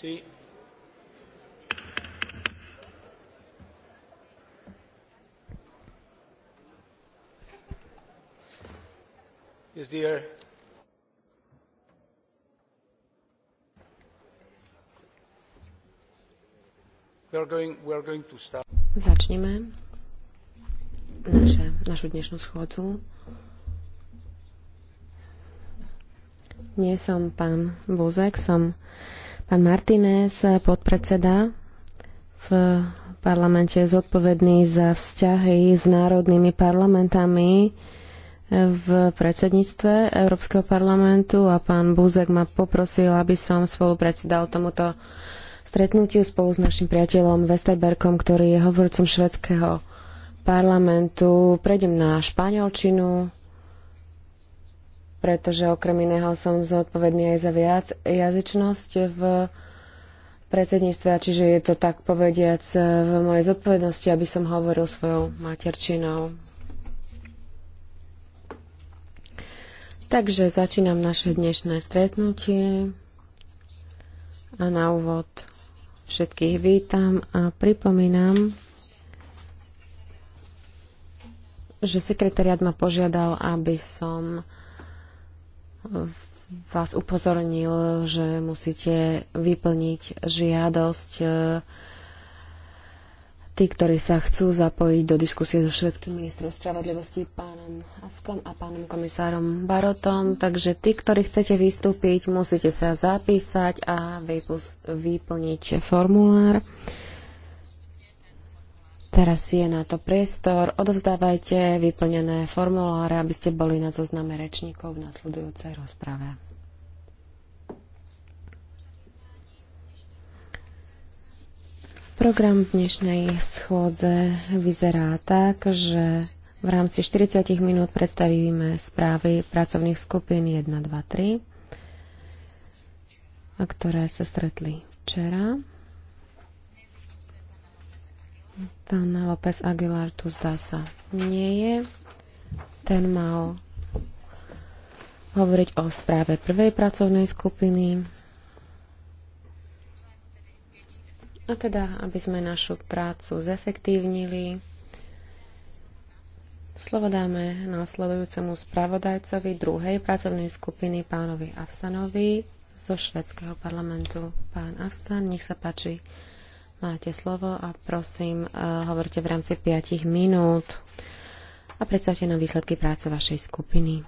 Sí. Yes, dear. Začneme naše, našu dnešnú schôdzu. Nie som pán Bozek, som Pán Martinez, podpredseda v parlamente je zodpovedný za vzťahy s národnými parlamentami v predsedníctve Európskeho parlamentu a pán Búzek ma poprosil, aby som spolupredsedal tomuto stretnutiu spolu s našim priateľom Westerberkom, ktorý je hovorcom švedského parlamentu. Prejdem na španielčinu pretože okrem iného som zodpovedný aj za viac jazyčnosť v predsedníctve, čiže je to tak povediac eh, v mojej zodpovednosti, aby som hovoril svojou materčinou. Takže začínam naše dnešné stretnutie a na úvod všetkých vítam a pripomínam, že sekretariat ma požiadal, aby som vás upozornil, že musíte vyplniť žiadosť e, tí, ktorí sa chcú zapojiť do diskusie so švedským ministrom spravodlivosti pánom Askom a pánom komisárom Barotom. Takže tí, ktorí chcete vystúpiť, musíte sa zapísať a vyplniť formulár. Teraz je na to priestor. Odovzdávajte vyplnené formuláre, aby ste boli na zozname rečníkov v nasledujúcej rozprave. Program dnešnej schôdze vyzerá tak, že v rámci 40 minút predstavíme správy pracovných skupín 1, 2, 3, ktoré sa stretli včera. Pán López Aguilar tu zdá sa nie je. Ten mal hovoriť o správe prvej pracovnej skupiny. A teda, aby sme našu prácu zefektívnili, slovo dáme následujúcemu spravodajcovi druhej pracovnej skupiny pánovi Avstanovi zo švedského parlamentu. Pán Avstan, nech sa páči. Máte slovo a prosím, eh, hovorte v rámci 5 minút a predstavte nám výsledky práce vašej skupiny.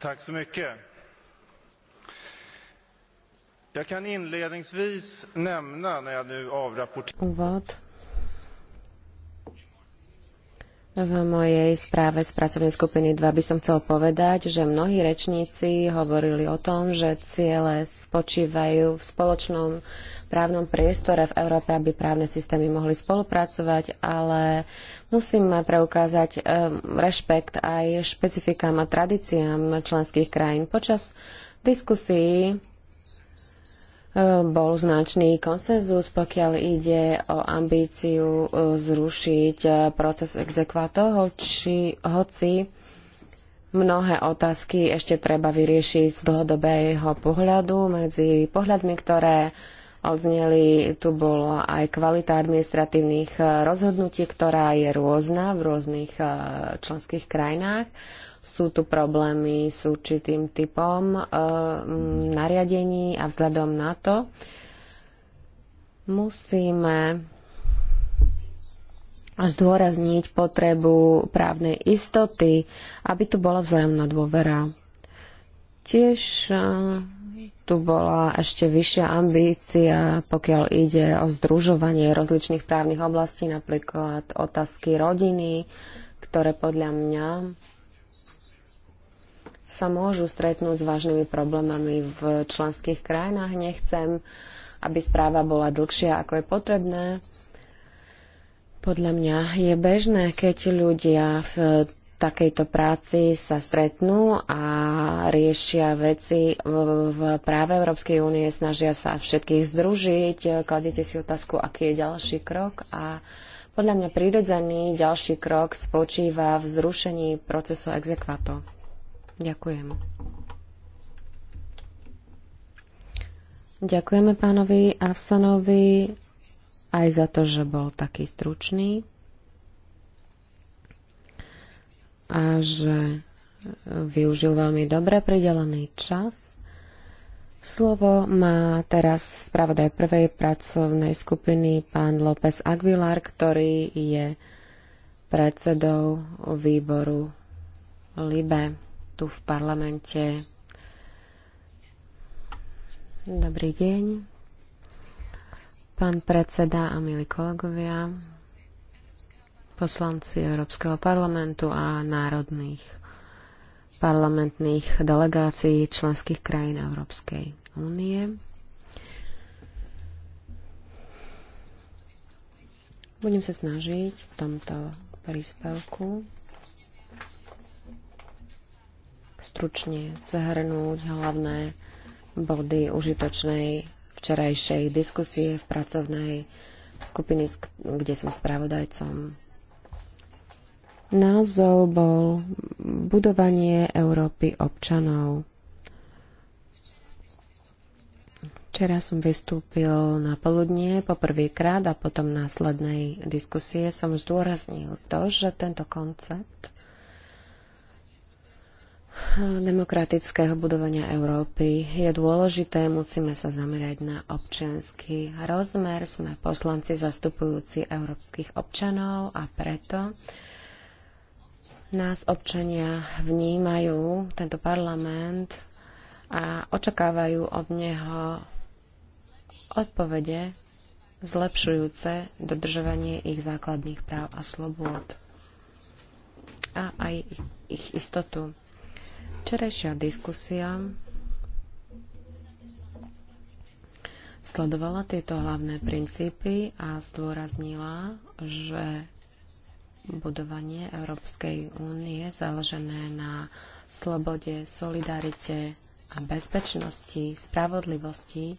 Tack så mycket. Jag kan inledningsvis nämna när jag nu avrapporterar. Úvod. V mojej správe z pracovnej skupiny 2 by som chcel povedať, že mnohí rečníci hovorili o tom, že ciele spočívajú v spoločnom právnom priestore v Európe, aby právne systémy mohli spolupracovať, ale musíme preukázať eh, rešpekt aj špecifikám a tradíciám členských krajín. Počas diskusí bol značný konsenzus, pokiaľ ide o ambíciu e, zrušiť e, proces exekvatov, hoci, hoci mnohé otázky ešte treba vyriešiť z dlhodobého pohľadu medzi pohľadmi, ktoré odzneli. Tu bola aj kvalita administratívnych eh, rozhodnutí, ktorá je rôzna v rôznych eh, členských krajinách. Sú tu problémy s určitým typom e, nariadení a vzhľadom na to musíme zdôrazniť potrebu právnej istoty, aby tu bola vzájomná dôvera. Tiež e, tu bola ešte vyššia ambícia, pokiaľ ide o združovanie rozličných právnych oblastí, napríklad otázky rodiny, ktoré podľa mňa sa môžu stretnúť s vážnymi problémami v členských krajinách. Nechcem, aby správa bola dlhšia, ako je potrebné. Podľa mňa je bežné, keď ľudia v takejto práci sa stretnú a riešia veci v práve Európskej únie, snažia sa všetkých združiť, kladiete si otázku, aký je ďalší krok a podľa mňa prirodzený ďalší krok spočíva v zrušení procesu exekvato. Ďakujem. Ďakujeme pánovi Asanovi aj za to, že bol taký stručný. a že využil veľmi dobre pridelený čas. Slovo má teraz spravodaj prvej pracovnej skupiny pán López Aguilar, ktorý je predsedou výboru LIBE tu v parlamente. Dobrý deň, pán predseda a milí kolegovia poslanci Európskeho parlamentu a národných parlamentných delegácií členských krajín Európskej únie. Budem sa snažiť v tomto príspevku stručne zahrnúť hlavné body užitočnej včerajšej diskusie v pracovnej skupiny, kde som spravodajcom. Názov bol Budovanie Európy občanov. Včera som vystúpil na poludnie poprvýkrát a potom následnej diskusie som zdôraznil to, že tento koncept demokratického budovania Európy je dôležité, musíme sa zamerať na občianský rozmer. Sme poslanci zastupujúci európskych občanov a preto nás občania vnímajú, tento parlament, a očakávajú od neho odpovede zlepšujúce dodržovanie ich základných práv a slobôd a aj ich istotu. Včerajšia diskusia sledovala tieto hlavné princípy a zdôraznila, že budovanie Európskej únie založené na slobode, solidarite a bezpečnosti, spravodlivosti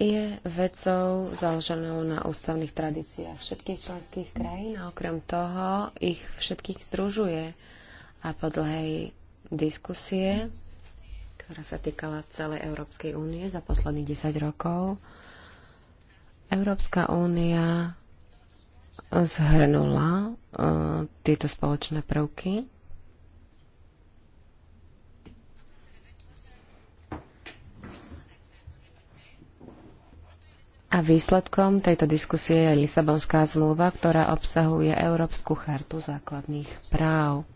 je vecou založenou na ústavných tradíciách všetkých členských krajín a okrem toho ich všetkých združuje. A po dlhej diskusie, ktorá sa týkala celej Európskej únie za posledných 10 rokov, Európska únia zhrnula e, tieto spoločné prvky. A výsledkom tejto diskusie je Lisabonská zmluva, ktorá obsahuje Európsku chartu základných práv.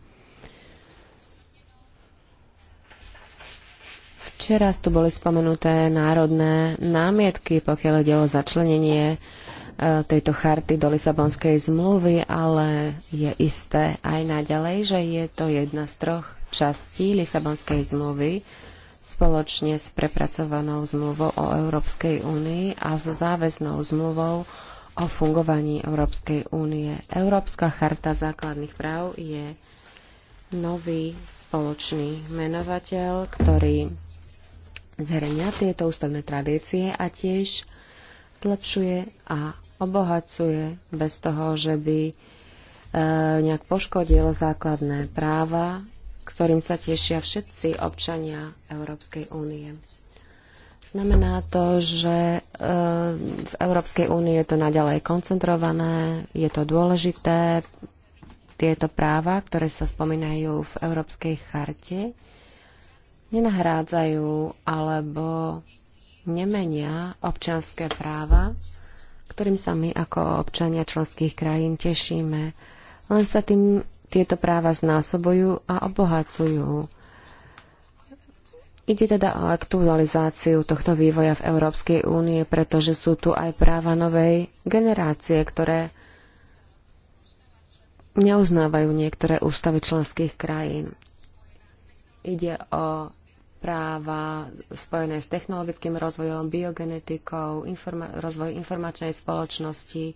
Včera tu boli spomenuté národné námietky, pokiaľ ide o začlenenie E, tejto charty do Lisabonskej zmluvy, ale je isté aj naďalej, že je to jedna z troch častí Lisabonskej zmluvy spoločne s prepracovanou zmluvou o Európskej únii a so záväznou zmluvou o fungovaní Európskej únie. Európska charta základných práv je nový spoločný menovateľ, ktorý zhrňa tieto ústavné tradície a tiež zlepšuje a obohacuje bez toho, že by e, nejak poškodil základné práva, ktorým sa tešia všetci občania Európskej únie. Znamená to, že e, v Európskej únie je to naďalej koncentrované, je to dôležité. Tieto práva, ktoré sa spomínajú v Európskej charte, nenahrádzajú alebo nemenia občanské práva, ktorým sa my ako občania členských krajín tešíme. Len sa tým tieto práva znásobujú a obohacujú. Ide teda o aktualizáciu tohto vývoja v Európskej únie, pretože sú tu aj práva novej generácie, ktoré neuznávajú niektoré ústavy členských krajín. Ide o práva spojené s technologickým rozvojom, biogenetikou, informa- rozvoj informačnej spoločnosti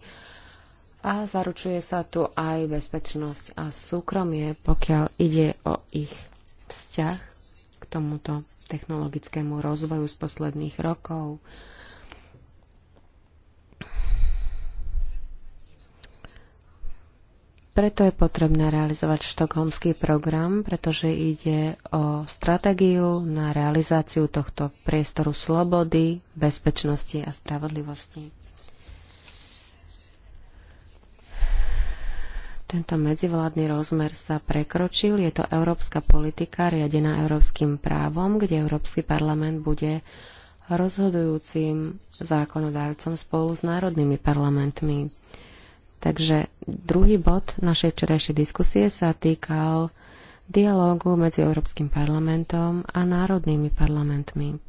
a zaručuje sa tu aj bezpečnosť a súkromie, pokiaľ ide o ich vzťah k tomuto technologickému rozvoju z posledných rokov. Preto je potrebné realizovať štokholmský program, pretože ide o stratégiu na realizáciu tohto priestoru slobody, bezpečnosti a spravodlivosti. Tento medzivládny rozmer sa prekročil. Je to európska politika riadená európskym právom, kde Európsky parlament bude rozhodujúcim zákonodárcom spolu s národnými parlamentmi. Takže druhý bod našej včerajšej diskusie sa týkal dialógu medzi Európskym parlamentom a národnými parlamentmi.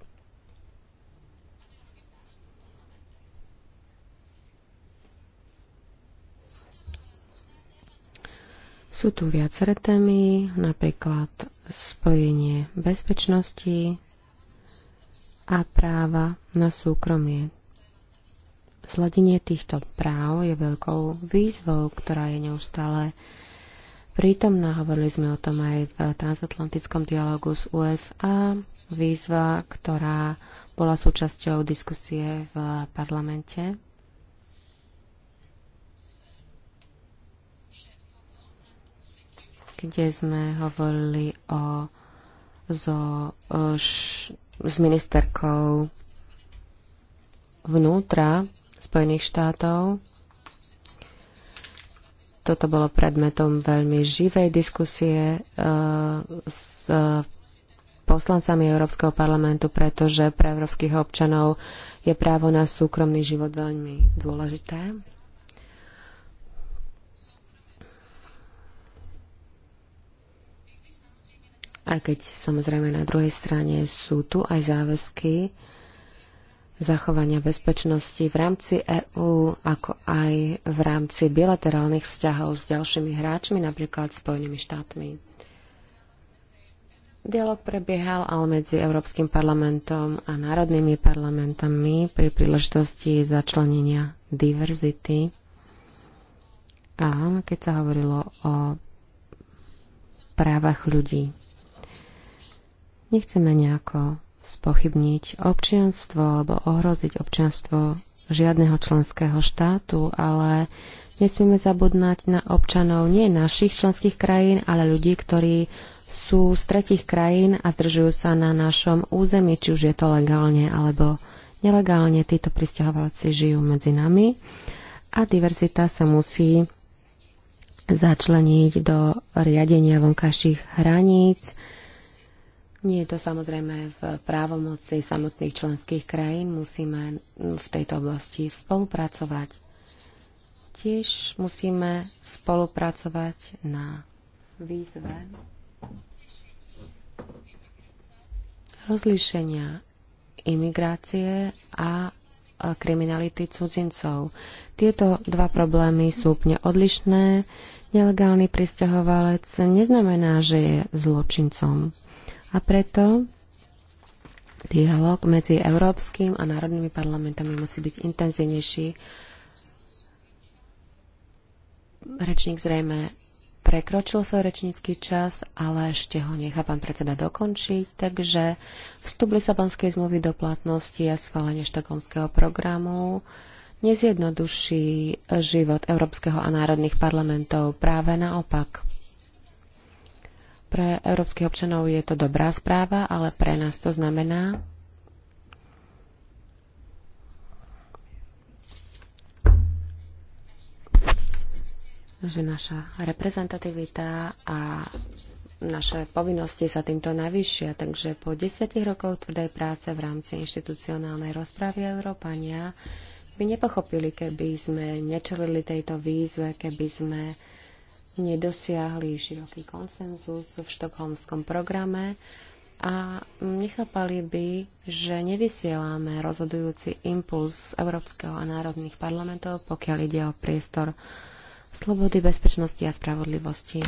Sú tu viaceré témy, napríklad spojenie bezpečnosti a práva na súkromie. Zladenie týchto práv je veľkou výzvou, ktorá je neustále prítomná. Hovorili sme o tom aj v transatlantickom dialogu s USA. Výzva, ktorá bola súčasťou diskusie v parlamente. kde sme hovorili o, zo, o š, s ministerkou vnútra Spojených štátov. Toto bolo predmetom veľmi živej diskusie eh, s poslancami Európskeho parlamentu, pretože pre európskych občanov je právo na súkromný život veľmi dôležité. Aj keď samozrejme na druhej strane sú tu aj záväzky, zachovania bezpečnosti v rámci EÚ, ako aj v rámci bilaterálnych vzťahov s ďalšími hráčmi, napríklad Spojenými štátmi. Dialóg prebiehal ale medzi Európskym parlamentom a národnými parlamentami pri príležitosti začlenenia diverzity. A keď sa hovorilo o právach ľudí. Nechceme nejako spochybniť občianstvo alebo ohroziť občianstvo žiadneho členského štátu, ale nesmieme zabudnať na občanov nie našich členských krajín, ale ľudí, ktorí sú z tretich krajín a zdržujú sa na našom území, či už je to legálne alebo nelegálne. Títo pristahovalci žijú medzi nami a diverzita sa musí začleniť do riadenia vonkajších hraníc, nie je to samozrejme v právomoci samotných členských krajín. Musíme v tejto oblasti spolupracovať. Tiež musíme spolupracovať na výzve rozlíšenia imigrácie a kriminality cudzincov. Tieto dva problémy sú úplne odlišné. Nelegálny pristahovalec neznamená, že je zločincom. A preto dialog medzi Európskym a národnými parlamentami musí byť intenzívnejší. Rečník zrejme prekročil svoj rečnícky čas, ale ešte ho nechá pán predseda dokončiť. Takže vstup Lisabonskej zmluvy do platnosti a schválenie štokholmského programu nezjednoduší život Európskeho a národných parlamentov. Práve naopak. Pre európskych občanov je to dobrá správa, ale pre nás to znamená, že naša reprezentativita a naše povinnosti sa týmto navýšia. Takže po desiatich rokov tvrdej práce v rámci inštitucionálnej rozpravy Európania by nepochopili, keby sme nečelili tejto výzve, keby sme nedosiahli široký konsenzus v štokholmskom programe a nechápali by, že nevysielame rozhodujúci impuls Európskeho a národných parlamentov, pokiaľ ide o priestor slobody, bezpečnosti a spravodlivosti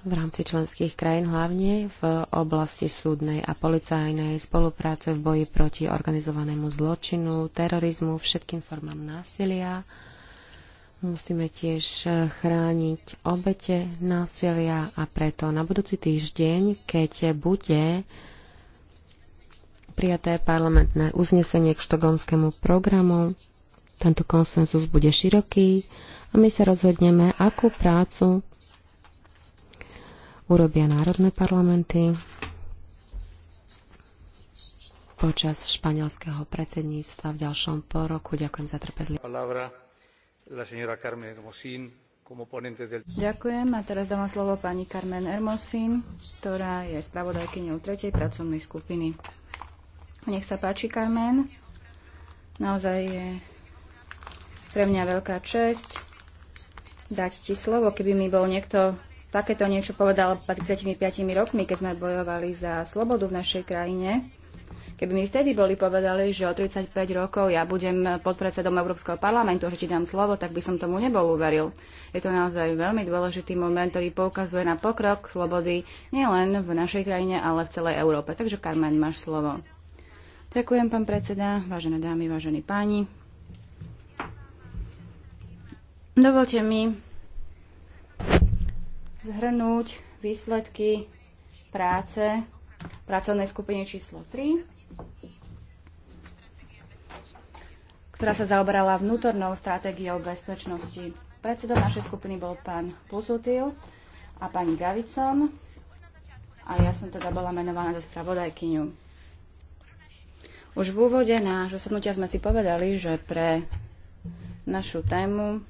v rámci členských krajín, hlavne v oblasti súdnej a policajnej spolupráce v boji proti organizovanému zločinu, terorizmu, všetkým formám násilia, Musíme tiež eh, chrániť obete násilia a preto na budúci týždeň, keď bude prijaté parlamentné uznesenie k štogonskému programu, tento konsenzus bude široký a my sa rozhodneme, akú prácu urobia národné parlamenty počas španielského predsedníctva v ďalšom poroku. Ďakujem za trpezlivosť. Ďakujem a teraz dávam slovo pani Carmen Hermosín, ktorá je spravodajkyňou tretej pracovnej skupiny. Nech sa páči, Carmen. Naozaj je pre mňa veľká česť dať ti slovo, keby mi bol niekto takéto niečo povedal 25 rokmi, keď sme bojovali za slobodu v našej krajine Keby mi vtedy boli povedali, že o 35 rokov ja budem podpredsedom Európskeho parlamentu, že ti dám slovo, tak by som tomu nebol uveril. Je to naozaj veľmi dôležitý moment, ktorý poukazuje na pokrok slobody nielen v našej krajine, ale v celej Európe. Takže Carmen, máš slovo. Ďakujem, pán predseda, vážené dámy, vážení páni. Dovolte mi zhrnúť výsledky práce pracovnej skupiny číslo 3 ktorá sa zaoberala vnútornou stratégiou bezpečnosti. Predsedom našej skupiny bol pán Plusutil a pani Gavicon a ja som teda bola menovaná za spravodajkyňu. Už v úvode na zasadnutia sme si povedali, že pre našu tému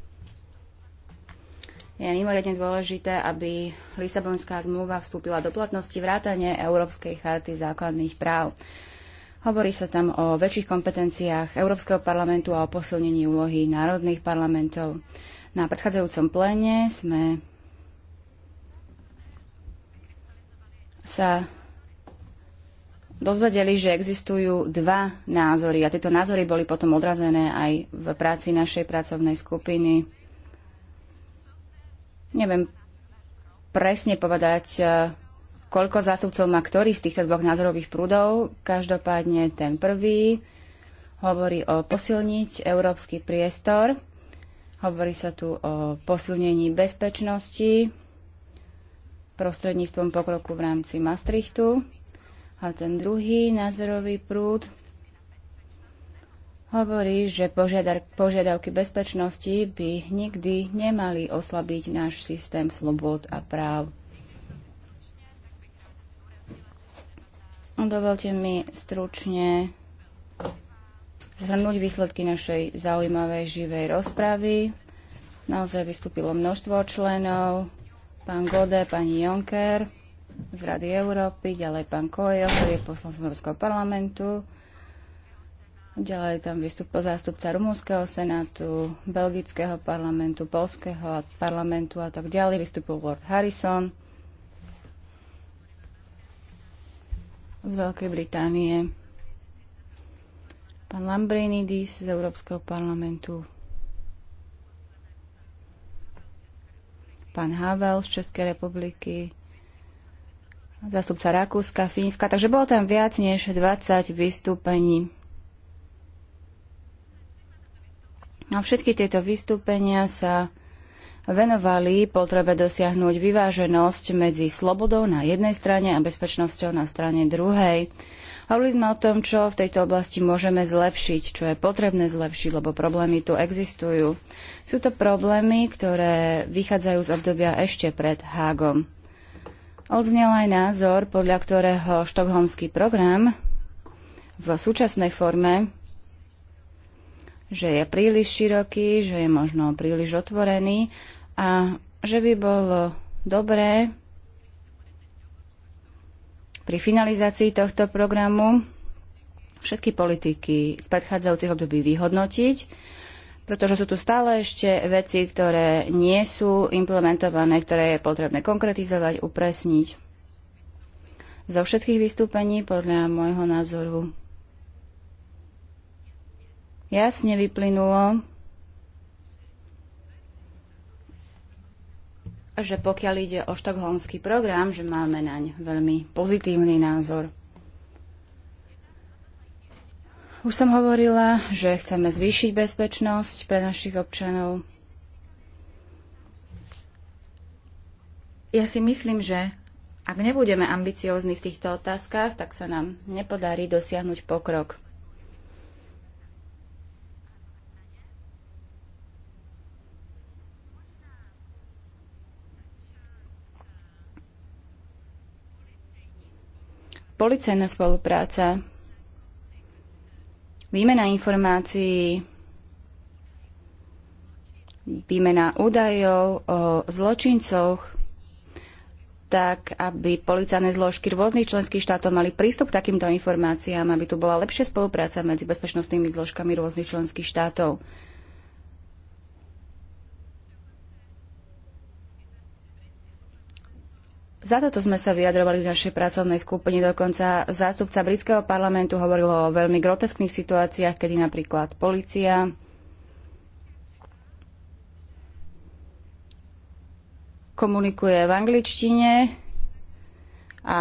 je mimoriadne dôležité, aby Lisabonská zmluva vstúpila do platnosti vrátane Európskej charty základných práv. Hovorí sa tam o väčších kompetenciách Európskeho parlamentu a o posilnení úlohy národných parlamentov. Na predchádzajúcom pléne sme sa dozvedeli, že existujú dva názory a tieto názory boli potom odrazené aj v práci našej pracovnej skupiny. Neviem presne povedať, koľko zástupcov má ktorý z týchto dvoch názorových prúdov. Každopádne ten prvý hovorí o posilniť európsky priestor. Hovorí sa tu o posilnení bezpečnosti prostredníctvom pokroku v rámci Maastrichtu. A ten druhý názorový prúd hovorí, že požiadavky bezpečnosti by nikdy nemali oslabiť náš systém slobod a práv. Dovolte mi stručne zhrnúť výsledky našej zaujímavej živej rozpravy. Naozaj vystúpilo množstvo členov, pán Gode, pani Jonker z Rady Európy, ďalej pán Kojo, ktorý je poslancom Európskeho parlamentu, ďalej tam vystúpil zástupca Rumúnskeho senátu, Belgického parlamentu, Polského parlamentu a tak ďalej, vystúpil Ward Harrison, z Veľkej Británie, pán Lambrinidis z Európskeho parlamentu, pán Havel z Českej republiky, Zastupca Rakúska, Fínska, takže bolo tam viac než 20 vystúpení. A všetky tieto vystúpenia sa venovali potrebe dosiahnuť vyváženosť medzi slobodou na jednej strane a bezpečnosťou na strane druhej. Hovorili sme o tom, čo v tejto oblasti môžeme zlepšiť, čo je potrebné zlepšiť, lebo problémy tu existujú. Sú to problémy, ktoré vychádzajú z obdobia ešte pred Hágom. Odznel aj názor, podľa ktorého štokholmský program v súčasnej forme že je príliš široký, že je možno príliš otvorený a že by bolo dobré pri finalizácii tohto programu všetky politiky z predchádzajúcich období vyhodnotiť, pretože sú tu stále ešte veci, ktoré nie sú implementované, ktoré je potrebné konkretizovať, upresniť. Zo všetkých vystúpení, podľa môjho názoru, jasne vyplynulo, že pokiaľ ide o štokholmský program, že máme naň veľmi pozitívny názor. Už som hovorila, že chceme zvýšiť bezpečnosť pre našich občanov. Ja si myslím, že ak nebudeme ambiciózni v týchto otázkach, tak sa nám nepodarí dosiahnuť pokrok. policajná spolupráca, výmena informácií, výmena údajov o zločincoch, tak aby policajné zložky rôznych členských štátov mali prístup k takýmto informáciám, aby tu bola lepšia spolupráca medzi bezpečnostnými zložkami rôznych členských štátov. Za toto sme sa vyjadrovali v našej pracovnej skupine. Dokonca zástupca britského parlamentu hovoril o veľmi groteskných situáciách, kedy napríklad policia komunikuje v angličtine a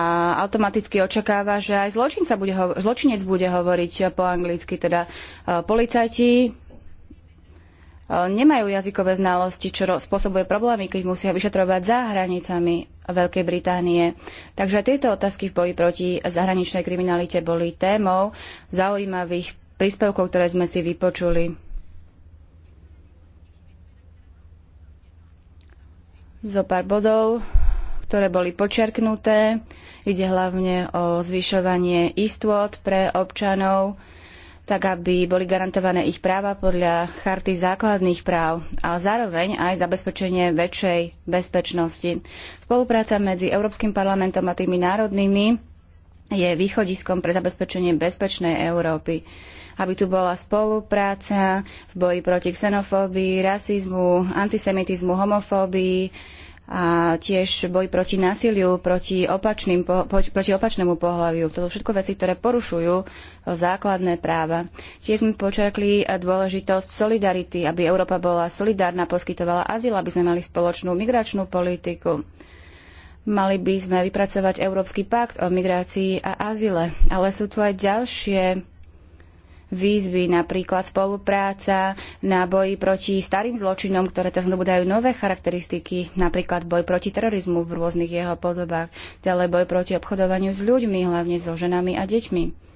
automaticky očakáva, že aj bude hovo- zločinec bude hovoriť po anglicky, teda eh, policajti nemajú jazykové znalosti, čo spôsobuje problémy, keď musia vyšetrovať za hranicami Veľkej Británie. Takže tieto otázky v boji proti zahraničnej kriminalite boli témou zaujímavých príspevkov, ktoré sme si vypočuli. Zo pár bodov, ktoré boli počerknuté. Ide hlavne o zvyšovanie istôt pre občanov, tak aby boli garantované ich práva podľa charty základných práv a zároveň aj zabezpečenie väčšej bezpečnosti. Spolupráca medzi Európskym parlamentom a tými národnými je východiskom pre zabezpečenie bezpečnej Európy aby tu bola spolupráca v boji proti xenofóbii, rasizmu, antisemitizmu, homofóbii, a tiež boj proti násiliu, proti, opačným, po, proti opačnému pohľaviu. To sú všetko veci, ktoré porušujú základné práva. Tiež sme počerkli dôležitosť solidarity, aby Európa bola solidárna, poskytovala azyl, aby sme mali spoločnú migračnú politiku. Mali by sme vypracovať Európsky pakt o migrácii a azyle, ale sú tu aj ďalšie výzvy, napríklad spolupráca na boji proti starým zločinom, ktoré teraz budajú nové charakteristiky, napríklad boj proti terorizmu v rôznych jeho podobách, ďalej boj proti obchodovaniu s ľuďmi, hlavne so ženami a deťmi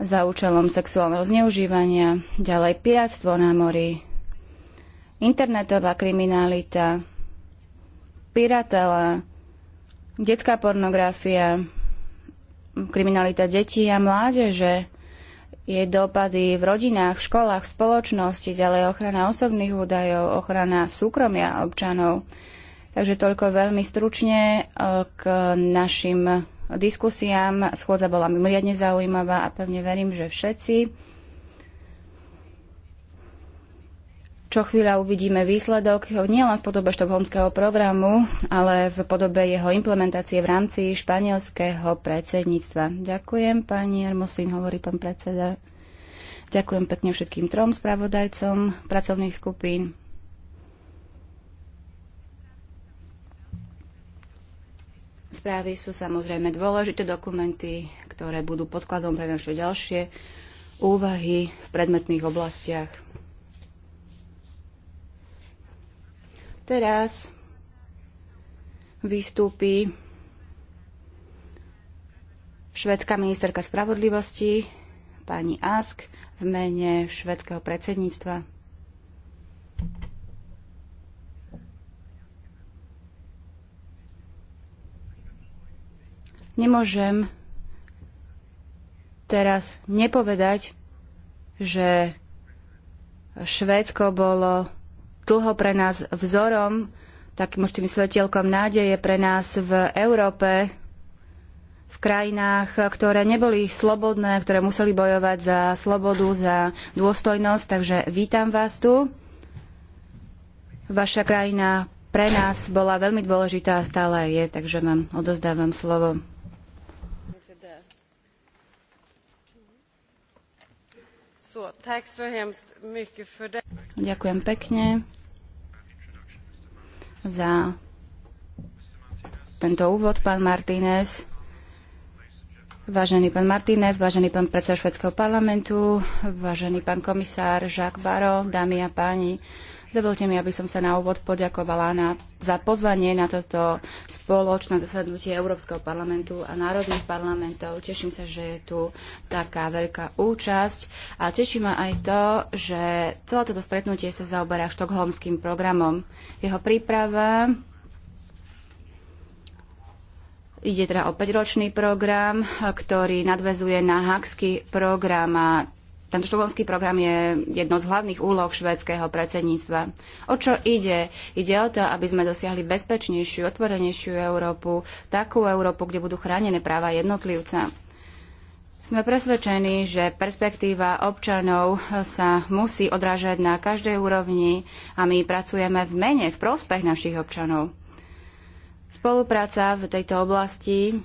za účelom sexuálneho zneužívania, ďalej piráctvo na mori, internetová kriminalita, piratela, detská pornografia, kriminalita detí a mládeže, jej dopady v rodinách, v školách, v spoločnosti, ďalej ochrana osobných údajov, ochrana súkromia občanov. Takže toľko veľmi stručne e, k našim diskusiám. Schôdza bola mimoriadne zaujímavá a pevne verím, že všetci Čo chvíľa uvidíme výsledok nielen v podobe štokholmského programu, ale v podobe jeho implementácie v rámci španielského predsedníctva. Ďakujem, pani Hermosín, hovorí pán predseda. Ďakujem pekne všetkým trom spravodajcom pracovných skupín. Správy sú samozrejme dôležité dokumenty, ktoré budú podkladom pre naše ďalšie úvahy v predmetných oblastiach. Teraz vystúpi švedská ministerka spravodlivosti, pani Ask, v mene švedského predsedníctva. Nemôžem teraz nepovedať, že Švédsko bolo dlho pre nás vzorom, takým určitým svetielkom nádeje pre nás v Európe, v krajinách, ktoré neboli slobodné, ktoré museli bojovať za slobodu, za dôstojnosť. Takže vítam vás tu. Vaša krajina pre nás bola veľmi dôležitá a stále je, takže vám odozdávam slovo. Ďakujem pekne za tento úvod, pán Martínez. Vážený pán Martínez, vážený pán predseda Švedského parlamentu, vážený pán komisár Jacques Baro, dámy a páni. Dovolte mi, aby som sa na úvod poďakovala na, za pozvanie na toto spoločné zasadnutie Európskeho parlamentu a národných parlamentov. Teším sa, že je tu taká veľká účasť a teší ma aj to, že celé toto stretnutie sa zaoberá štokholmským programom. Jeho príprava Ide teda o 5-ročný program, ktorý nadvezuje na hakský program a tento štokholmský program je jedno z hlavných úloh švédskeho predsedníctva. O čo ide? Ide o to, aby sme dosiahli bezpečnejšiu, otvorenejšiu Európu, takú Európu, kde budú chránené práva jednotlivca. Sme presvedčení, že perspektíva občanov sa musí odrážať na každej úrovni a my pracujeme v mene, v prospech našich občanov. Spolupráca v tejto oblasti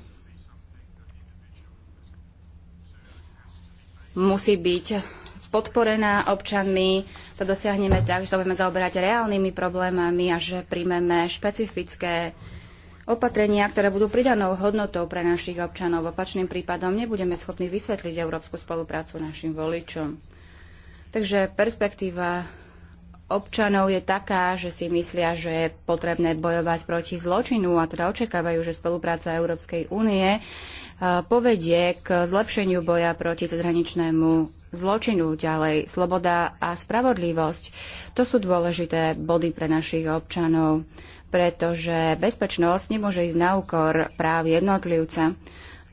musí byť podporená občanmi. To dosiahneme tak, že sa budeme zaoberať reálnymi problémami a že príjmeme špecifické opatrenia, ktoré budú pridanou hodnotou pre našich občanov. V opačným prípadom nebudeme schopní vysvetliť európsku spoluprácu našim voličom. Takže perspektíva občanov je taká, že si myslia, že je potrebné bojovať proti zločinu a teda očakávajú, že spolupráca Európskej únie e, povedie k zlepšeniu boja proti cezhraničnému zločinu, ďalej sloboda a spravodlivosť. To sú dôležité body pre našich občanov, pretože bezpečnosť nemôže ísť na úkor práv jednotlivca.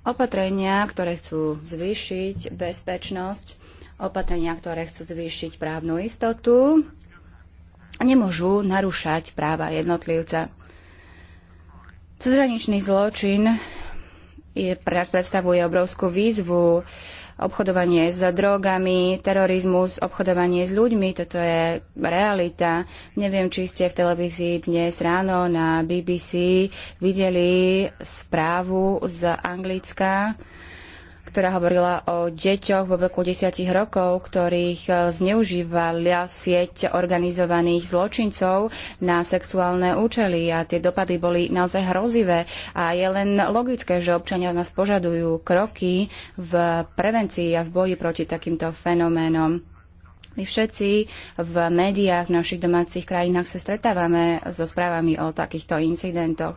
Opatrenia, ktoré chcú zvýšiť bezpečnosť, opatrenia, ktoré chcú zvýšiť právnu istotu, nemôžu narúšať práva jednotlivca. Cezhraničný zločin je, pre nás predstavuje obrovskú výzvu. Obchodovanie s drogami, terorizmus, obchodovanie s ľuďmi, toto je realita. Neviem, či ste v televízii dnes ráno na BBC videli správu z Anglicka, ktorá hovorila o deťoch vo veku 10 rokov, ktorých eh, zneužívala sieť organizovaných zločincov na sexuálne účely a tie dopady boli naozaj hrozivé a je len logické, že občania od nás požadujú kroky v prevencii a v boji proti takýmto fenoménom. My všetci v médiách v našich domácich krajinách sa stretávame so správami o takýchto incidentoch.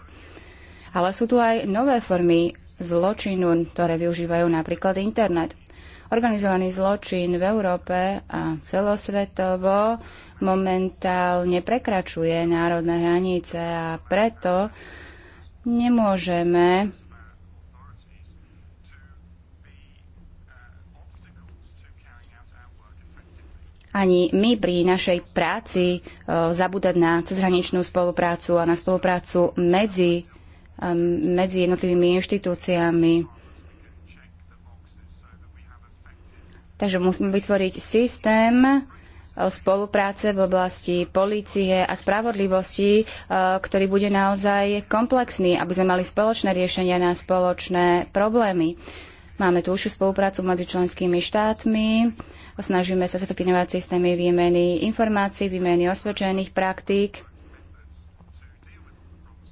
Ale sú tu aj nové formy zločinu, ktoré využívajú napríklad internet. Organizovaný zločin v Európe a celosvetovo momentálne prekračuje národné hranice a preto nemôžeme ani my pri našej práci eh, zabúdať na cezhraničnú spoluprácu a na spoluprácu medzi Um, medzi jednotlivými inštitúciami. Takže musíme vytvoriť systém, uh, spolupráce v oblasti polície a spravodlivosti, uh, ktorý bude naozaj komplexný, aby sme mali spoločné riešenia na spoločné problémy. Máme tu užšiu spoluprácu medzi členskými štátmi, snažíme sa zefektivňovať systémy výmeny informácií, výmeny osvedčených praktík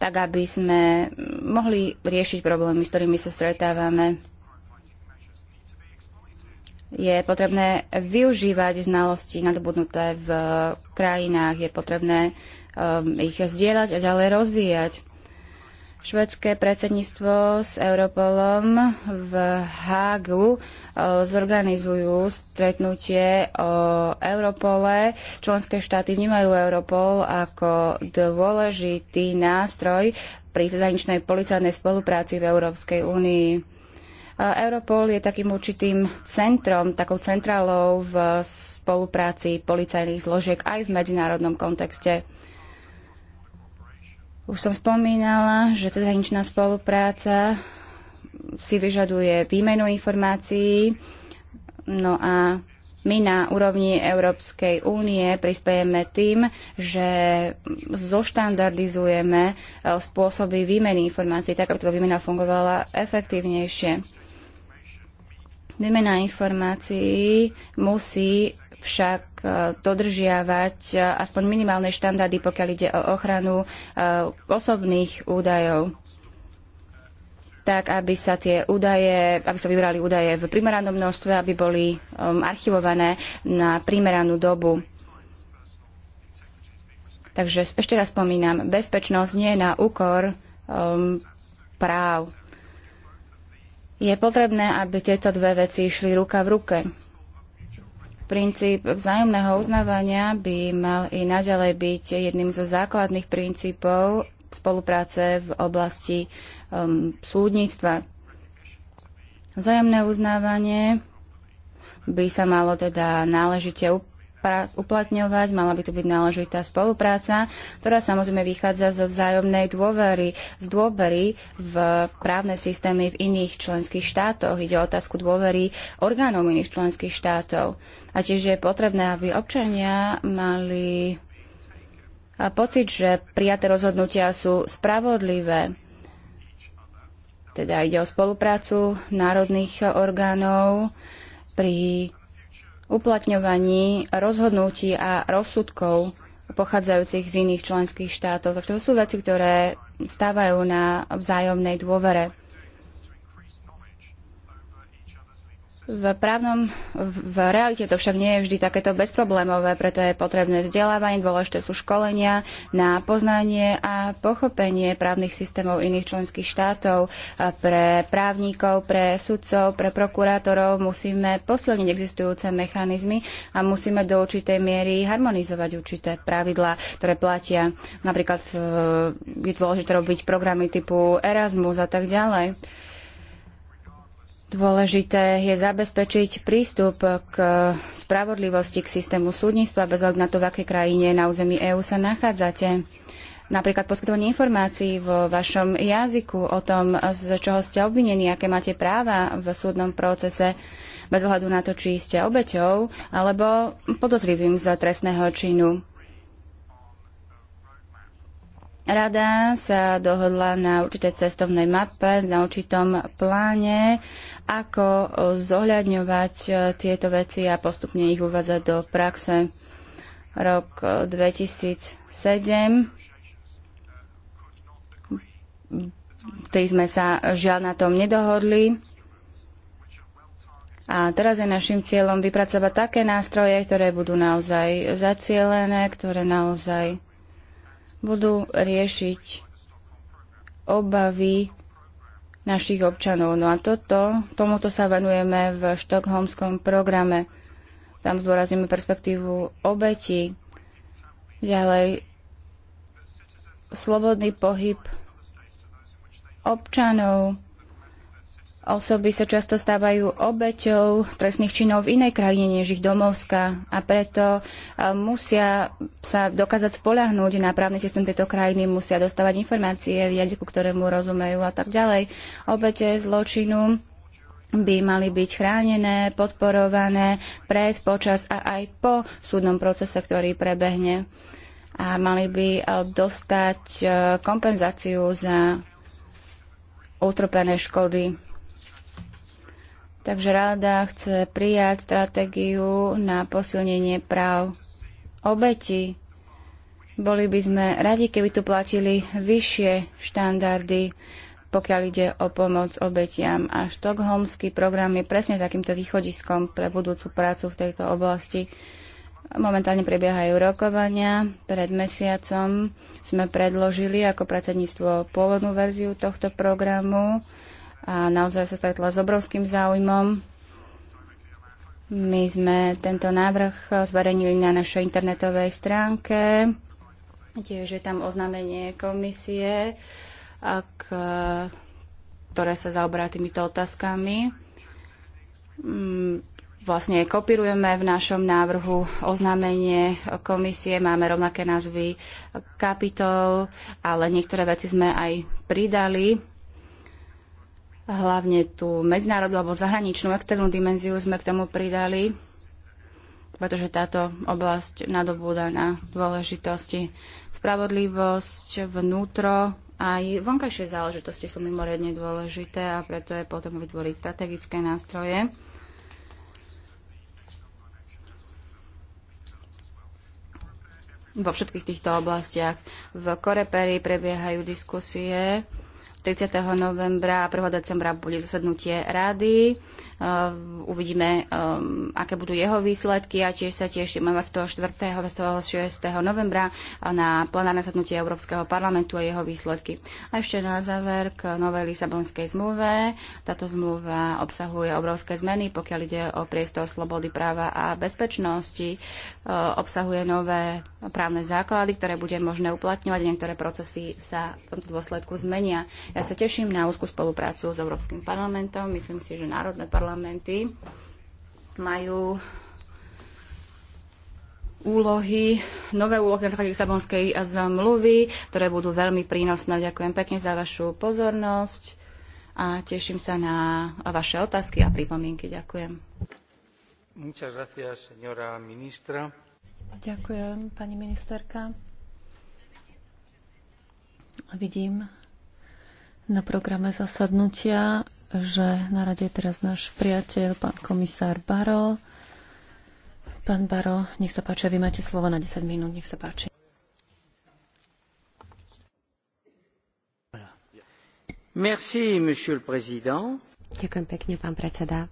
tak aby sme mohli riešiť problémy, s ktorými sa stretávame. Je potrebné využívať znalosti nadobudnuté v krajinách, je potrebné um, ich zdieľať a ďalej rozvíjať. Švedské predsedníctvo s Europolom v HAGU eh, zorganizujú stretnutie o Europole. Členské štáty vnímajú Europol ako dôležitý nástroj pri zahraničnej policajnej spolupráci v Európskej únii. Eh, Europol je takým určitým centrom, takou centrálou v spolupráci policajných zložiek aj v medzinárodnom kontexte. Už som spomínala, že cezhraničná spolupráca si vyžaduje výmenu informácií, no a my na úrovni Európskej únie prispiejeme tým, že zoštandardizujeme e, spôsoby výmeny informácií, tak aby to výmena fungovala efektívnejšie. Výmena informácií musí však e, dodržiavať e, aspoň minimálne štandardy, pokiaľ ide o ochranu e, osobných údajov tak aby sa tie údaje, aby sa vybrali údaje v primeranom množstve, aby boli archivované na primeranú dobu. Takže ešte raz spomínam, bezpečnosť nie je na úkor um, práv. Je potrebné, aby tieto dve veci išli ruka v ruke. Princíp vzájomného uznávania by mal i naďalej byť jedným zo základných princípov spolupráce v oblasti um, súdnictva. Vzájomné uznávanie by sa malo teda náležite uplatňovať, mala by tu byť náležitá spolupráca, ktorá samozrejme vychádza zo vzájomnej dôvery, z dôvery v právne systémy v iných členských štátoch. Ide o otázku dôvery orgánov iných členských štátov. A tiež je potrebné, aby občania mali pocit, že prijaté rozhodnutia sú spravodlivé. Teda ide o spoluprácu národných orgánov pri uplatňovaní rozhodnutí a rozsudkov pochádzajúcich z iných členských štátov. Takže to sú veci, ktoré vstávajú na vzájomnej dôvere. V právnom, v realite to však nie je vždy takéto bezproblémové, preto je potrebné vzdelávanie, dôležité sú školenia na poznanie a pochopenie právnych systémov iných členských štátov. Pre právnikov, pre sudcov, pre prokurátorov musíme posilniť existujúce mechanizmy a musíme do určitej miery harmonizovať určité pravidlá, ktoré platia. Napríklad e, je dôležité robiť programy typu Erasmus a tak ďalej. Dôležité je zabezpečiť prístup k spravodlivosti, k systému súdnictva, bez ohľadu na to, v akej krajine na území EÚ sa nachádzate. Napríklad poskytovanie informácií vo vašom jazyku o tom, z čoho ste obvinení, aké máte práva v súdnom procese, bez ohľadu na to, či ste obeťou alebo podozrivým z trestného činu. Rada sa dohodla na určitej cestovnej mape, na určitom pláne, ako e, zohľadňovať e, tieto veci a postupne ich uvádzať do praxe. Rok 2007 e, tej sme sa žiaľ na tom nedohodli. A teraz je našim cieľom vypracovať také nástroje, ktoré budú naozaj zacielené, ktoré naozaj budú riešiť obavy našich občanov. No a toto, tomuto sa venujeme v štokholmskom programe. Tam zdôrazníme perspektívu obeti. Ďalej, slobodný pohyb občanov Osoby sa často stávajú obeťou trestných činov v inej krajine než ich domovská a preto eh, musia sa dokázať spolahnúť na právny systém tejto krajiny, musia dostávať informácie v jazyku, ktorému rozumejú a tak ďalej. Obete zločinu by mali byť chránené, podporované pred, počas a aj po súdnom procese, ktorý prebehne. A mali by eh, dostať eh, kompenzáciu za utrpené škody Takže rada chce prijať stratégiu na posilnenie práv obeti. Boli by sme radi, keby tu platili vyššie štandardy, pokiaľ ide o pomoc obetiam. A štokholmský program je presne takýmto východiskom pre budúcu prácu v tejto oblasti. Momentálne prebiehajú rokovania. Pred mesiacom sme predložili ako predsedníctvo pôvodnú verziu tohto programu a naozaj sa stretla s obrovským záujmom. My sme tento návrh zverejnili na našej internetovej stránke. Tiež je tam oznámenie komisie, ak, ktoré sa zaoberá týmito otázkami. Mm, vlastne kopírujeme v našom návrhu oznámenie komisie, máme rovnaké názvy kapitol, ale niektoré veci sme aj pridali hlavne tú medzinárodnú alebo zahraničnú externú dimenziu sme k tomu pridali, pretože táto oblasť nadobúda na dôležitosti. Spravodlivosť, vnútro, aj vonkajšie záležitosti sú mimoriadne dôležité a preto je potom vytvoriť strategické nástroje. Vo všetkých týchto oblastiach v Koreperi prebiehajú diskusie 30. novembra a 1. decembra bude zasadnutie rady. Ehm, uvidíme, ehm, aké budú jeho výsledky a tiež sa teším 24. 26. novembra na plenárne zhodnutie Európskeho parlamentu a jeho výsledky. A ešte na záver k novej Lisabonskej zmluve. Táto zmluva obsahuje obrovské zmeny, pokiaľ ide o priestor slobody, práva a bezpečnosti. Ehm, obsahuje nové právne základy, ktoré bude možné uplatňovať a niektoré procesy sa v tomto dôsledku zmenia. Ja sa teším na úzkú spoluprácu s Európskym parlamentom. Myslím si, že národné parlamenty parlamenty majú úlohy, nové úlohy na základe Lisabonskej zmluvy, ktoré budú veľmi prínosné. Ďakujem pekne za vašu pozornosť a teším sa na vaše otázky a pripomienky. Ďakujem. Gracias, Ďakujem, pani ministerka. Vidím, na programe zasadnutia, že na rade je teraz náš priateľ, pán komisár Baro. Pán Baro, nech sa páči, vy máte slovo na 10 minút, nech sa páči. Merci, monsieur le président. Ďakujem pekne, pán predseda.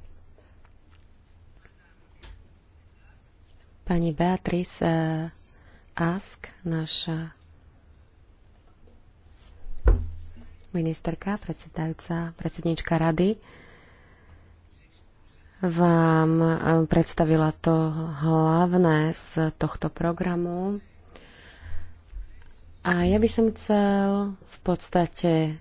Pani Beatrice eh, Ask, naša ministerka, predsedajúca, predsednička rady vám eh, predstavila to hlavné z tohto programu. A ja by som chcel v podstate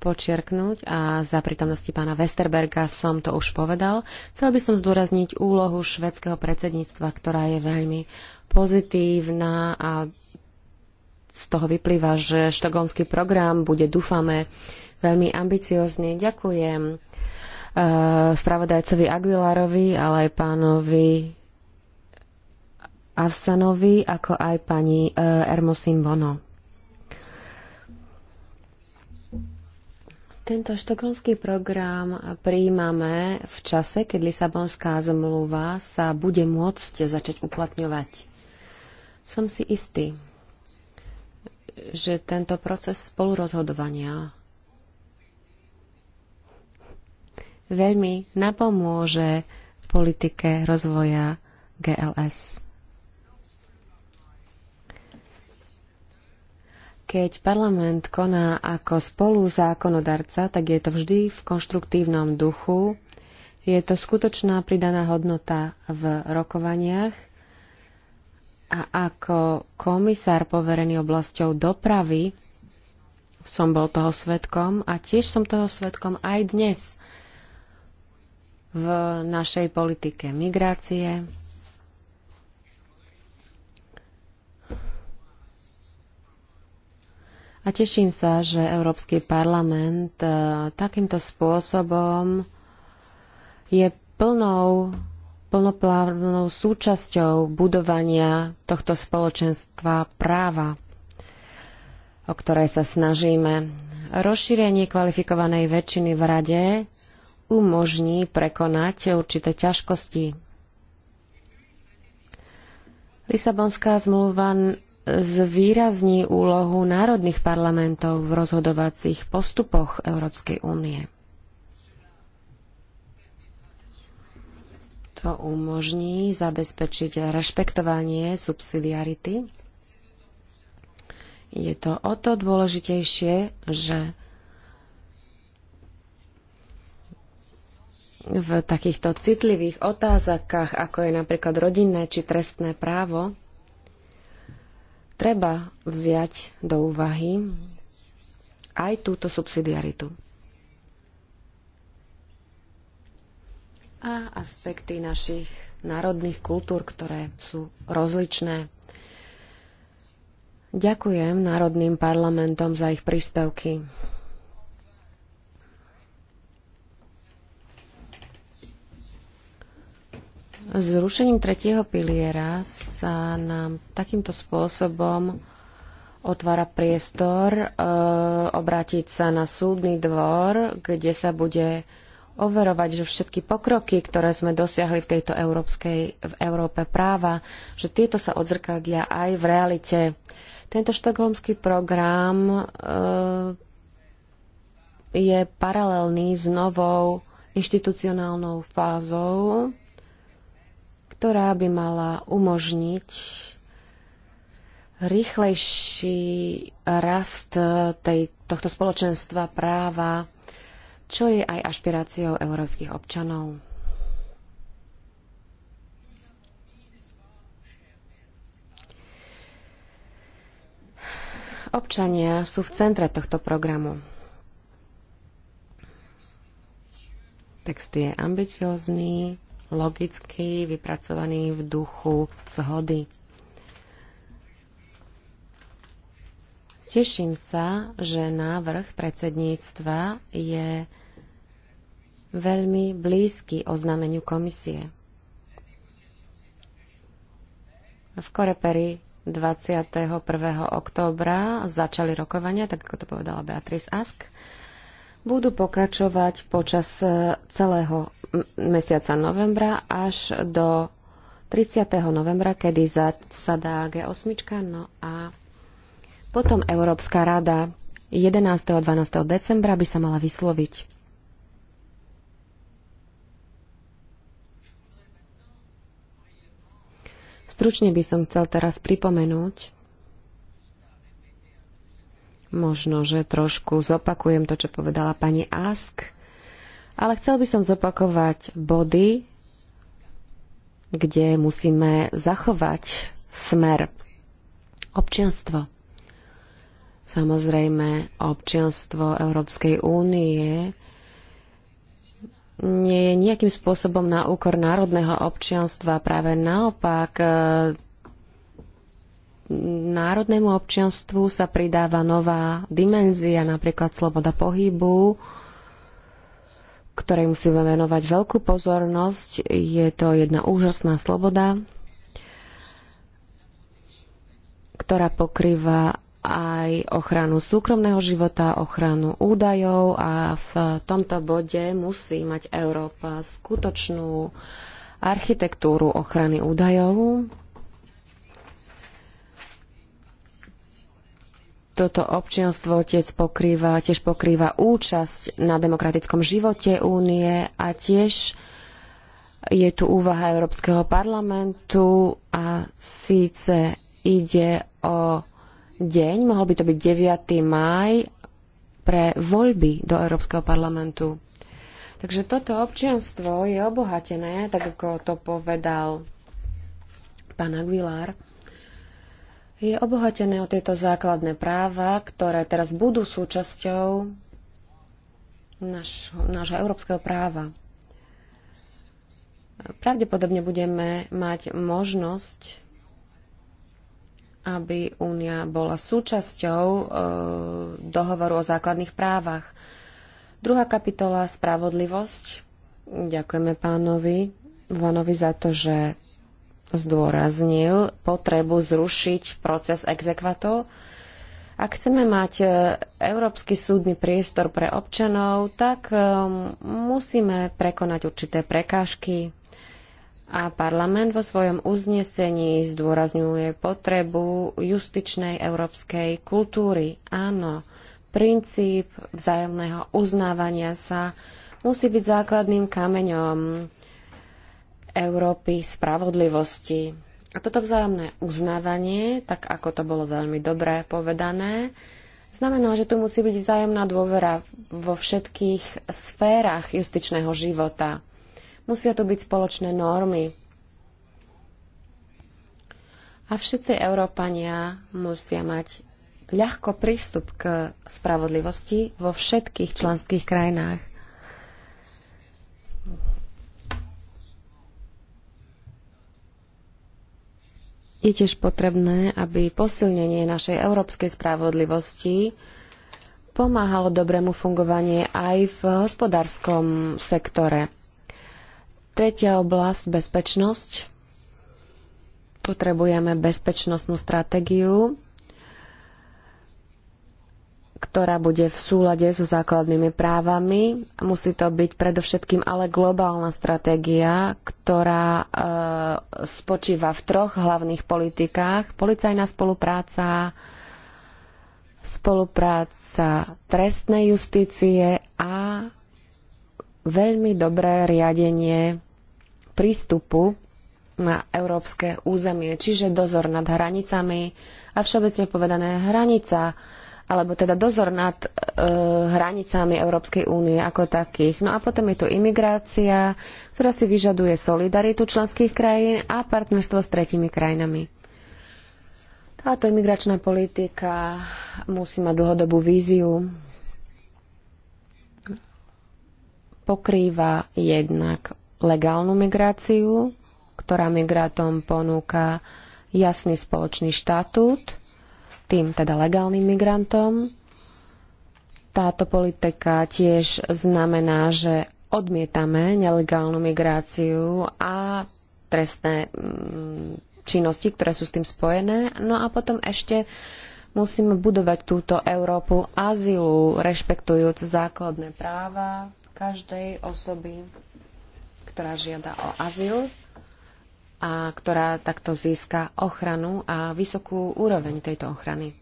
počiarknúť a za prítomnosti pána Westerberga som to už povedal. Chcel by som zdôrazniť úlohu švedského predsedníctva, ktorá je veľmi pozitívna a z toho vyplýva, že štokholmský program bude, dúfame, veľmi ambiciózny. Ďakujem eh, spravodajcovi Aguilarovi, ale aj pánovi Avsanovi, ako aj pani eh, Hermosin Bono. Tento štokholmský program prijímame v čase, keď Lisabonská zmluva sa bude môcť začať uplatňovať. Som si istý, že tento proces spolurozhodovania veľmi napomôže v politike rozvoja GLS. Keď parlament koná ako spoluzákonodarca, tak je to vždy v konštruktívnom duchu. Je to skutočná pridaná hodnota v rokovaniach a ako komisár poverený oblasťou dopravy som bol toho svetkom a tiež som toho svetkom aj dnes v našej politike migrácie, A teším sa, že Európsky parlament e, takýmto spôsobom je plnou plnoplávnou súčasťou budovania tohto spoločenstva práva, o ktoré sa snažíme. Rozšírenie kvalifikovanej väčšiny v Rade umožní prekonať určité ťažkosti. Lisabonská zmluva zvýrazní úlohu národných parlamentov v rozhodovacích postupoch Európskej únie. To umožní zabezpečiť rešpektovanie subsidiarity. Je to o to dôležitejšie, že v takýchto citlivých otázakách, ako je napríklad rodinné či trestné právo, treba vziať do úvahy aj túto subsidiaritu. a aspekty našich národných kultúr, ktoré sú rozličné. Ďakujem národným parlamentom za ich príspevky. Zrušením tretieho piliera sa nám takýmto spôsobom otvára priestor e, obrátiť sa na súdny dvor, kde sa bude overovať, že všetky pokroky, ktoré sme dosiahli v tejto európskej, v Európe práva, že tieto sa odzrkadlia aj v realite. Tento štokholmský program e, je paralelný s novou inštitucionálnou fázou, ktorá by mala umožniť rýchlejší rast e, tej, tohto spoločenstva práva čo je aj ašpiráciou európskych občanov. Občania sú v centre tohto programu. Text je ambiciózny, logický, vypracovaný v duchu zhody Teším sa, že návrh predsedníctva je veľmi blízky oznámeniu komisie. V Koreperi 21. októbra začali rokovania, tak ako to povedala Beatrice Ask. Budú pokračovať počas e, celého mesiaca novembra až do 30. novembra, kedy zasadá G8. No a potom Európska rada 11. a 12. decembra by sa mala vysloviť. Stručne by som chcel teraz pripomenúť, možno, že trošku zopakujem to, čo povedala pani Ask, ale chcel by som zopakovať body, kde musíme zachovať smer občianstvo. Samozrejme, občianstvo Európskej únie nie je nejakým spôsobom na úkor národného občianstva. Práve naopak, e, národnému občianstvu sa pridáva nová dimenzia, napríklad sloboda pohybu, ktorej musíme venovať veľkú pozornosť. Je to jedna úžasná sloboda, ktorá pokrýva aj ochranu súkromného života, ochranu údajov a v tomto bode musí mať Európa skutočnú architektúru ochrany údajov. Toto občianstvo tiež pokrýva, tiež pokrýva účasť na demokratickom živote únie a tiež je tu úvaha Európskeho parlamentu a síce ide o deň, mohol by to byť 9. maj pre voľby do Európskeho parlamentu. Takže toto občianstvo je obohatené, tak ako to povedal pán Aguilar, je obohatené o tieto základné práva, ktoré teraz budú súčasťou nášho, nášho európskeho práva. Pravdepodobne budeme mať možnosť aby Únia bola súčasťou e, dohovoru o základných právach. Druhá kapitola Spravodlivosť. Ďakujeme pánovi Vanovi za to, že zdôraznil potrebu zrušiť proces exekvatov. Ak chceme mať e, európsky súdny priestor pre občanov, tak e, musíme prekonať určité prekážky, a parlament vo svojom uznesení zdôrazňuje potrebu justičnej európskej kultúry. Áno, princíp vzájomného uznávania sa musí byť základným kameňom Európy spravodlivosti. A toto vzájomné uznávanie, tak ako to bolo veľmi dobre povedané, znamená, že tu musí byť vzájomná dôvera vo všetkých sférach justičného života Musia tu byť spoločné normy. A všetci Európania musia mať ľahko prístup k spravodlivosti vo všetkých členských krajinách. Je tiež potrebné, aby posilnenie našej európskej spravodlivosti pomáhalo dobrému fungovanie aj v hospodárskom sektore. Tretia oblasť, bezpečnosť. Potrebujeme bezpečnostnú stratégiu, ktorá bude v súlade so základnými právami. Musí to byť predovšetkým ale globálna stratégia, ktorá e, spočíva v troch hlavných politikách. Policajná spolupráca, spolupráca trestnej justície a veľmi dobré riadenie prístupu na európske územie, čiže dozor nad hranicami a všeobecne povedané hranica, alebo teda dozor nad e, hranicami Európskej únie ako takých. No a potom je tu imigrácia, ktorá si vyžaduje solidaritu členských krajín a partnerstvo s tretimi krajinami. Táto imigračná politika musí mať dlhodobú víziu, pokrýva jednak legálnu migráciu, ktorá migrátom ponúka jasný spoločný štatút, tým teda legálnym migrantom. Táto politika tiež znamená, že odmietame nelegálnu migráciu a trestné mm, činnosti, ktoré sú s tým spojené. No a potom ešte musíme budovať túto Európu azylu, rešpektujúc základné práva každej osoby ktorá žiada o azyl a ktorá takto získa ochranu a vysokú úroveň tejto ochrany.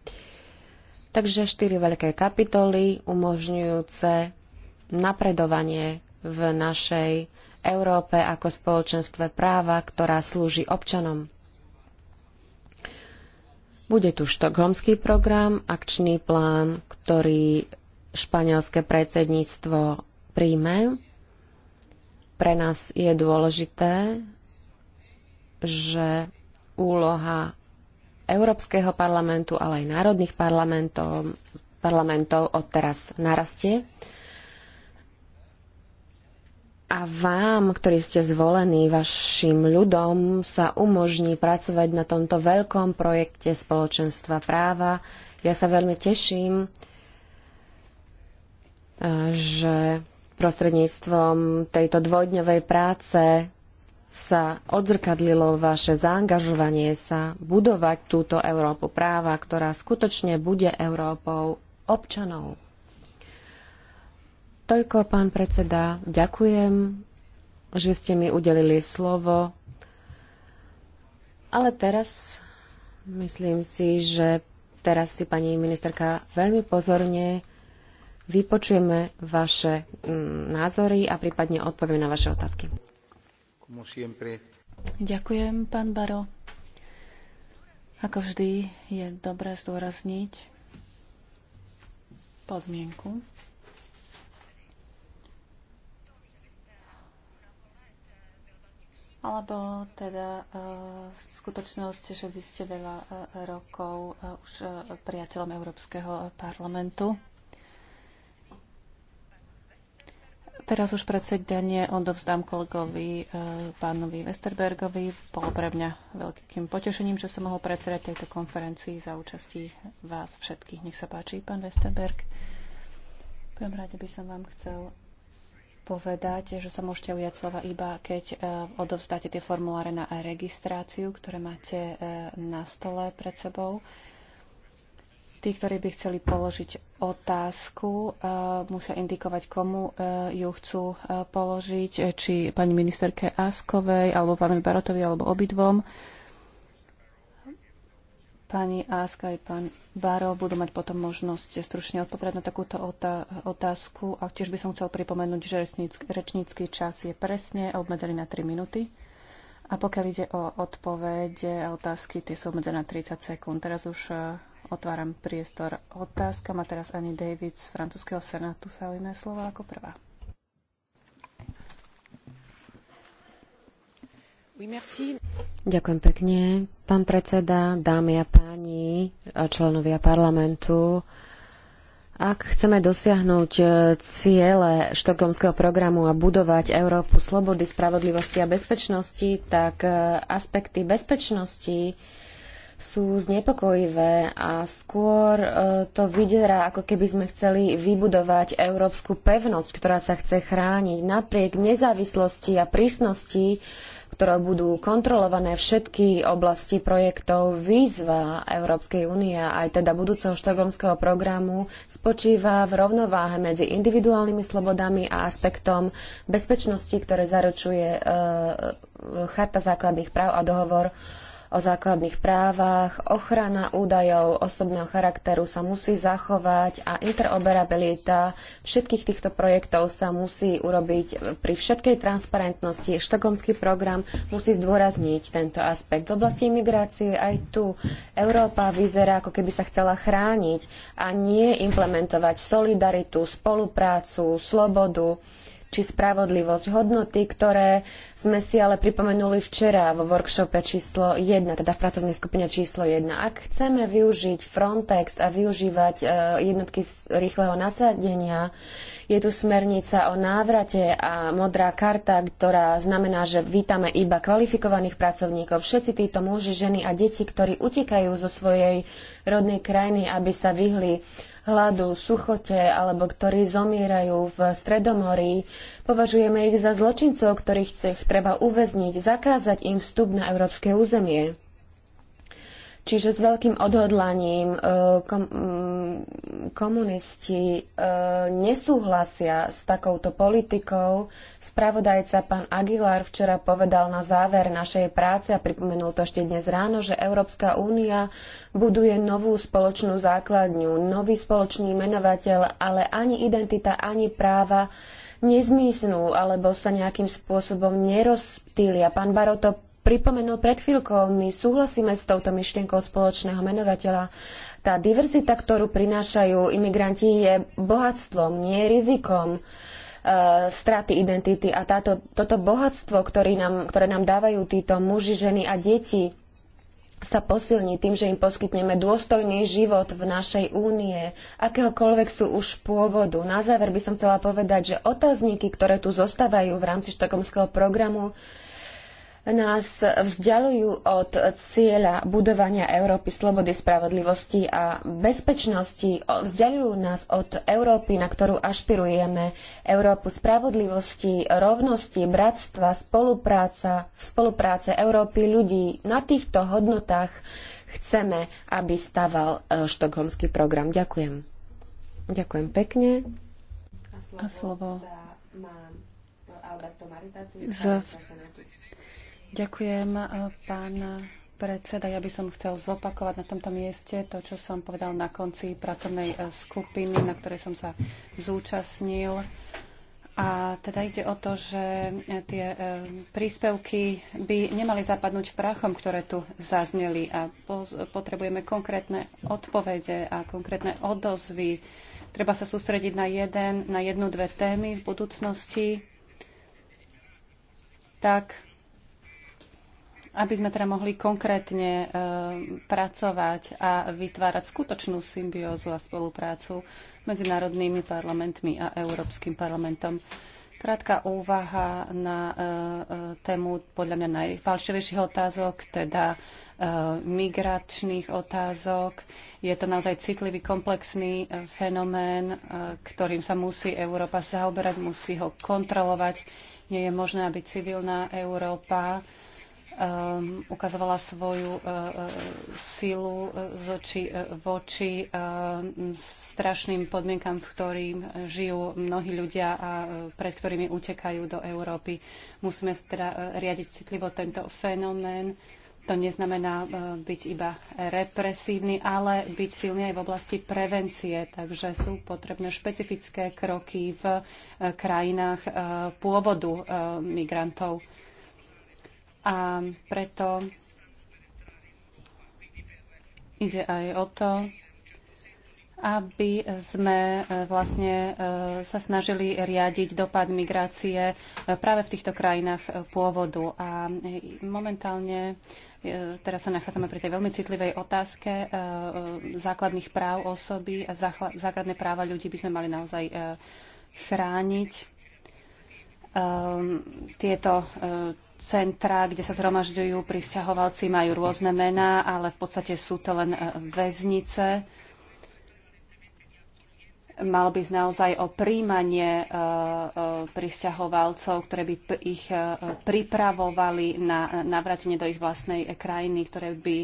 Takže štyri veľké kapitoly umožňujúce napredovanie v našej Európe ako spoločenstve práva, ktorá slúži občanom. Bude tu štokholmský program, akčný plán, ktorý španielské predsedníctvo príjme pre nás je dôležité, že úloha Európskeho parlamentu, ale aj národných parlamentov, parlamentov odteraz narastie. A vám, ktorí ste zvolení vašim ľudom, sa umožní pracovať na tomto veľkom projekte spoločenstva práva. Ja sa veľmi teším, eh, že prostredníctvom tejto dvojdňovej práce sa odzrkadlilo vaše zaangažovanie sa budovať túto Európu práva, ktorá skutočne bude Európou občanov. Toľko, pán predseda, ďakujem, že ste mi udelili slovo. Ale teraz myslím si, že teraz si pani ministerka veľmi pozorne vypočujeme vaše mm, názory a prípadne odpovieme na vaše otázky. Ďakujem, pán Baro. Ako vždy je dobré zdôrazniť podmienku, alebo teda uh, skutočnosť, že vy ste veľa uh, rokov uh, už uh, priateľom Európskeho parlamentu. Teraz už predsedanie odovzdám kolegovi e, pánovi Westerbergovi. Bolo pre mňa veľkým potešením, že som mohol predsedať tejto konferencii za účasti vás všetkých. Nech sa páči, pán Westerberg. V prvom rade by som vám chcel povedať, že sa môžete ujať slova iba, keď e, odovzdáte tie formuláre na registráciu, ktoré máte e, na stole pred sebou. Tí, ktorí by chceli položiť otázku, e, musia indikovať, komu e, ju chcú e, položiť, či pani ministerke Askovej, alebo pánovi Barotovi, alebo obidvom. Pani Aska aj pán Baro budú mať potom možnosť stručne odpovedať na takúto otázku. A tiež by som chcel pripomenúť, že rečnícky čas je presne obmedzený na 3 minúty. A pokiaľ ide o odpovede a otázky, tie sú obmedzené na 30 sekúnd. Teraz už otváram priestor otázka. Má teraz Ani David z francúzského senátu sa ujme slovo ako prvá. Oui, merci. Ďakujem pekne. Pán predseda, dámy a páni, členovia parlamentu, ak chceme dosiahnuť ciele štokomského programu a budovať Európu slobody, spravodlivosti a bezpečnosti, tak aspekty bezpečnosti sú znepokojivé a skôr e, to vyderá, ako keby sme chceli vybudovať európsku pevnosť, ktorá sa chce chrániť napriek nezávislosti a prísnosti, ktorou budú kontrolované všetky oblasti projektov. Výzva Európskej únie aj teda budúceho štokholmského programu spočíva v rovnováhe medzi individuálnymi slobodami a aspektom bezpečnosti, ktoré zaručuje e, e Charta základných práv a dohovor o základných právach, ochrana údajov osobného charakteru sa musí zachovať a interoperabilita všetkých týchto projektov sa musí urobiť pri všetkej transparentnosti. Štokonský program musí zdôrazniť tento aspekt. V oblasti imigrácie aj tu Európa vyzerá, ako keby sa chcela chrániť a nie implementovať solidaritu, spoluprácu, slobodu či spravodlivosť. Hodnoty, ktoré sme si ale pripomenuli včera vo workshope číslo 1, teda v pracovnej skupine číslo 1. Ak chceme využiť Frontex a využívať e, jednotky rýchleho nasadenia, je tu smernica o návrate a modrá karta, ktorá znamená, že vítame iba kvalifikovaných pracovníkov. Všetci títo muži, ženy a deti, ktorí utekajú zo svojej rodnej krajiny, aby sa vyhli hladu, suchote alebo ktorí zomierajú v Stredomorí, považujeme ich za zločincov, ktorých chce, treba uväzniť, zakázať im vstup na európske územie. Čiže s veľkým odhodlaním e, kom, mm, komunisti e, nesúhlasia s takouto politikou. Spravodajca pán Aguilar včera povedal na záver našej práce a pripomenul to ešte dnes ráno, že Európska únia buduje novú spoločnú základňu, nový spoločný menovateľ, ale ani identita, ani práva nezmysnú alebo sa nejakým spôsobom nerozptýlia. Pán Baro to pripomenul pred chvíľkou. My súhlasíme s touto myšlienkou spoločného menovateľa. Tá diverzita, ktorú prinášajú imigranti, je bohatstvom, nie rizikom e, straty identity a táto, toto bohatstvo, nám, ktoré nám dávajú títo muži, ženy a deti, sa posilní tým, že im poskytneme dôstojný život v našej únie, akéhokoľvek sú už pôvodu. Na záver by som chcela povedať, že otázniky, ktoré tu zostávajú v rámci štokomského programu, nás vzdialujú od cieľa budovania Európy slobody, spravodlivosti a bezpečnosti. Vzdialujú nás od Európy, na ktorú ašpirujeme. Európu spravodlivosti, rovnosti, bratstva, spolupráca, spolupráce Európy ľudí. Na týchto hodnotách chceme, aby staval e, štokholmský program. Ďakujem. Ďakujem pekne. A slovo, a slovo. Z Ďakujem, eh, pán predseda. Ja by som chcel zopakovať na tomto mieste to, čo som povedal na konci pracovnej eh, skupiny, na ktorej som sa zúčastnil. A teda ide o to, že eh, tie príspevky by nemali zapadnúť prachom, ktoré tu zazneli a potrebujeme konkrétne odpovede a konkrétne odozvy. Treba sa sústrediť na, jeden, na jednu, dve témy v budúcnosti, tak aby sme teda mohli konkrétne e, pracovať a vytvárať skutočnú symbiózu a spoluprácu medzi národnými parlamentmi a Európskym parlamentom. Krátka úvaha na e, e tému podľa mňa najfalšovejších otázok, teda e, migračných otázok. Je to naozaj citlivý, komplexný e, fenomén, e, ktorým sa musí Európa zaoberať, musí ho kontrolovať. Nie je možné, aby civilná Európa um, ukazovala svoju uh, silu e, z oči voči uh, ehm, strašným podmienkam, v ktorým žijú mnohí ľudia a pred ktorými utekajú do Európy. Musíme teda riadiť citlivo tento fenomén. To neznamená byť iba represívny, ale byť silný aj v oblasti prevencie. Takže sú potrebné špecifické kroky v krajinách pôvodu migrantov a preto ide aj o to, aby sme e, vlastne e, sa snažili riadiť dopad migrácie e, práve v týchto krajinách pôvodu. A momentálne teraz sa nachádzame pri tej veľmi citlivej otázke základných práv osoby a základné práva ľudí by sme mali naozaj chrániť. Ehm, tieto centra, kde sa zhromažďujú pristahovalci, majú rôzne mená, ale v podstate sú to len e, väznice. Mal by naozaj o príjmanie e, e, pristahovalcov, ktoré by ich pripravovali na navratenie do ich vlastnej krajiny, ktoré by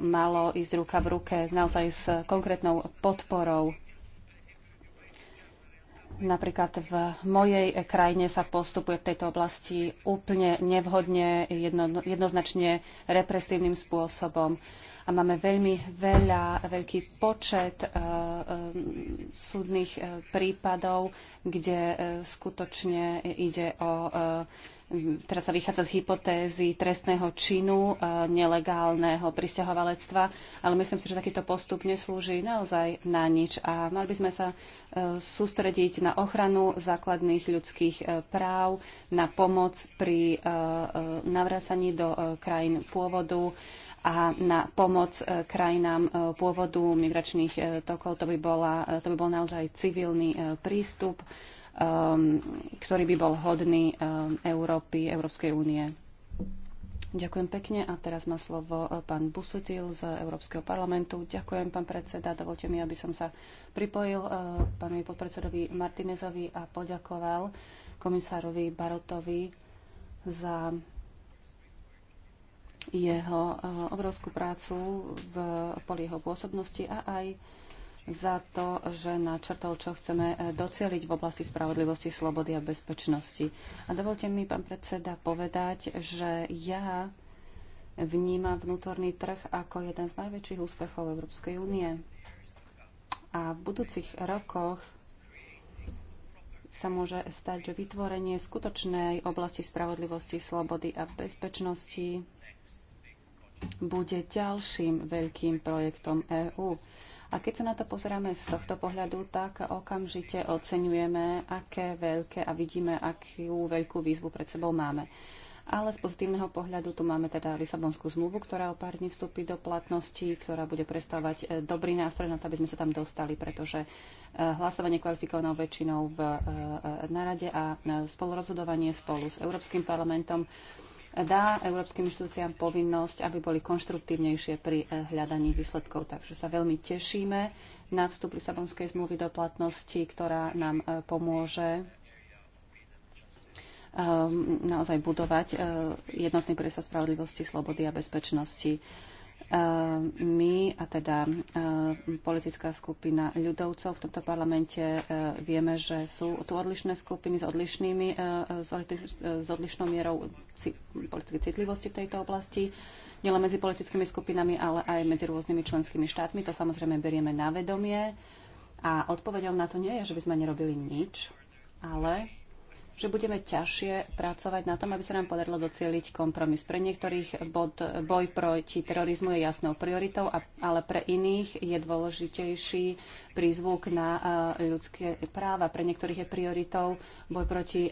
malo ísť ruka v ruke naozaj s konkrétnou podporou Napríklad v mojej krajine sa postupuje v tejto oblasti úplne nevhodne, jedno, jednoznačne represívnym spôsobom. A máme veľmi veľa, veľký počet uh, súdnych eh, prípadov, kde uh, skutočne ide o uh, Mhm. teraz sa vychádza z hypotézy trestného činu e, nelegálneho pristahovalectva, ale myslím si, že takýto postup neslúži naozaj na nič a mali by sme sa e, sústrediť na ochranu základných ľudských e, práv, na pomoc pri navracaní do krajín pôvodu a na pomoc krajinám pôvodu migračných tokov. To by, bola, to by bol naozaj civilný prístup Um, ktorý by bol hodný um, Európy, Európskej únie. Ďakujem pekne a teraz má slovo uh, pán Busutil z Európskeho parlamentu. Ďakujem, pán predseda. Dovolte mi, aby som sa pripojil uh, pánovi podpredsedovi Martinezovi a poďakoval komisárovi Barotovi za jeho uh, obrovskú prácu v poli jeho pôsobnosti a aj za to, že načrtol, čo chceme e, docieliť v oblasti spravodlivosti, slobody a bezpečnosti. A dovolte mi, pán predseda, povedať, že ja vnímam vnútorný trh ako jeden z najväčších úspechov Európskej únie. A v budúcich rokoch sa môže stať, že vytvorenie skutočnej oblasti spravodlivosti, slobody a bezpečnosti bude ďalším veľkým projektom EÚ. A keď sa na to pozeráme z tohto pohľadu, tak okamžite oceňujeme, aké veľké a vidíme, akú veľkú výzvu pred sebou máme. Ale z pozitívneho pohľadu tu máme teda Lisabonskú zmluvu, ktorá o pár dní vstúpi do platnosti, ktorá bude predstavovať e, dobrý nástroj na to, aby sme sa tam dostali, pretože e, hlasovanie kvalifikovanou väčšinou v e, narade a spolurozhodovanie spolu s Európskym parlamentom dá európskym inštitúciám povinnosť, aby boli konštruktívnejšie pri eh, hľadaní výsledkov. Takže sa veľmi tešíme na vstup Lisabonskej zmluvy do platnosti, ktorá nám eh, pomôže eh, naozaj budovať jednotný priestor spravodlivosti, slobody a bezpečnosti. Eh, my a teda eh, politická skupina ľudovcov v tomto parlamente eh, vieme, že sú tu odlišné skupiny s, odlišnými, s odlišnou mierou politickej citlivosti v tejto oblasti. Nielen medzi politickými skupinami, ale aj medzi rôznymi členskými štátmi. To samozrejme berieme na vedomie. A odpovedom na to nie je, že by sme nerobili nič, ale že budeme ťažšie pracovať na tom, aby sa nám podarilo docieliť kompromis. Pre niektorých bod, boj proti terorizmu je jasnou prioritou, ale pre iných je dôležitejší prízvuk na ľudské práva. Pre niektorých je prioritou boj proti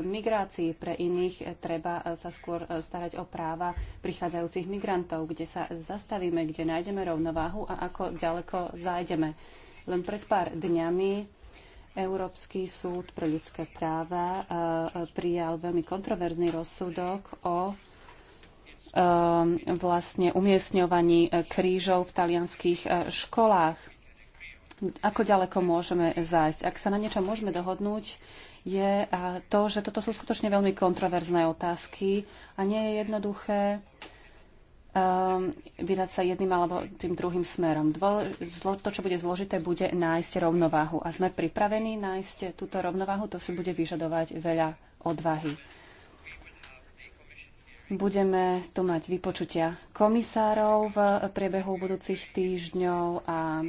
migrácii, pre iných treba sa skôr starať o práva prichádzajúcich migrantov, kde sa zastavíme, kde nájdeme rovnováhu a ako ďaleko zájdeme. Len pred pár dňami Európsky súd pre ľudské práva eh, prijal veľmi kontroverzný rozsudok o eh, vlastne umiestňovaní eh, krížov v talianských školách. Ako ďaleko môžeme zájsť? Ak sa na niečo môžeme dohodnúť, je to, že toto sú skutočne veľmi kontroverzné otázky a nie je jednoduché Um, vydať sa jedným alebo tým druhým smerom. to, čo bude zložité, bude nájsť rovnováhu. A sme pripravení nájsť túto rovnováhu, to si bude vyžadovať veľa odvahy. Budeme tu mať vypočutia komisárov v priebehu budúcich týždňov a e,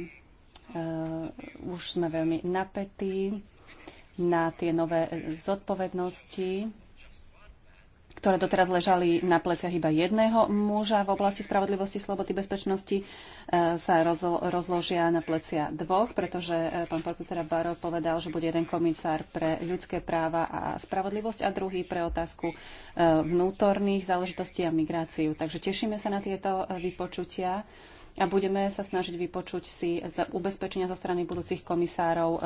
už sme veľmi napätí na tie nové zodpovednosti ktoré doteraz ležali na pleciach iba jedného muža v oblasti spravodlivosti, slobody, bezpečnosti, e, sa rozložia na plecia dvoch, pretože e, pán profesor Baro povedal, že bude jeden komisár pre ľudské práva a spravodlivosť a druhý pre otázku e, vnútorných záležitostí a migráciu. Takže tešíme sa na tieto vypočutia a budeme sa snažiť vypočuť si ubezpečenia zo strany budúcich komisárov e,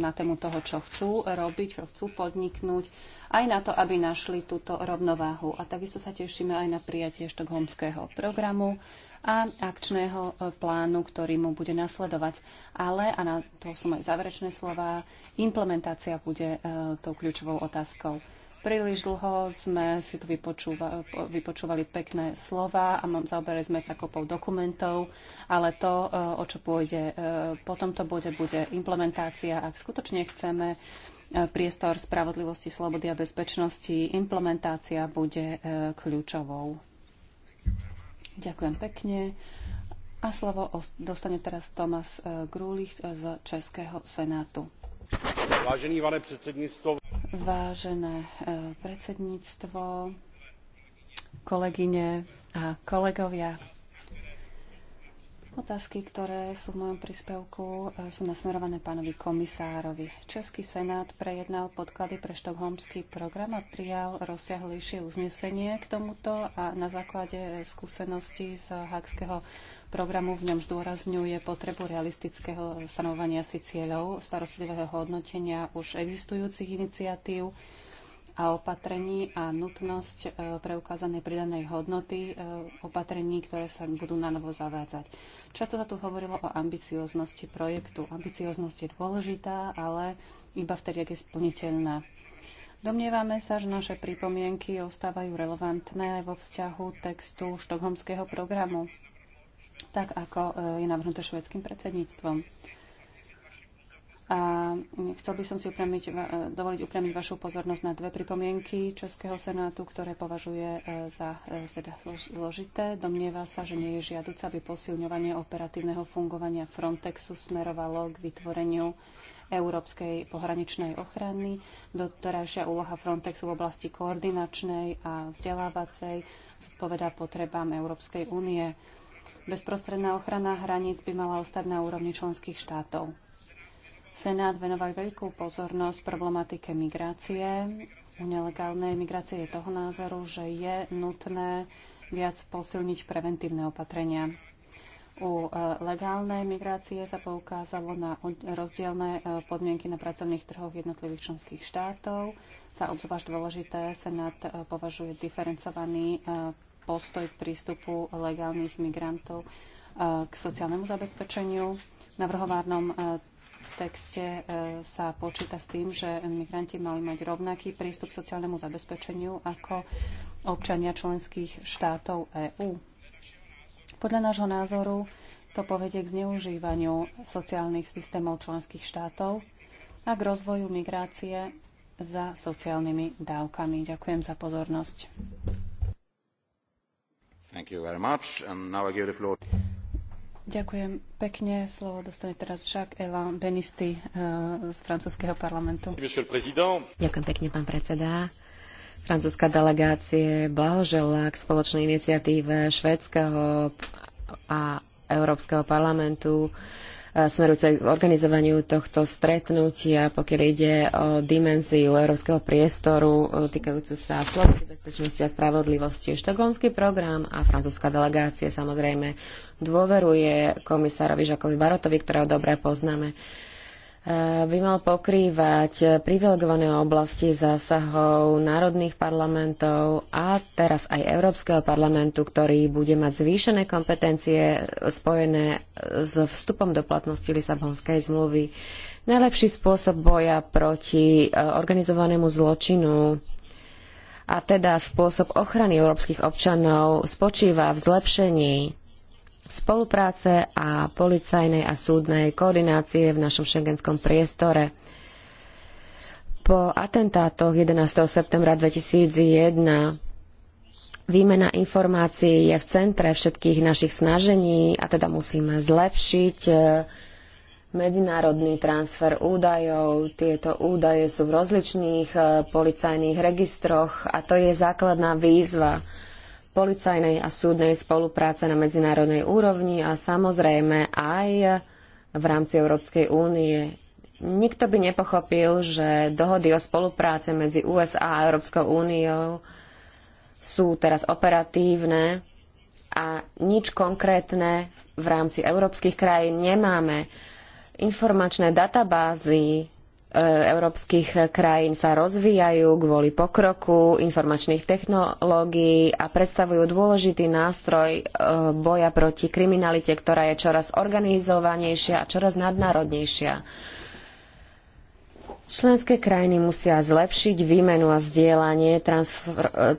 na tému toho, čo chcú robiť, čo chcú podniknúť, aj na to, aby našli túto rovnováhu. A takisto sa tešíme aj na prijatie štokholmského programu a akčného e, plánu, ktorý mu bude nasledovať. Ale, a na to sú moje záverečné slova, implementácia bude e, tou kľúčovou otázkou. Príliš dlho sme si tu vypočúva, vypočúvali pekné slova a zaoberali sme sa kopou dokumentov, ale to, eh, o čo pôjde eh, po tomto bode, bude implementácia. Ak skutočne chceme eh, priestor spravodlivosti, slobody a bezpečnosti, implementácia bude kľúčovou. Ďakujem pekne. A slovo dostane teraz Tomas Grúlich z Českého senátu. Vážený pane predsedníctvo, Vážené e, predsedníctvo, kolegyne a kolegovia. Otázky, ktoré sú v mojom príspevku, e, sú nasmerované pánovi komisárovi. Český senát prejednal podklady pre štokholmský program a prijal rozsiahlejšie uznesenie k tomuto a na základe skúseností z Hakského programu v ňom zdôrazňuje potrebu realistického stanovania si cieľov, starostlivého hodnotenia už existujúcich iniciatív a opatrení a nutnosť e, preukázanej pridanej hodnoty e, opatrení, ktoré sa budú na novo zavádzať. Často sa tu hovorilo o ambicioznosti projektu. Ambicioznosť je dôležitá, ale iba vtedy, ak je splniteľná. Domnievame sa, že naše pripomienky ostávajú relevantné aj vo vzťahu textu štokholmského programu tak ako e, je navrhnuté švedským predsedníctvom. A chcel by som si upremiť, e, dovoliť upriamiť vašu pozornosť na dve pripomienky Českého senátu, ktoré považuje e, za teda zložité. Domnieva sa, že nie je žiaduce, aby posilňovanie operatívneho fungovania Frontexu smerovalo k vytvoreniu európskej pohraničnej ochrany. Doterajšia úloha Frontexu v oblasti koordinačnej a vzdelávacej zodpovedá potrebám Európskej únie Bezprostredná ochrana hraníc by mala ostať na úrovni členských štátov. Senát venoval veľkú pozornosť problematike migrácie. U nelegálnej migrácie je toho názoru, že je nutné viac posilniť preventívne opatrenia. U e, legálnej migrácie sa poukázalo na rozdielne e, podmienky na pracovných trhoch jednotlivých členských štátov. Za obzvlášť dôležité Senát e, považuje diferencovaný postoj prístupu legálnych migrantov e, k sociálnemu zabezpečeniu. V navrhovárnom e, texte e, sa počíta s tým, že migranti mali mať rovnaký prístup k sociálnemu zabezpečeniu ako občania členských štátov EÚ. Podľa nášho názoru to povedie k zneužívaniu sociálnych systémov členských štátov a k rozvoju migrácie za sociálnymi dávkami. Ďakujem za pozornosť. Ďakujem pekne. Slovo dostane teraz Jacques Elan Benisty eh, z francúzského parlamentu. Ďakujem pekne, pán predseda. Francúzska delegácie blahožela k spoločnej iniciatíve švédskeho a Európskeho parlamentu E, smerujúce k organizovaniu tohto stretnutia, pokiaľ ide o dimenziu európskeho priestoru e, týkajúcu sa slobody, bezpečnosti a spravodlivosti. Štokholmský program a francúzska delegácia samozrejme dôveruje komisárovi Žakovi Barotovi, ktorého dobre poznáme. Uh, by mal pokrývať privilegované oblasti zásahov národných parlamentov a teraz aj Európskeho parlamentu, ktorý bude mať zvýšené kompetencie spojené so vstupom do platnosti Lisabonskej zmluvy. Najlepší spôsob boja proti e, organizovanému zločinu a teda spôsob ochrany európskych občanov spočíva v zlepšení spolupráce a policajnej a súdnej koordinácie v našom šengenskom priestore. Po atentátoch 11. septembra 2001 Výmena informácií je v centre všetkých našich snažení a teda musíme zlepšiť eh, medzinárodný transfer údajov. Tieto údaje sú v rozličných eh, policajných registroch a to je základná výzva policajnej a súdnej spolupráce na medzinárodnej úrovni a samozrejme aj v rámci Európskej únie. Nikto by nepochopil, že dohody o spolupráce medzi USA a Európskou úniou sú teraz operatívne a nič konkrétne v rámci európskych krajín nemáme. Informačné databázy Eh, európskych krajín sa rozvíjajú kvôli pokroku informačných technológií a predstavujú dôležitý nástroj eh, boja proti kriminalite, ktorá je čoraz organizovanejšia a čoraz nadnárodnejšia. Členské krajiny musia zlepšiť výmenu a zdieľanie eh,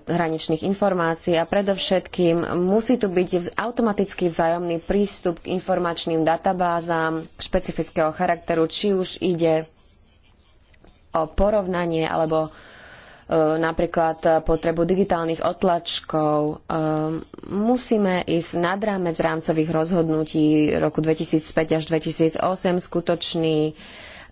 hraničných informácií a predovšetkým musí tu byť automatický vzájomný prístup k informačným databázám špecifického charakteru, či už ide o porovnanie alebo e, napríklad potrebu digitálnych otlačkov. E, musíme ísť nad rámec rámcových rozhodnutí roku 2005 až 2008 skutočný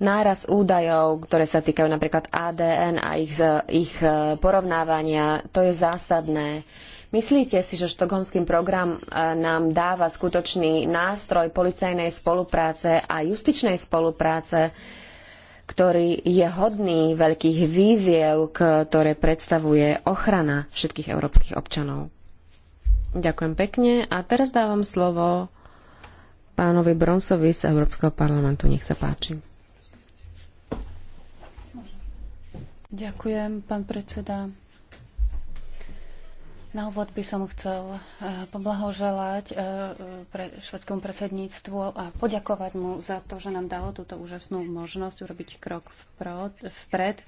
náraz údajov, ktoré sa týkajú napríklad ADN a ich, ich e, porovnávania. To je zásadné. Myslíte si, že štokholmský program nám dáva skutočný nástroj policajnej spolupráce a justičnej spolupráce, ktorý je hodný veľkých víziev, ktoré predstavuje ochrana všetkých európskych občanov. Ďakujem pekne a teraz dávam slovo pánovi Bronsovi z Európskeho parlamentu. Nech sa páči. Ďakujem, pán predseda. Na úvod by som chcel e, poblahoželať e, pre švedskému predsedníctvu a poďakovať mu za to, že nám dalo túto úžasnú možnosť urobiť krok vpred e,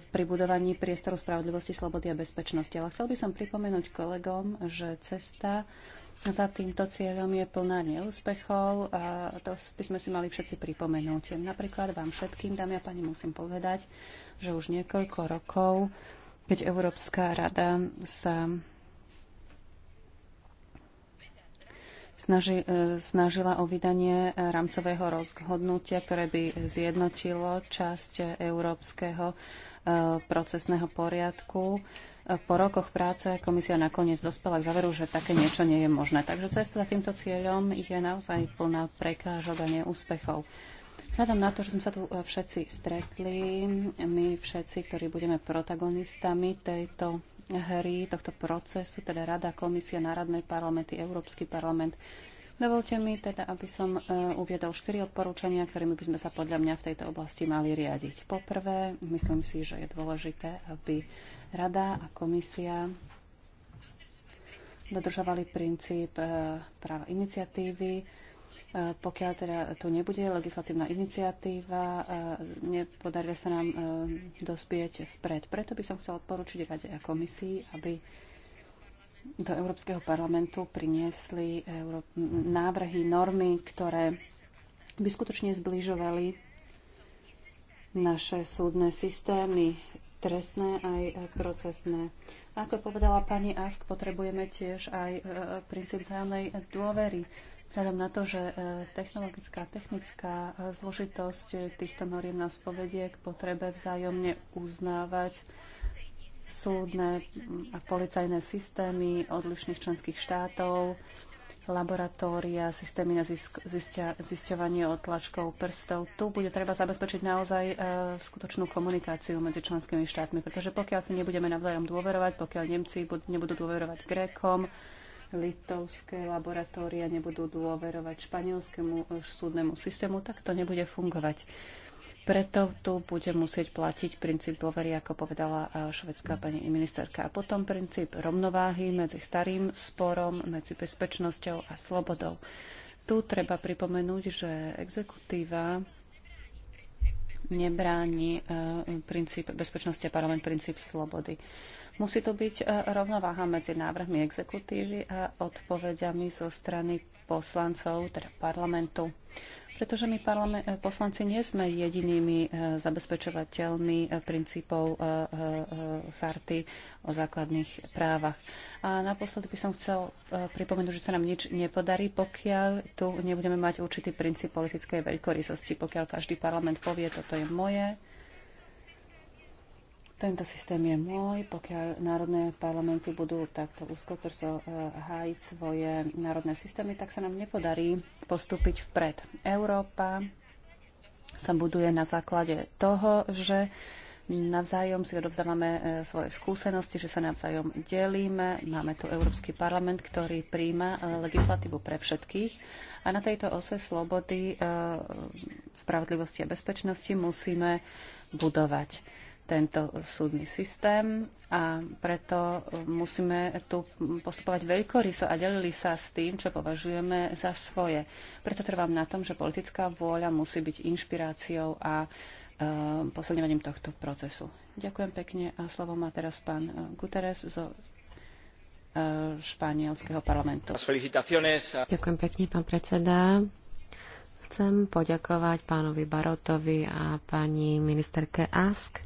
pri budovaní priestoru spravodlivosti, slobody a bezpečnosti. Ale chcel by som pripomenúť kolegom, že cesta za týmto cieľom je plná neúspechov a to by sme si mali všetci pripomenúť. Napríklad vám všetkým, dámy a pani, musím povedať, že už niekoľko rokov keď Európska rada sa snaži, e, snažila o vydanie rámcového rozhodnutia, ktoré by zjednotilo časť európskeho e, procesného poriadku. E, po rokoch práce komisia nakoniec dospela k záveru, že také niečo nie je možné. Takže cesta za týmto cieľom je naozaj plná prekážok a neúspechov. Vzhľadom na to, že sme sa tu všetci stretli, my všetci, ktorí budeme protagonistami tejto hry tohto procesu, teda Rada, Komisia, Národné parlamenty, Európsky parlament. Dovolte mi teda, aby som e, uviedol štyri odporúčania, ktorými by sme sa podľa mňa v tejto oblasti mali riadiť. Poprvé, myslím si, že je dôležité, aby Rada a Komisia dodržovali princíp e, práva iniciatívy, Eh, pokiaľ teda tu nebude legislatívna iniciatíva, eh, nepodarí sa nám eh, dospieť vpred. Preto by som chcel odporučiť Rade a komisii, aby do Európskeho parlamentu priniesli návrhy, normy, ktoré by skutočne zbližovali naše súdne systémy, trestné aj procesné. Ako povedala pani Ask, potrebujeme tiež aj princíp vzájomnej dôvery Vzhľadom na to, že e, technologická a technická e, zložitosť e, týchto noriem nás povedie k potrebe vzájomne uznávať súdne mm, a policajné systémy odlišných členských štátov, laboratória, systémy na zisťovanie zistia- zisťovanie otlačkov prstov. Tu bude treba zabezpečiť naozaj e, skutočnú komunikáciu medzi členskými štátmi, pretože pokiaľ si nebudeme navzájom dôverovať, pokiaľ Nemci nebudú dôverovať Grékom, litovské laboratória nebudú dôverovať španielskému eh, súdnemu systému, tak to nebude fungovať. Preto tu bude musieť platiť princíp dôvery, ako povedala eh, švedská pani ministerka. A potom princíp rovnováhy medzi starým sporom, medzi bezpečnosťou a slobodou. Tu treba pripomenúť, že exekutíva nebráni eh, princíp bezpečnosti a parlament princíp slobody. Musí to byť e, rovnováha medzi návrhmi exekutívy a odpovediami zo strany poslancov, teda parlamentu. Pretože my e, poslanci nie sme jedinými e, zabezpečovateľmi princípov charty o základných právach. A naposledy by som chcel pripomenúť, že sa nám nič nepodarí, pokiaľ tu nebudeme mať určitý princíp politickej veľkorysosti, pokiaľ každý parlament povie, toto je moje, tento systém je môj, pokiaľ národné parlamenty budú takto úzko prso eh, hájiť svoje národné systémy, tak sa nám nepodarí postúpiť vpred. Európa sa buduje na základe toho, že navzájom si odovzdávame eh, svoje skúsenosti, že sa navzájom delíme. Máme tu Európsky parlament, ktorý príjma eh, legislatívu pre všetkých. A na tejto ose slobody, spravodlivosti a bezpečnosti musíme budovať tento súdny systém a preto musíme tu postupovať veľkoryso a delili sa s tým, čo považujeme za svoje. Preto trvám na tom, že politická vôľa musí byť inšpiráciou a e, posilňovaním tohto procesu. Ďakujem pekne a slovo má teraz pán e, Guterres zo e, španielského parlamentu. Ďakujem pekne, pán predseda chcem poďakovať pánovi Barotovi a pani ministerke Ask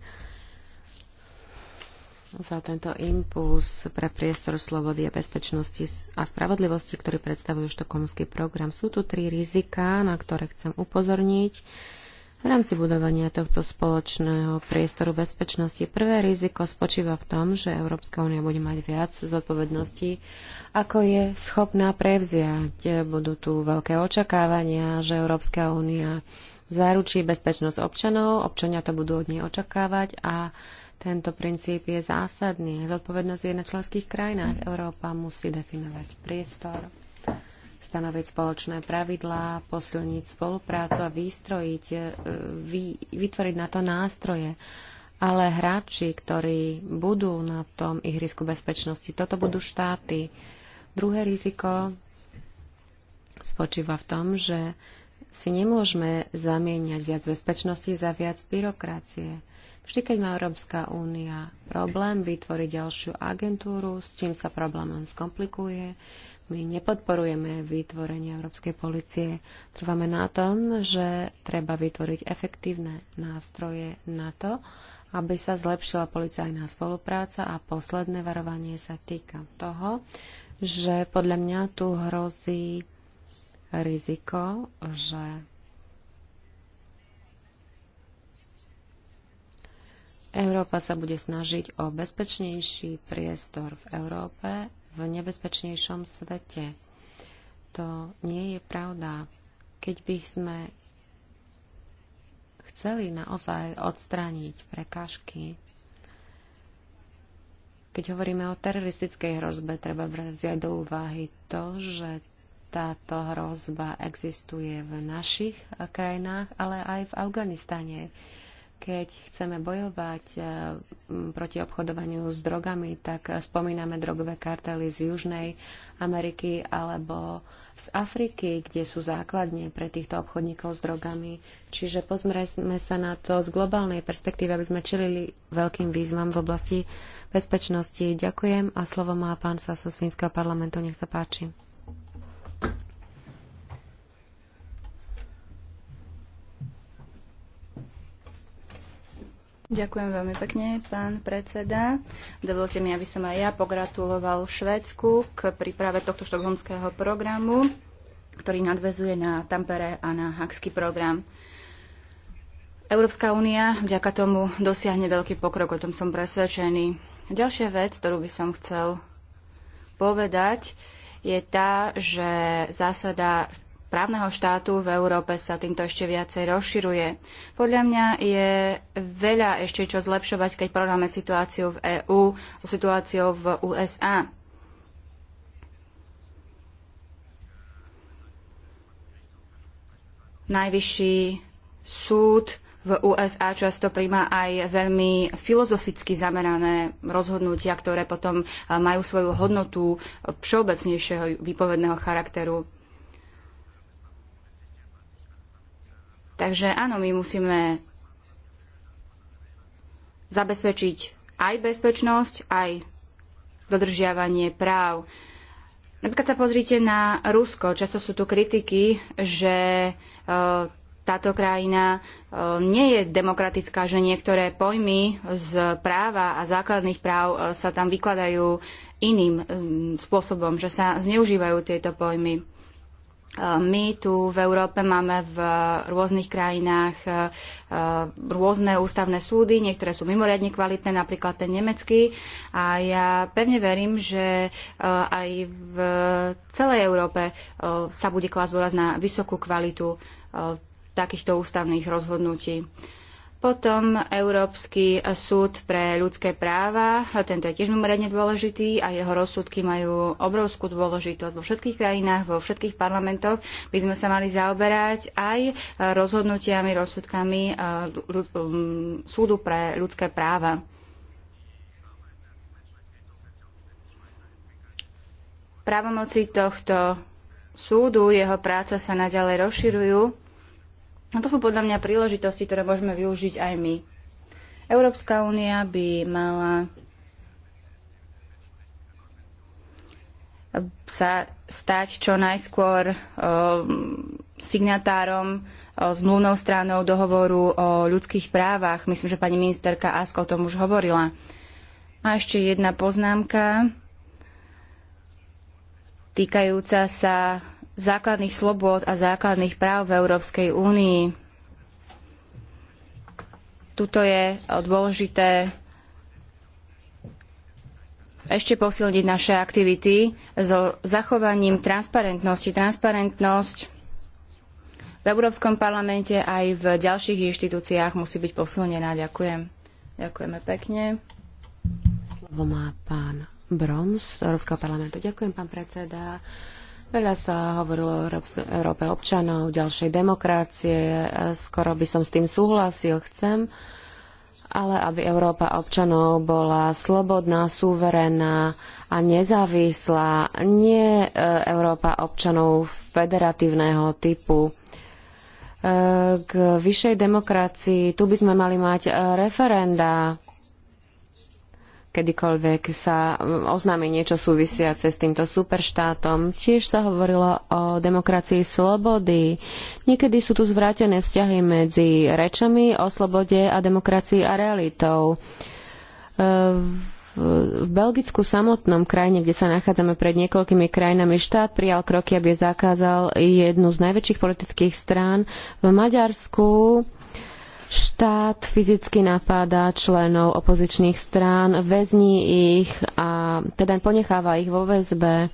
za tento impuls pre priestor slobody a bezpečnosti a spravodlivosti, ktorý predstavujú štokomský program. Sú tu tri rizika, na ktoré chcem upozorniť v rámci budovania tohto spoločného priestoru bezpečnosti. Prvé riziko spočíva v tom, že Európska únia bude mať viac zodpovedností, ako je schopná prevziať. Budú tu veľké očakávania, že Európska únia zaručí bezpečnosť občanov, občania to budú od nej očakávať a tento princíp je zásadný. Zodpovednosť je na členských krajinách. Európa musí definovať priestor, stanoviť spoločné pravidlá, posilniť spoluprácu a výstrojiť, e, vy, vytvoriť na to nástroje. Ale hráči, ktorí budú na tom ihrisku bezpečnosti, toto budú štáty. Druhé riziko spočíva v tom, že si nemôžeme zamieňať viac bezpečnosti za viac byrokracie. Vždy, keď má Európska únia problém vytvoriť ďalšiu agentúru, s čím sa problém len skomplikuje, my nepodporujeme vytvorenie Európskej policie. Trváme na tom, že treba vytvoriť efektívne nástroje na to, aby sa zlepšila policajná spolupráca a posledné varovanie sa týka toho, že podľa mňa tu hrozí riziko, že Európa sa bude snažiť o bezpečnejší priestor v Európe v nebezpečnejšom svete. To nie je pravda. Keď by sme chceli naozaj odstrániť prekážky, keď hovoríme o teroristickej hrozbe, treba brať do úvahy to, že táto hrozba existuje v našich krajinách, ale aj v Afganistane keď chceme bojovať eh, proti obchodovaniu s drogami, tak spomíname drogové kartely z Južnej Ameriky alebo z Afriky, kde sú základne pre týchto obchodníkov s drogami. Čiže pozrieme sa na to z globálnej perspektívy, aby sme čelili veľkým výzvam v oblasti bezpečnosti. Ďakujem a slovo má pán Sasu z Fínskeho parlamentu. Nech sa páči. Ďakujem veľmi pekne, pán predseda. Dovolte mi, aby som aj ja pogratuloval Švedsku k príprave tohto štokholmského programu, ktorý nadvezuje na Tampere a na Hakský program. Európska únia vďaka tomu dosiahne veľký pokrok, o tom som presvedčený. Ďalšia vec, ktorú by som chcel povedať, je tá, že zásada právneho štátu v Európe sa týmto ešte viacej rozširuje. Podľa mňa je veľa ešte čo zlepšovať, keď porovnáme situáciu v EÚ so situáciou v USA. Najvyšší súd v USA často príjma aj veľmi filozoficky zamerané rozhodnutia, ktoré potom eh, majú svoju hodnotu všeobecnejšieho výpovedného charakteru. Takže áno, my musíme zabezpečiť aj bezpečnosť, aj dodržiavanie práv. Napríklad sa pozrite na Rusko. Často sú tu kritiky, že e, táto krajina e, nie je demokratická, že niektoré pojmy z práva a základných práv e, sa tam vykladajú iným spôsobom, že sa zneužívajú tieto pojmy. My tu v Európe máme v rôznych krajinách e, e, rôzne ústavné súdy, niektoré sú mimoriadne kvalitné, napríklad ten nemecký. A ja pevne verím, že e, aj v celej Európe sa bude klásť dôraz na vysokú kvalitu takýchto ústavných rozhodnutí. Potom Európsky súd pre ľudské práva, tento je tiež mimoriadne dôležitý a jeho rozsudky majú obrovskú dôležitosť vo všetkých krajinách, vo všetkých parlamentoch. By sme sa mali zaoberať aj rozhodnutiami, rozsudkami e, súdu pre ľudské práva. Právomoci tohto súdu, jeho práca sa naďalej rozširujú a to sú podľa mňa príležitosti, ktoré môžeme využiť aj my. Európska únia by mala sa stať čo najskôr um, signatárom signatárom um, zmluvnou stranou dohovoru o ľudských právach. Myslím, že pani ministerka Asko o tom už hovorila. A ešte jedna poznámka týkajúca sa základných slobôd a základných práv v Európskej únii. Tuto je dôležité ešte posilniť naše aktivity so zachovaním transparentnosti. Transparentnosť v Európskom parlamente aj v ďalších inštitúciách musí byť posilnená. Ďakujem. Ďakujeme pekne. Slovo má pán Brons z Európskeho parlamentu. Ďakujem, pán predseda. Veľa sa hovorilo o Európe občanov, ďalšej demokracie. Skoro by som s tým súhlasil, chcem. Ale aby Európa občanov bola slobodná, suverénna a nezávislá, nie e, Európa občanov federatívneho typu. E, k vyššej demokracii tu by sme mali mať e, referenda kedykoľvek sa oznámi niečo súvisiace s týmto superštátom. Tiež sa hovorilo o demokracii slobody. Niekedy sú tu zvrátené vzťahy medzi rečami o slobode a demokracii a realitou. E, v Belgicku samotnom krajine, kde sa nachádzame pred niekoľkými krajinami, štát prijal kroky, aby zakázal jednu z najväčších politických strán. V Maďarsku Štát fyzicky napáda členov opozičných strán, väzní ich a teda ponecháva ich vo väzbe.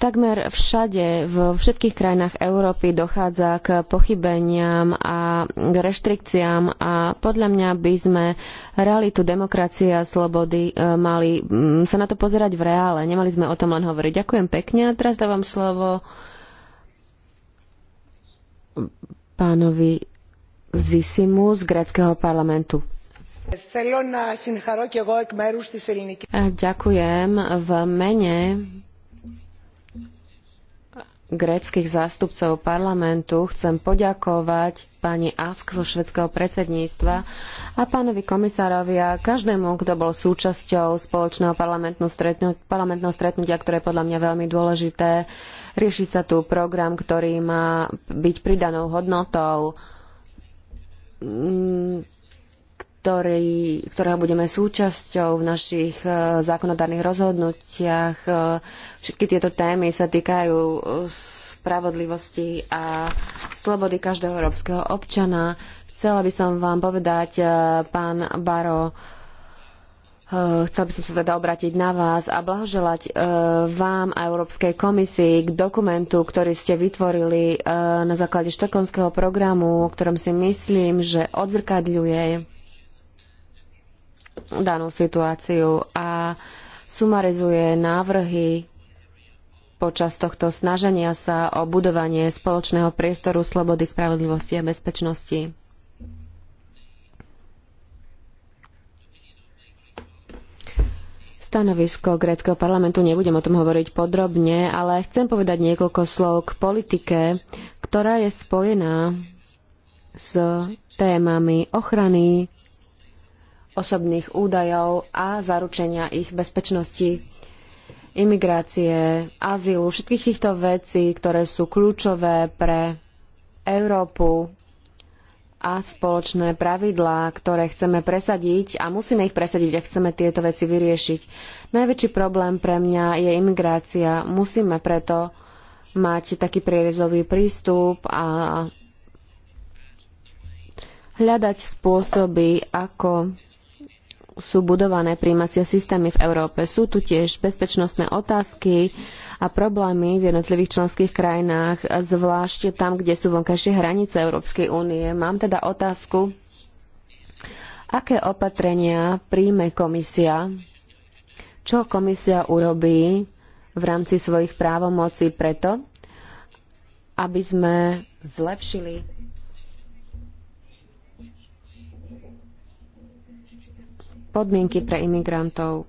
Takmer všade, vo všetkých krajinách Európy dochádza k pochybeniam a k reštrikciám a podľa mňa by sme realitu demokracie a slobody e, mali mm, sa na to pozerať v reále. Nemali sme o tom len hovoriť. Ďakujem pekne a teraz dávam slovo pánovi Zisimu z greckého parlamentu. Ďakujem v mene gréckych zástupcov parlamentu chcem poďakovať pani Ask zo švedského predsedníctva a pánovi komisárovi a každému, kto bol súčasťou spoločného parlamentného stretnutia, ktoré je podľa mňa veľmi dôležité Rieši sa tu program, ktorý má byť pridanou hodnotou, mm, ktorý, ktorého budeme súčasťou v našich e, zákonodárnych rozhodnutiach. E, všetky tieto témy sa týkajú e, spravodlivosti a slobody každého európskeho občana. Chcela by som vám povedať, pán Baro, Eh, Chcela by som sa teda obrátiť na vás a blahoželať eh, vám a Európskej komisii k dokumentu, ktorý ste vytvorili eh, na základe štokholmského programu, o ktorom si myslím, že odzrkadľuje danú situáciu a sumarizuje návrhy počas tohto snaženia sa o budovanie spoločného priestoru slobody, spravodlivosti a bezpečnosti. stanovisko gréckého parlamentu, nebudem o tom hovoriť podrobne, ale chcem povedať niekoľko slov k politike, ktorá je spojená s témami ochrany osobných údajov a zaručenia ich bezpečnosti, imigrácie, azylu, všetkých týchto vecí, ktoré sú kľúčové pre Európu a spoločné pravidlá, ktoré chceme presadiť a musíme ich presadiť, ak chceme tieto veci vyriešiť. Najväčší problém pre mňa je imigrácia. Musíme preto mať taký prierezový prístup a hľadať spôsoby, ako sú budované príjmacie systémy v Európe. Sú tu tiež bezpečnostné otázky a problémy v jednotlivých členských krajinách, zvlášť tam, kde sú vonkajšie hranice Európskej únie. Mám teda otázku, aké opatrenia príjme komisia, čo komisia urobí v rámci svojich právomocí preto, aby sme zlepšili podmienky pre imigrantov.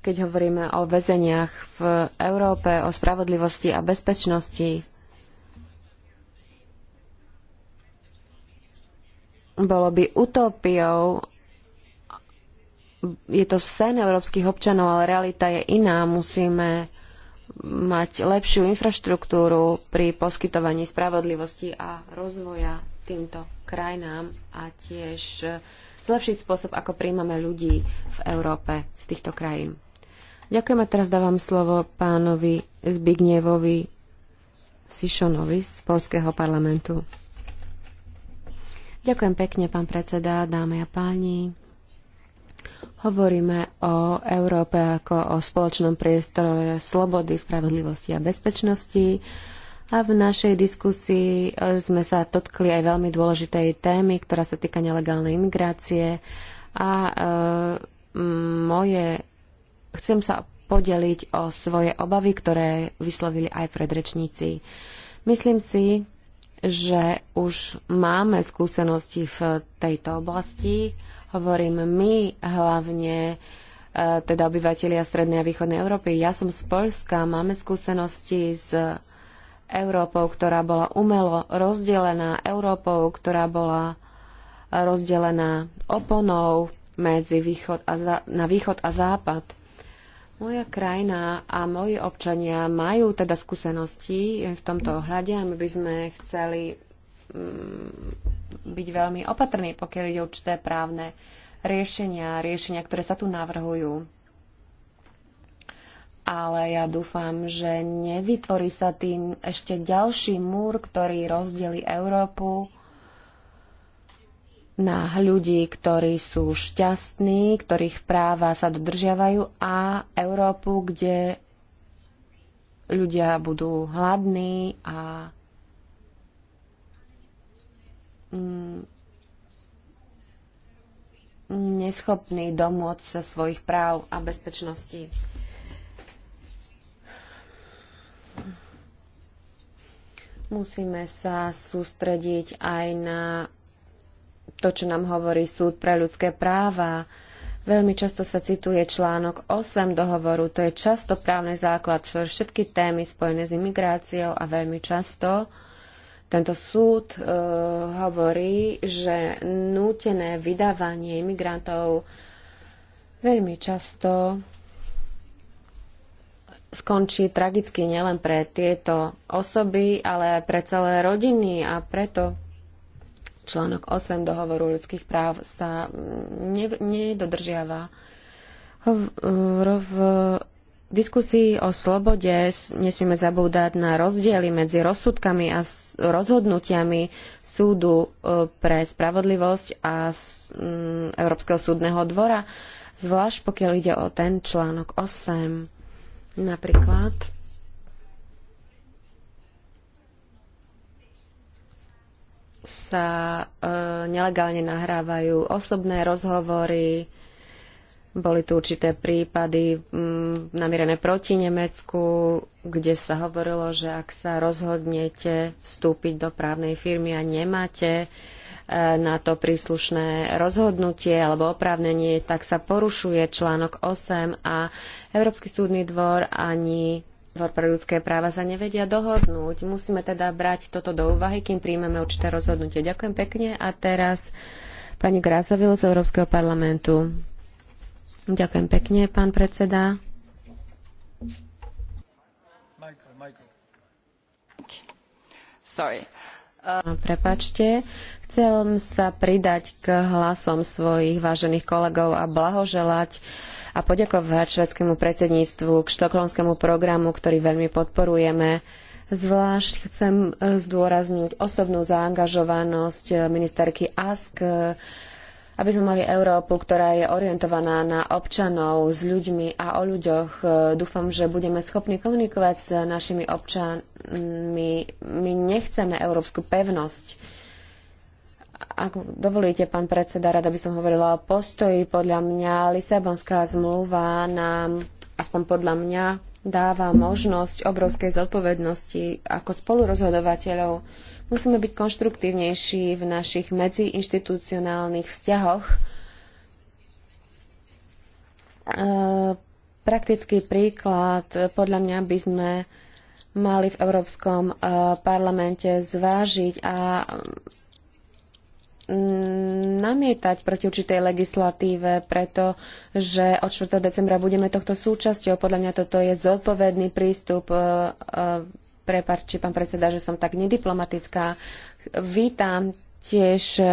Keď hovoríme o väzeniach v Európe, o spravodlivosti a bezpečnosti, bolo by utopiou, je to sen európskych občanov, ale realita je iná. Musíme mať lepšiu infraštruktúru pri poskytovaní spravodlivosti a rozvoja týmto krajinám a tiež e, zlepšiť spôsob, ako príjmame ľudí v Európe z týchto krajín. Ďakujem a teraz dávam slovo pánovi Zbigniewovi Sišonovi z Polského parlamentu. Ďakujem pekne, pán predseda, dámy a páni. Hovoríme o Európe ako o spoločnom priestore slobody, spravodlivosti a bezpečnosti. A v našej diskusii e, sme sa dotkli aj veľmi dôležitej témy, ktorá sa týka nelegálnej imigrácie. A e, moje, chcem sa podeliť o svoje obavy, ktoré vyslovili aj predrečníci. Myslím si, že už máme skúsenosti v tejto oblasti. Hovorím my hlavne e, teda obyvateľia Strednej a Východnej Európy. Ja som z Polska, máme skúsenosti s Európou, ktorá bola umelo rozdelená, Európou, ktorá bola rozdelená oponou medzi východ a za- na východ a západ. Moja krajina a moji občania majú teda skúsenosti v tomto ohľade a my by sme chceli mm, byť veľmi opatrní, pokiaľ ide určité právne riešenia, riešenia, ktoré sa tu navrhujú ale ja dúfam, že nevytvorí sa tým ešte ďalší múr, ktorý rozdelí Európu na ľudí, ktorí sú šťastní, ktorých práva sa dodržiavajú a Európu, kde ľudia budú hladní a mm, neschopní domôcť sa svojich práv a bezpečnosti. Musíme sa sústrediť aj na to, čo nám hovorí súd pre ľudské práva. Veľmi často sa cituje článok 8 dohovoru, to je často právny základ pre všetky témy spojené s imigráciou a veľmi často tento súd e, hovorí, že nútené vydávanie imigrantov veľmi často skončí tragicky nielen pre tieto osoby, ale aj pre celé rodiny a preto článok 8 dohovoru ľudských práv sa mm, ne, nedodržiava. V, v, v diskusii o slobode nesmieme zabúdať na rozdiely medzi rozsudkami a rozhodnutiami súdu e, pre spravodlivosť a mm, Európskeho súdneho dvora, zvlášť pokiaľ ide o ten článok 8. Napríklad sa e, nelegálne nahrávajú osobné rozhovory, boli tu určité prípady m, mm, namierené proti Nemecku, kde sa hovorilo, že ak sa rozhodnete vstúpiť do právnej firmy a nemáte na to príslušné rozhodnutie alebo oprávnenie, tak sa porušuje článok 8 a Európsky súdny dvor ani Dvor pre ľudské práva sa nevedia dohodnúť. Musíme teda brať toto do úvahy, kým príjmeme určité rozhodnutie. Ďakujem pekne. A teraz pani Grásavil z Európskeho parlamentu. Ďakujem pekne, pán predseda. Michael, Michael. Sorry. Uh... Prepačte. Chcem sa pridať k hlasom svojich vážených kolegov a blahoželať a poďakovať švedskému predsedníctvu k štokholmskému programu, ktorý veľmi podporujeme. Zvlášť chcem e, zdôrazniť osobnú zaangažovanosť e, ministerky Ask, e, aby sme mali Európu, ktorá je orientovaná na občanov, s ľuďmi a o ľuďoch. Dúfam, že budeme schopní komunikovať s našimi občanmi. My nechceme európsku pevnosť ak dovolíte, pán predseda, rada by som hovorila o postoji. Podľa mňa Lisabonská zmluva nám, aspoň podľa mňa, dáva možnosť obrovskej zodpovednosti ako spolurozhodovateľov. Musíme byť konštruktívnejší v našich medziinštitucionálnych vzťahoch. E, praktický príklad, podľa mňa by sme mali v Európskom e, parlamente zvážiť a namietať proti určitej legislatíve, pretože od 4. decembra budeme tohto súčasťou. Podľa mňa toto je zodpovedný prístup. E, e, prepačte, pán predseda, že som tak nediplomatická. Vítam tiež, e,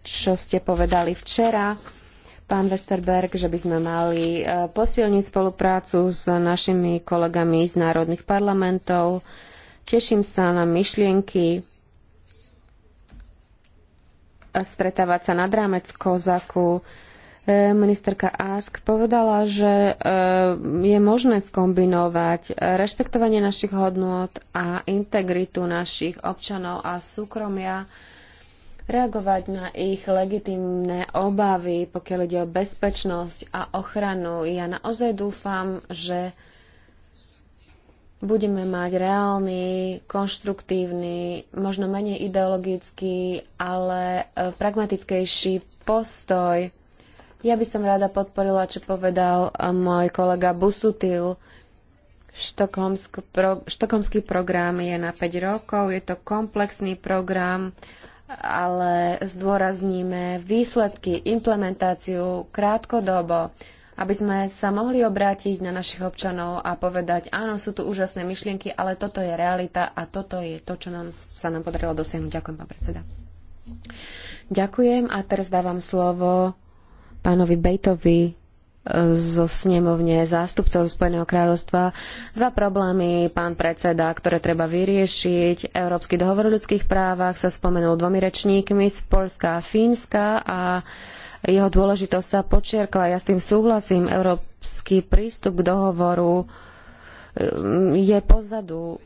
čo ste povedali včera, pán Westerberg, že by sme mali posilniť spoluprácu s našimi kolegami z národných parlamentov. Teším sa na myšlienky stretávať sa nad rámec Kozaku. E, ministerka Ask povedala, že e, je možné skombinovať rešpektovanie našich hodnôt a integritu našich občanov a súkromia, reagovať na ich legitimné obavy, pokiaľ ide o bezpečnosť a ochranu. Ja naozaj dúfam, že budeme mať reálny, konštruktívny, možno menej ideologický, ale e, pragmatickejší postoj. Ja by som rada podporila, čo povedal e, môj kolega Busutil. Pro, štokholmský program je na 5 rokov, je to komplexný program, ale zdôrazníme výsledky, implementáciu krátkodobo aby sme sa mohli obrátiť na našich občanov a povedať, áno, sú tu úžasné myšlienky, ale toto je realita a toto je to, čo nám, sa nám podarilo dosiahnuť. Ďakujem, pán predseda. Ďakujem a teraz dávam slovo pánovi Bejtovi eh, zo snemovne zástupcov Spojeného kráľovstva za problémy, pán predseda, ktoré treba vyriešiť. Európsky dohovor o ľudských právach sa spomenul dvomi rečníkmi z Polska a Fínska a jeho dôležitosť sa počiarkla, ja s tým súhlasím. Európsky prístup k dohovoru um, je pozadu,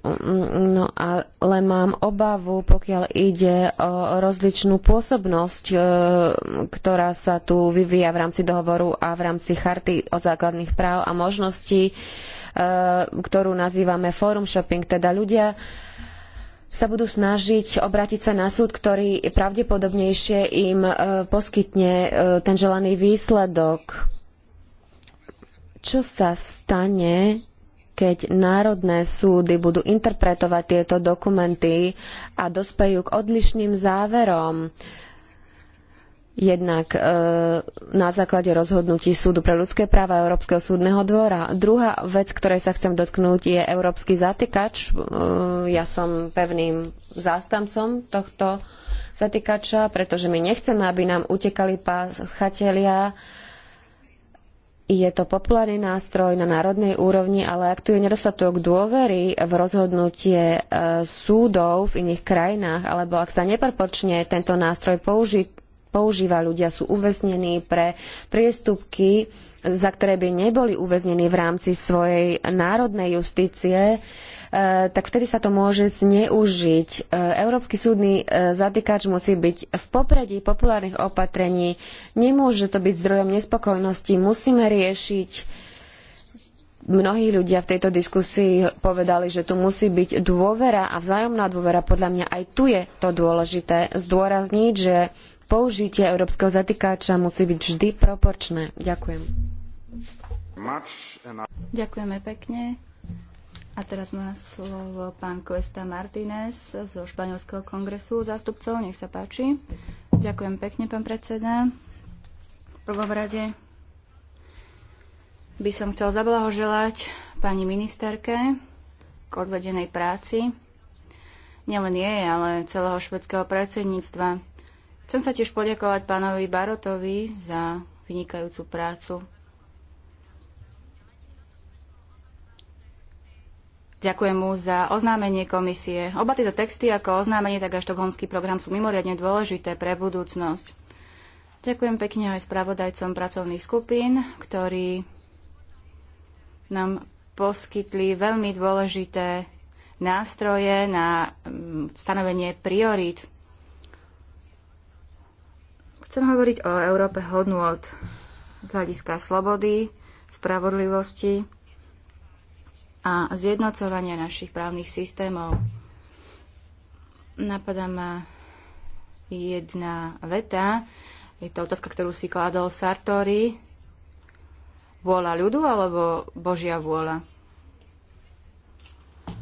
no ale mám obavu, pokiaľ ide o rozličnú pôsobnosť, uh, ktorá sa tu vyvíja v rámci dohovoru a v rámci charty o základných práv a možností, uh, ktorú nazývame forum shopping, teda ľudia sa budú snažiť obrátiť sa na súd, ktorý pravdepodobnejšie im e, poskytne e, ten želaný výsledok. Čo sa stane, keď národné súdy budú interpretovať tieto dokumenty a dospejú k odlišným záverom? Jednak e, na základe rozhodnutí súdu pre ľudské práva Európskeho súdneho dvora. Druhá vec, ktorej sa chcem dotknúť, je európsky zatýkač. E, ja som pevným zástancom tohto zatýkača, pretože my nechceme, aby nám utekali páchatelia. Je to populárny nástroj na národnej úrovni, ale ak tu je nedostatok dôvery v rozhodnutie e, súdov v iných krajinách, alebo ak sa neproporčne tento nástroj použiť, používa. Ľudia sú uväznení pre priestupky, za ktoré by neboli uväznení v rámci svojej národnej justície e, tak vtedy sa to môže zneužiť. E, Európsky súdny e, zatýkač musí byť v popredí populárnych opatrení. Nemôže to byť zdrojom nespokojnosti. Musíme riešiť mnohí ľudia v tejto diskusii povedali, že tu musí byť dôvera a vzájomná dôvera. Podľa mňa aj tu je to dôležité zdôrazniť, že použitie európskeho zatýkača musí byť vždy proporčné. Ďakujem. Ďakujeme pekne. A teraz má slovo pán Cuesta Martínez zo Španielského kongresu Zastupcov, Nech sa páči. Ďakujem pekne, pán predseda. V prvom rade by som chcel zablahoželať pani ministerke k odvedenej práci. Nielen jej, ale celého švedského predsedníctva. Chcem sa tiež poďakovať pánovi Barotovi za vynikajúcu prácu. Ďakujem mu za oznámenie komisie. Oba tieto texty ako oznámenie, tak aj štokholmský program sú mimoriadne dôležité pre budúcnosť. Ďakujem pekne aj spravodajcom pracovných skupín, ktorí nám poskytli veľmi dôležité nástroje na mm, stanovenie priorít Chcem hovoriť o Európe hodnôt z hľadiska slobody, spravodlivosti a zjednocovania našich právnych systémov. Napadá ma jedna veta. Je to otázka, ktorú si kladol Sartori. Vôľa ľudu alebo Božia vôľa?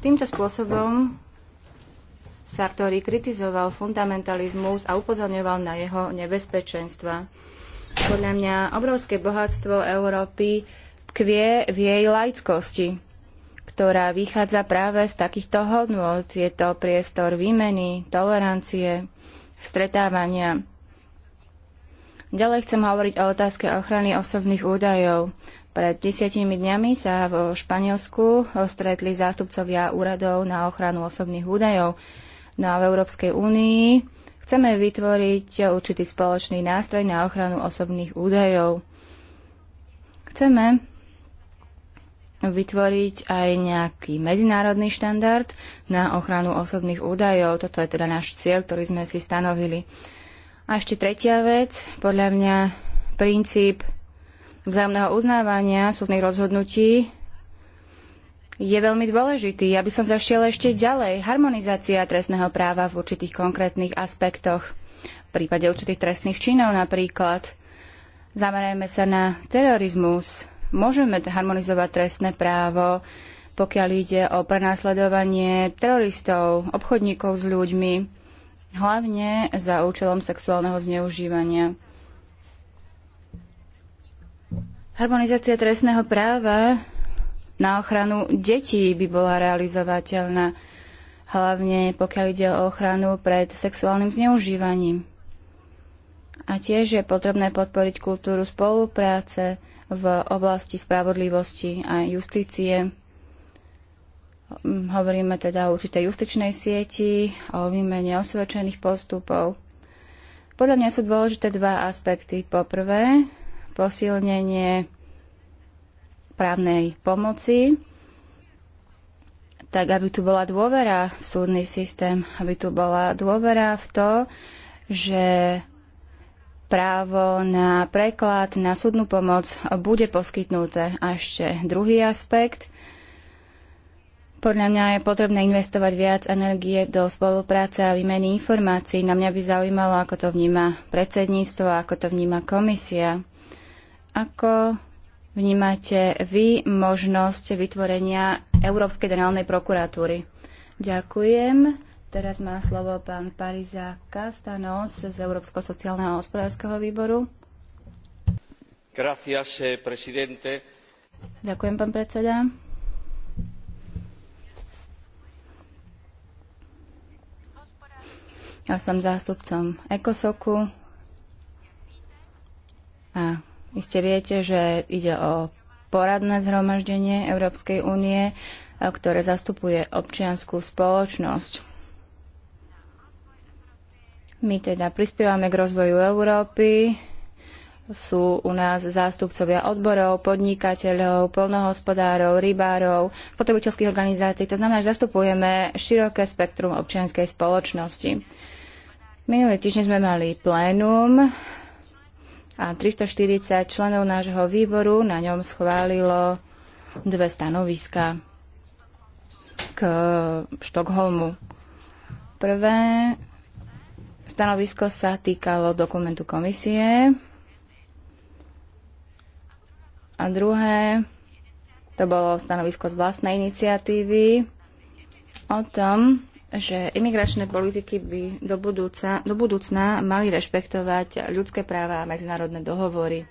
Týmto spôsobom Sartori kritizoval fundamentalizmus a upozorňoval na jeho nebezpečenstva. Podľa mňa obrovské bohatstvo Európy tkvie v jej laickosti, ktorá vychádza práve z takýchto hodnôt. Je to priestor výmeny, tolerancie, stretávania. Ďalej chcem hovoriť o otázke ochrany osobných údajov. Pred desiatimi dňami sa v Španielsku stretli zástupcovia úradov na ochranu osobných údajov. No a v Európskej únii chceme vytvoriť určitý spoločný nástroj na ochranu osobných údajov. Chceme vytvoriť aj nejaký medzinárodný štandard na ochranu osobných údajov. Toto je teda náš cieľ, ktorý sme si stanovili. A ešte tretia vec, podľa mňa princíp vzájomného uznávania súdnych rozhodnutí je veľmi dôležitý. Ja by som zašiel ešte ďalej. Harmonizácia trestného práva v určitých konkrétnych aspektoch, v prípade určitých trestných činov napríklad. Zamerajme sa na terorizmus. Môžeme harmonizovať trestné právo, pokiaľ ide o prenasledovanie teroristov, obchodníkov s ľuďmi, hlavne za účelom sexuálneho zneužívania. Harmonizácia trestného práva na ochranu detí by bola realizovateľná, hlavne pokiaľ ide o ochranu pred sexuálnym zneužívaním. A tiež je potrebné podporiť kultúru spolupráce v oblasti spravodlivosti a justície. Hovoríme teda o určitej justičnej sieti, o výmene osvedčených postupov. Podľa mňa sú dôležité dva aspekty. Poprvé, posilnenie právnej pomoci, tak aby tu bola dôvera v súdny systém, aby tu bola dôvera v to, že právo na preklad, na súdnu pomoc bude poskytnuté. A ešte druhý aspekt. Podľa mňa je potrebné investovať viac energie do spolupráce a výmeny informácií. Na mňa by zaujímalo, ako to vníma predsedníctvo, ako to vníma komisia. Ako vnímate vy možnosť vytvorenia Európskej generálnej prokuratúry? Ďakujem. Teraz má slovo pán Pariza Kastanos z Európsko sociálneho a hospodárskeho výboru. Gracias, eh, presidente. Ďakujem, pán predseda. Ja som zástupcom ECOSOKu a Iste viete, že ide o poradné zhromaždenie Európskej únie, ktoré zastupuje občianskú spoločnosť. My teda prispievame k rozvoju Európy, sú u nás zástupcovia odborov, podnikateľov, polnohospodárov, rybárov, potrebiteľských organizácií. To znamená, že zastupujeme široké spektrum občianskej spoločnosti. Minulý týždeň sme mali plénum a 340 členov nášho výboru na ňom schválilo dve stanoviska k Štokholmu. Prvé stanovisko sa týkalo dokumentu komisie a druhé to bolo stanovisko z vlastnej iniciatívy o tom, že imigračné politiky by do, budúca, do budúcna mali rešpektovať ľudské práva a medzinárodné dohovory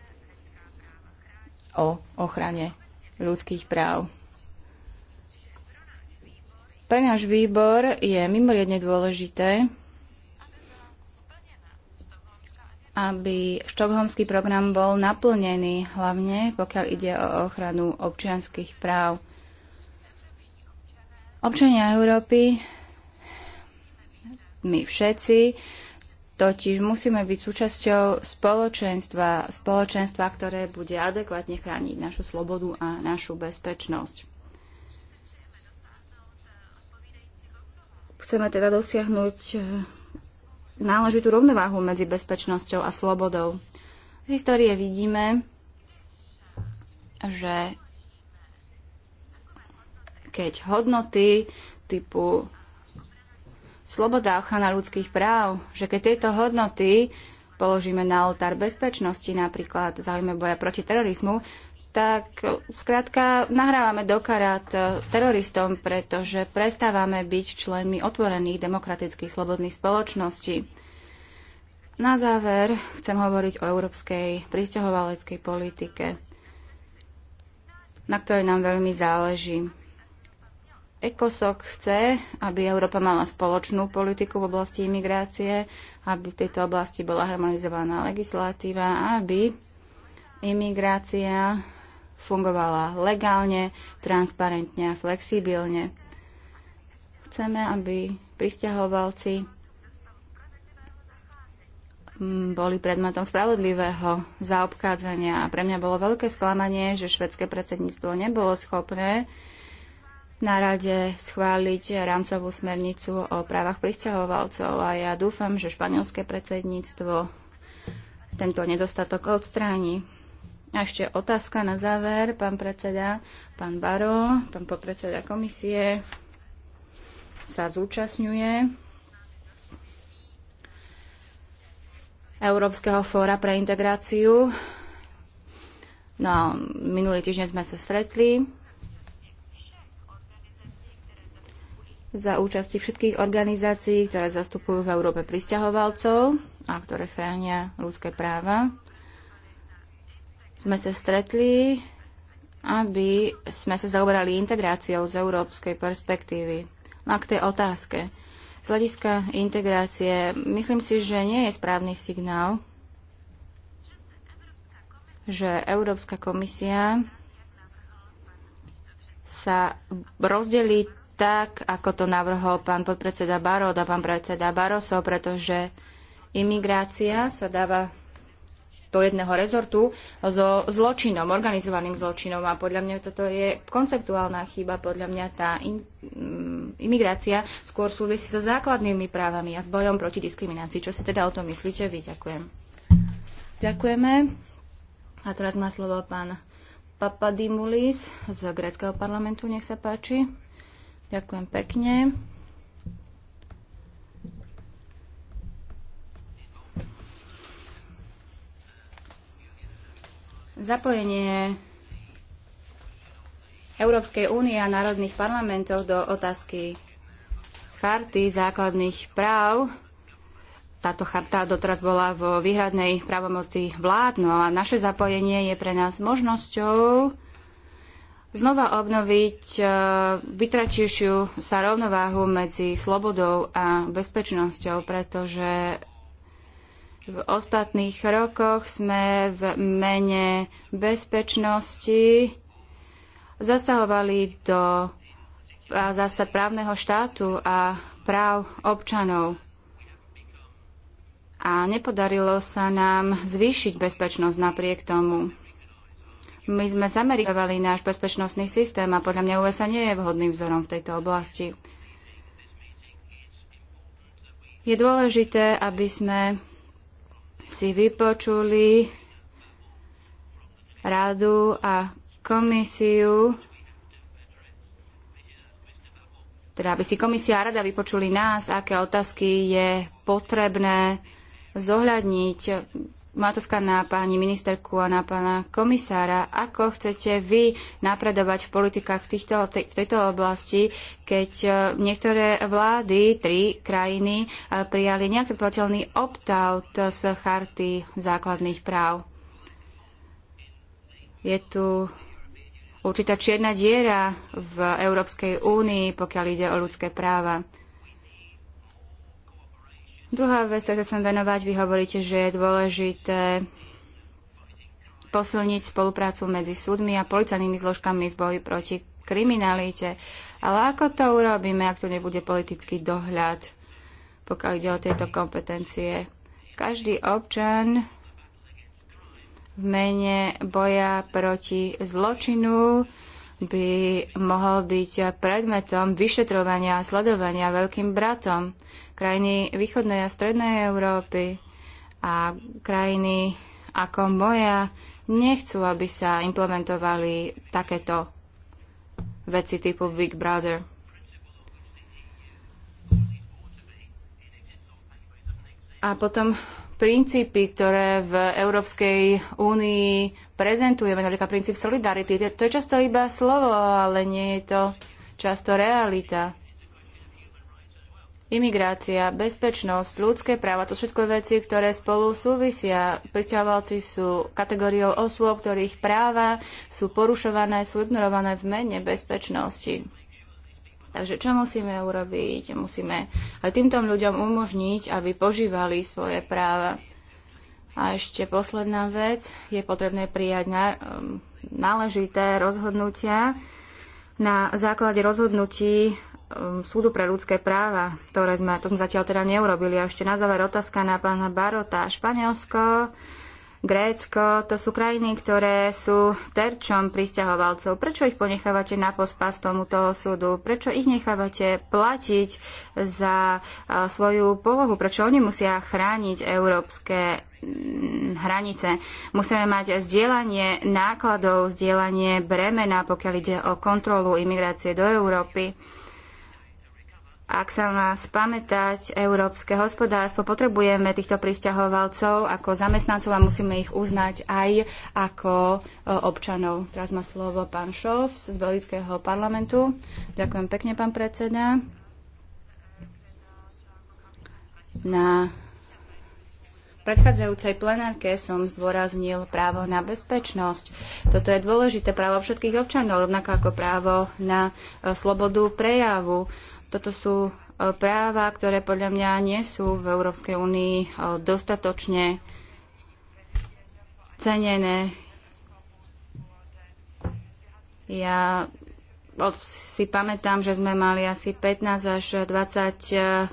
o ochrane ľudských práv. Pre náš výbor je mimoriadne dôležité, aby štokholmský program bol naplnený, hlavne pokiaľ ide o ochranu občianských práv. Občania Európy my všetci, totiž musíme byť súčasťou spoločenstva, spoločenstva, ktoré bude adekvátne chrániť našu slobodu a našu bezpečnosť. Chceme teda dosiahnuť eh, náležitú rovnováhu medzi bezpečnosťou a slobodou. Z histórie vidíme, že keď hodnoty typu sloboda a ochrana ľudských práv, že keď tieto hodnoty položíme na oltár bezpečnosti, napríklad záujme boja proti terorizmu, tak skrátka nahrávame do karát eh, teroristom, pretože prestávame byť členmi otvorených demokratických slobodných spoločností. Na záver chcem hovoriť o európskej pristahovaleckej politike, na ktorej nám veľmi záleží. ECOSOC chce, aby Európa mala spoločnú politiku v oblasti imigrácie, aby v tejto oblasti bola harmonizovaná legislatíva, aby imigrácia fungovala legálne, transparentne a flexibilne. Chceme, aby pristahovalci boli predmetom spravodlivého zaobchádzania. A pre mňa bolo veľké sklamanie, že švedské predsedníctvo nebolo schopné na rade schváliť rámcovú smernicu o právach pristahovalcov a ja dúfam, že španielské predsedníctvo tento nedostatok odstráni. A ešte otázka na záver, pán predseda, pán Baro, pán podpredseda komisie sa zúčastňuje Európskeho fóra pre integráciu. No, minulý týždeň sme sa stretli za účasti všetkých organizácií, ktoré zastupujú v Európe pristahovalcov a ktoré chránia ľudské práva. Sme sa stretli, aby sme sa zaoberali integráciou z európskej perspektívy. No a k tej otázke. Z hľadiska integrácie myslím si, že nie je správny signál, že Európska komisia sa rozdelí tak, ako to navrhol pán podpredseda Barod a pán predseda Barosov, pretože imigrácia sa dáva do jedného rezortu so zločinom, organizovaným zločinom a podľa mňa toto je konceptuálna chyba, podľa mňa tá in, mm, imigrácia skôr súvisí so základnými právami a s bojom proti diskriminácii. Čo si teda o tom myslíte vy? Ďakujem. Ďakujeme. A teraz má slovo pán Papadimulis z gréckého parlamentu, nech sa páči. Ďakujem pekne. Zapojenie Európskej únie a národných parlamentov do otázky charty základných práv. Táto charta doteraz bola vo výhradnej právomoci vlád, no a naše zapojenie je pre nás možnosťou znova obnoviť e, vytračujúšiu sa rovnováhu medzi slobodou a bezpečnosťou, pretože v ostatných rokoch sme v mene bezpečnosti zasahovali do zase právneho štátu a práv občanov. A nepodarilo sa nám zvýšiť bezpečnosť napriek tomu. My sme zamerikovali náš bezpečnostný systém a podľa mňa USA nie je vhodným vzorom v tejto oblasti. Je dôležité, aby sme si vypočuli radu a komisiu, teda aby si komisia a rada vypočuli nás, aké otázky je potrebné zohľadniť má otázka na pani ministerku a na pána komisára. Ako chcete vy napredovať v politikách v, týchto, v tejto oblasti, keď e, niektoré vlády, tri krajiny, e, prijali neakceptovateľný opt-out z charty základných práv? Je tu určitá čierna diera v Európskej únii, pokiaľ ide o ľudské práva. Druhá vec, ktorá chcem venovať, vy hovoríte, že je dôležité posilniť spoluprácu medzi súdmi a policajnými zložkami v boji proti kriminalite. Ale ako to urobíme, ak tu nebude politický dohľad, pokiaľ ide o tieto kompetencie? Každý občan v mene boja proti zločinu by mohol byť predmetom vyšetrovania a sledovania veľkým bratom krajiny východnej a strednej Európy a krajiny ako moja nechcú, aby sa implementovali takéto veci typu Big Brother. A potom princípy, ktoré v Európskej únii prezentujeme, napríklad princíp solidarity, to je často iba slovo, ale nie je to často realita. Imigrácia, bezpečnosť, ľudské práva, to všetko je veci, ktoré spolu súvisia. Pristahovalci sú kategóriou osôb, ktorých práva sú porušované, sú ignorované v mene bezpečnosti. Takže čo musíme urobiť? Musíme aj týmto ľuďom umožniť, aby požívali svoje práva. A ešte posledná vec, je potrebné prijať na, um, náležité rozhodnutia na základe rozhodnutí Um, súdu pre ľudské práva, ktoré sme, to sme zatiaľ teda neurobili. A ešte na záver otázka na pána Barota. Španielsko, Grécko, to sú krajiny, ktoré sú terčom pristahovalcov. Prečo ich ponechávate na pospas tomuto súdu? Prečo ich nechávate platiť za uh, svoju polohu? Prečo oni musia chrániť európske mm, hranice. Musíme mať zdieľanie nákladov, zdieľanie bremena, pokiaľ ide o kontrolu imigrácie do Európy ak sa má spamätať európske hospodárstvo, potrebujeme týchto pristahovalcov ako zamestnancov a musíme ich uznať aj ako e, občanov. Teraz má slovo pán Šov z Belgického parlamentu. Ďakujem pekne, pán predseda. Na predchádzajúcej plenárke som zdôraznil právo na bezpečnosť. Toto je dôležité právo všetkých občanov, rovnako ako právo na e, slobodu prejavu. Toto sú e, práva, ktoré podľa mňa nie sú v Európskej únii e, dostatočne cenené. Ja si pamätám, že sme mali asi 15 až 20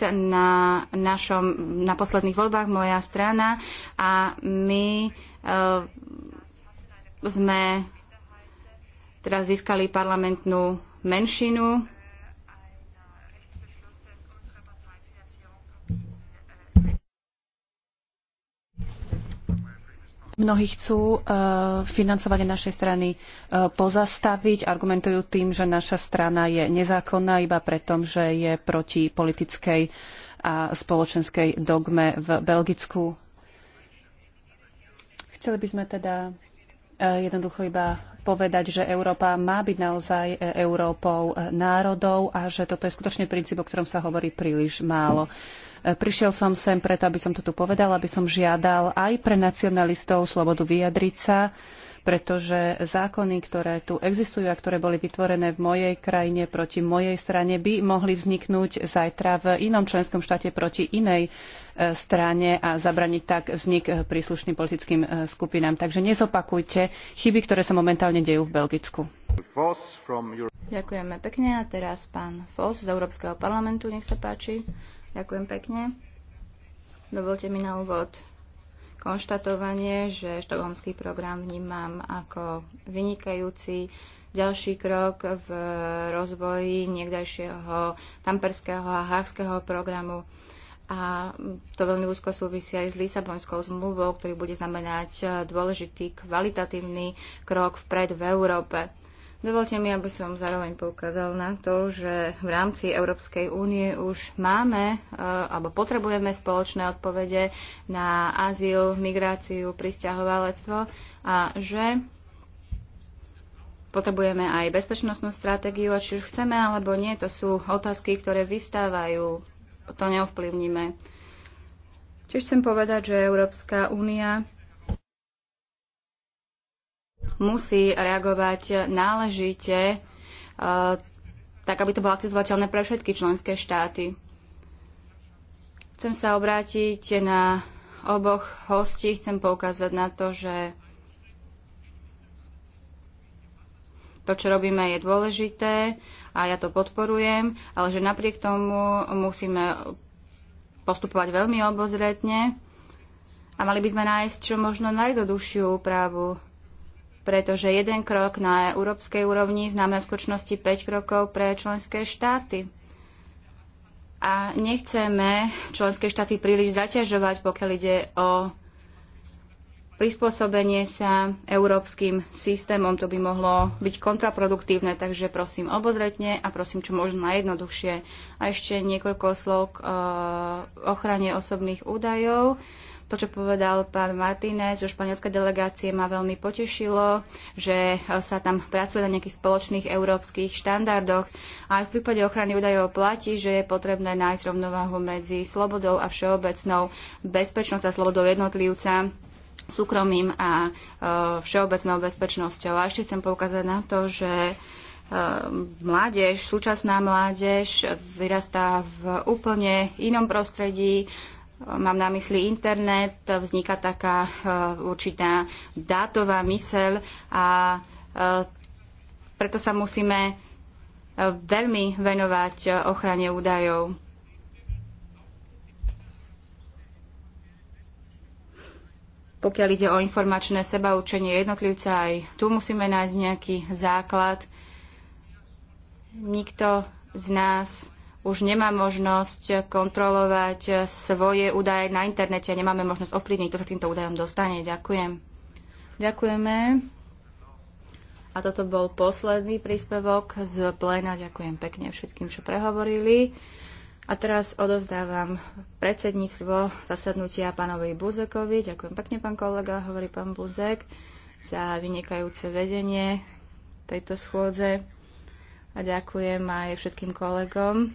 e, na, našom, na posledných voľbách moja strana a my uh, sme teraz získali parlamentnú menšinu Mnohí chcú e, financovanie našej strany e, pozastaviť, argumentujú tým, že naša strana je nezákonná iba preto, že je proti politickej a spoločenskej dogme v Belgicku. Chceli by sme teda e, jednoducho iba povedať, že Európa má byť naozaj Európou národov a že toto je skutočne princíp, o ktorom sa hovorí príliš málo. Prišiel som sem preto, aby som to tu povedal, aby som žiadal aj pre nacionalistov slobodu vyjadriť sa, pretože zákony, ktoré tu existujú a ktoré boli vytvorené v mojej krajine proti mojej strane, by mohli vzniknúť zajtra v inom členskom štáte proti inej strane a zabraniť tak vznik príslušným politickým eh, skupinám. Takže nezopakujte chyby, ktoré sa momentálne dejú v Belgicku. Ďakujeme pekne a teraz pán Foss z Európskeho parlamentu, nech sa páči. Ďakujem pekne. Dovolte mi na úvod konštatovanie, že štokholmský program vnímam ako vynikajúci ďalší krok v rozvoji niekdajšieho tamperského a hákského programu a to veľmi úzko súvisí aj s Lisabonskou zmluvou, ktorý bude znamenať e, dôležitý kvalitatívny krok vpred v Európe. Dovolte mi, aby som zároveň poukázal na to, že v rámci Európskej únie už máme e, alebo potrebujeme spoločné odpovede na azyl, migráciu, pristahovalectvo a že potrebujeme aj bezpečnostnú stratégiu a či už chceme alebo nie, to sú otázky, ktoré vyvstávajú to neovplyvníme. Tiež chcem povedať, že Európska únia musí reagovať náležite, e, tak aby to bolo akceptovateľné pre všetky členské štáty. Chcem sa obrátiť na oboch hostí, chcem poukázať na to, že To, čo robíme, je dôležité a ja to podporujem, ale že napriek tomu musíme postupovať veľmi obozretne a mali by sme nájsť čo možno najjednoduchšiu úpravu, pretože jeden krok na európskej úrovni znamená v skutočnosti 5 krokov pre členské štáty. A nechceme členské štáty príliš zaťažovať, pokiaľ ide o prispôsobenie sa európskym systémom. To by mohlo byť kontraproduktívne, takže prosím obozretne a prosím čo možno najjednoduchšie. A ešte niekoľko slov k e, ochrane osobných údajov. To, čo povedal pán Martínez zo španielskej delegácie, ma veľmi potešilo, že e, sa tam pracuje na nejakých spoločných európskych štandardoch. A aj v prípade ochrany údajov platí, že je potrebné nájsť rovnováhu medzi slobodou a všeobecnou bezpečnosť a slobodou jednotlivca súkromím a e, všeobecnou bezpečnosťou. A ešte chcem poukázať na to, že e, mládež, súčasná mládež vyrastá v úplne inom prostredí, mám na mysli internet, vzniká taká e, určitá dátová myseľ a preto sa musíme veľmi venovať ochrane údajov. Pokiaľ ide o informačné sebaučenie jednotlivca, aj tu musíme nájsť nejaký základ. Nikto z nás už nemá možnosť kontrolovať svoje údaje na internete, nemáme možnosť ovplyvniť, kto sa týmto údajom dostane. Ďakujem. Ďakujeme. A toto bol posledný príspevok z pléna. Ďakujem pekne všetkým, čo prehovorili. A teraz odovzdávam predsedníctvo zasadnutia pánovi Buzekovi. Ďakujem pekne, pán kolega, hovorí pán Buzek, za vynikajúce vedenie tejto schôdze. A ďakujem aj všetkým kolegom,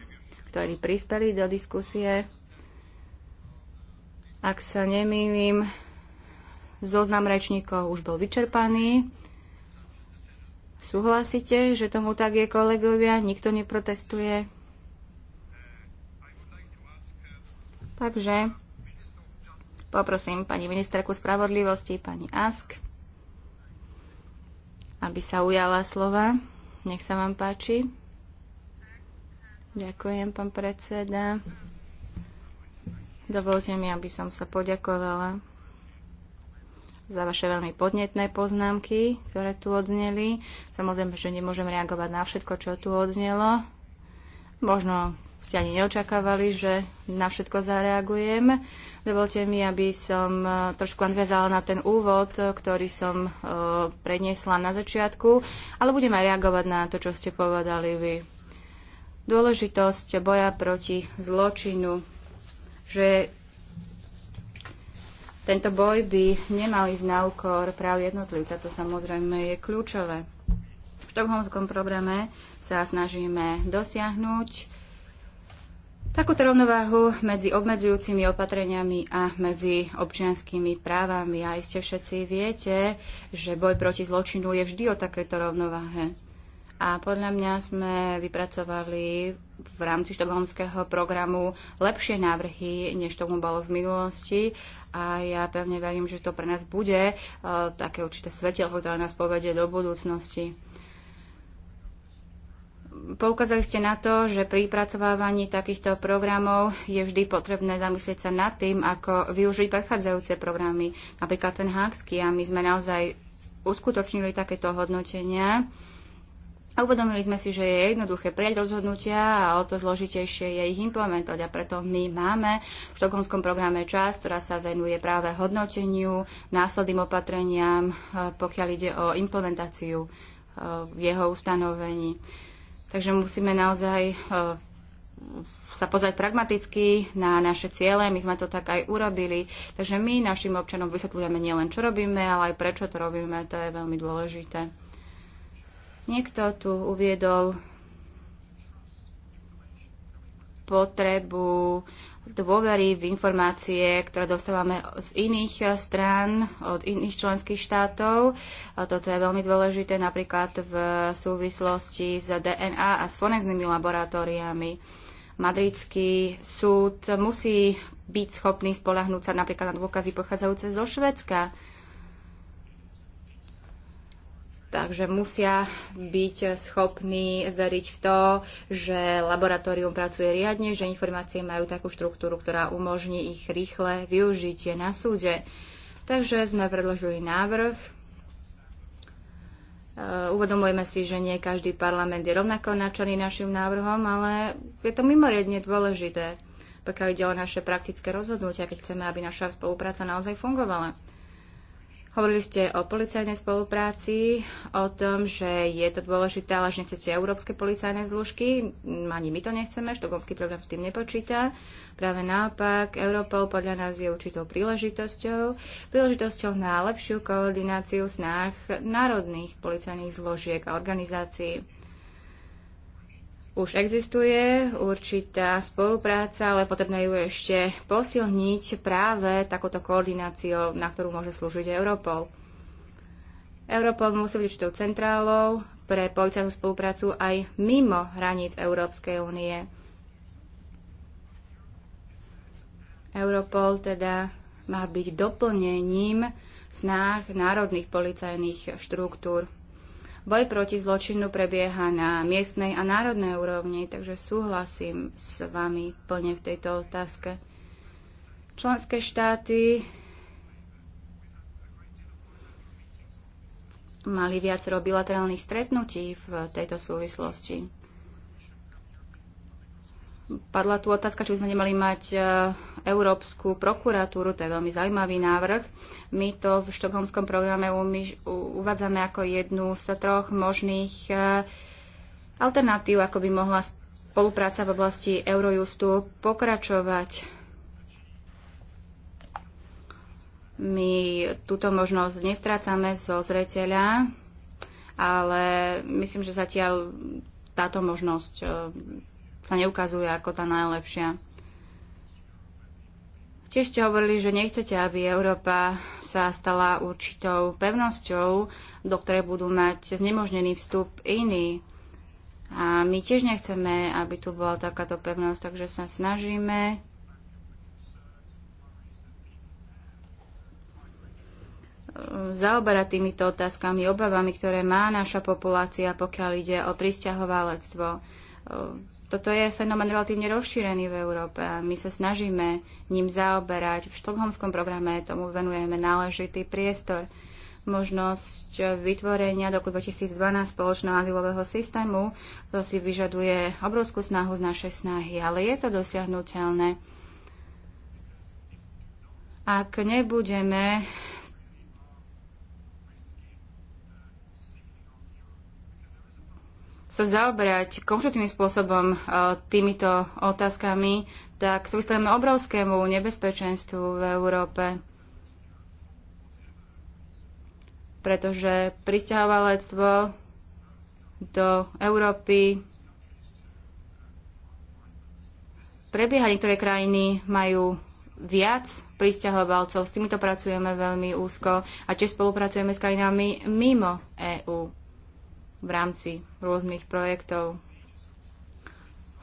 ktorí prispeli do diskusie. Ak sa nemýlim, zoznam rečníkov už bol vyčerpaný. Súhlasíte, že tomu tak je, kolegovia? Nikto neprotestuje? Takže poprosím pani ministerku spravodlivosti, pani Ask, aby sa ujala slova. Nech sa vám páči. Ďakujem, pán predseda. Dovolte mi, aby som sa poďakovala za vaše veľmi podnetné poznámky, ktoré tu odzneli. Samozrejme, že nemôžem reagovať na všetko, čo tu odznelo. Možno ste ani neočakávali, že na všetko zareagujem. Dovolte mi, aby som e, trošku nadviazala na ten úvod, ktorý som e, predniesla na začiatku, ale budem aj reagovať na to, čo ste povedali vy. Dôležitosť boja proti zločinu, že tento boj by nemal ísť na úkor práv jednotlivca, to samozrejme je kľúčové. V štokholmskom programe sa snažíme dosiahnuť takúto rovnováhu medzi obmedzujúcimi opatreniami a medzi občianskými právami. A iste všetci viete, že boj proti zločinu je vždy o takejto rovnováhe. A podľa mňa sme vypracovali v rámci štokholmského programu lepšie návrhy, než tomu bolo v minulosti. A ja pevne verím, že to pre nás bude eh, také určité svetelko, ktoré nás povedie do budúcnosti. Poukázali ste na to, že pri pracovávaní takýchto programov je vždy potrebné zamyslieť sa nad tým, ako využiť predchádzajúce programy, napríklad ten hákský. A my sme naozaj uskutočnili takéto hodnotenia. A uvedomili sme si, že je jednoduché prijať rozhodnutia a o to zložitejšie je ich implementovať. A preto my máme v štokholmskom programe čas, ktorá sa venuje práve hodnoteniu, následným opatreniam, eh, pokiaľ ide o implementáciu eh, jeho ustanovení. Takže musíme naozaj e, sa pozrieť pragmaticky na naše ciele. My sme to tak aj urobili. Takže my našim občanom vysvetľujeme nielen, čo robíme, ale aj prečo to robíme. To je veľmi dôležité. Niekto tu uviedol potrebu dôvery v informácie, ktoré dostávame z iných eh, strán, od iných členských štátov. A toto je veľmi dôležité napríklad v súvislosti s DNA a s forenznými laboratóriami. Madridský súd musí byť schopný spolahnúť sa napríklad na dôkazy pochádzajúce zo Švedska Takže musia byť schopní veriť v to, že laboratórium pracuje riadne, že informácie majú takú štruktúru, ktorá umožní ich rýchle využitie na súde. Takže sme predložili návrh. E, uvedomujeme si, že nie každý parlament je rovnako načaný našim návrhom, ale je to mimoriadne dôležité, pokiaľ ide o naše praktické rozhodnutia, keď chceme, aby naša spolupráca naozaj fungovala. Hovorili ste o policajnej spolupráci, o tom, že je to dôležité, ale že nechcete európske policajné zložky. Ani my to nechceme, štokholmský program s tým nepočíta. Práve naopak, Europol podľa nás je určitou príležitosťou, príležitosťou na lepšiu koordináciu snách národných policajných zložiek a organizácií už existuje určitá spolupráca, ale potrebné ju ešte posilniť práve takouto koordináciou, na ktorú môže slúžiť Europol. Europol musí byť určitou centrálou pre policajnú spoluprácu aj mimo hraníc Európskej únie. Europol teda má byť doplnením snách národných policajných štruktúr. Boj proti zločinu prebieha na miestnej a národnej úrovni, takže súhlasím s vami plne v tejto otázke. Členské štáty mali viacero bilaterálnych stretnutí v tejto súvislosti. Padla tu otázka, či by sme nemali mať e, Európsku prokuratúru, to je veľmi zaujímavý návrh. My to v štokholmskom programe uvádzame ako jednu z troch možných e, alternatív, ako by mohla spolupráca v oblasti Eurojustu pokračovať. My túto možnosť nestrácame zo zreteľa, ale myslím, že zatiaľ táto možnosť e, sa neukazuje ako tá najlepšia. Tiež ste hovorili, že nechcete, aby Európa sa stala určitou pevnosťou, do ktorej budú mať znemožnený vstup iný. A my tiež nechceme, aby tu bola takáto pevnosť, takže sa snažíme zaoberať týmito otázkami, obavami, ktoré má naša populácia, pokiaľ ide o pristahovalectvo toto je fenomén relatívne rozšírený v Európe a my sa snažíme ním zaoberať. V štokholmskom programe tomu venujeme náležitý priestor. Možnosť vytvorenia do roku 2012 spoločného azylového systému, to si vyžaduje obrovskú snahu z našej snahy, ale je to dosiahnuteľné. Ak nebudeme sa zaoberať konštruktívnym spôsobom e, týmito otázkami, tak sa vystavíme obrovskému nebezpečenstvu v Európe. Pretože pristahovalectvo do Európy prebieha. Niektoré krajiny majú viac pristahovalcov. S týmito pracujeme veľmi úzko a tiež spolupracujeme s krajinami mimo EÚ v rámci rôznych projektov.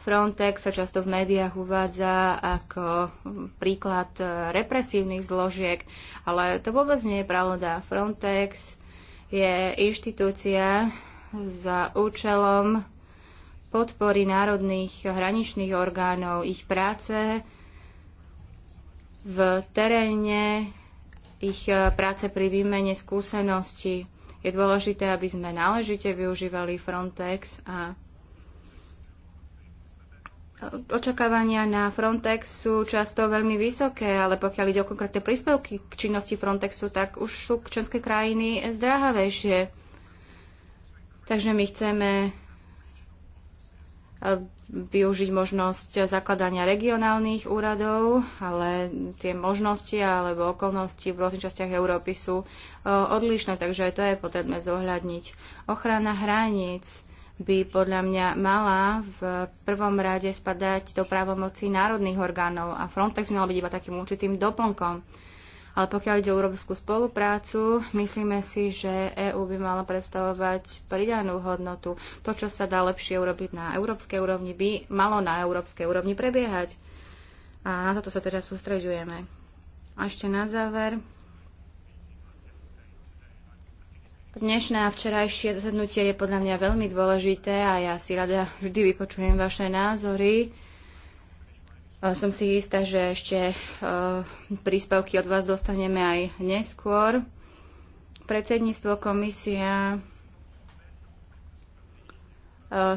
Frontex sa často v médiách uvádza ako príklad e, represívnych zložiek, ale to vôbec nie je pravda. Frontex je inštitúcia za účelom podpory národných hraničných orgánov, ich práce v teréne, ich e, práce pri výmene skúseností. Je dôležité, aby sme náležite využívali Frontex a očakávania na Frontex sú často veľmi vysoké, ale pokiaľ ide o konkrétne príspevky k činnosti Frontexu, tak už sú členské krajiny zdráhavejšie. Takže my chceme využiť možnosť zakladania regionálnych úradov, ale tie možnosti alebo okolnosti v rôznych častiach Európy sú e, odlišné, takže aj to je potrebné zohľadniť. Ochrana hraníc by podľa mňa mala v prvom rade spadať do právomocí národných orgánov a Frontex mal byť iba takým určitým doplnkom ale pokiaľ ide o európsku spoluprácu, myslíme si, že EÚ by mala predstavovať pridanú hodnotu. To, čo sa dá lepšie urobiť na európskej úrovni, by malo na európskej úrovni prebiehať. A na toto sa teda sústreďujeme. A ešte na záver. Dnešné a včerajšie zasadnutie je podľa mňa veľmi dôležité a ja si rada vždy vypočujem vaše názory. Som si istá, že ešte e, príspevky od vás dostaneme aj neskôr. Predsedníctvo komisia e,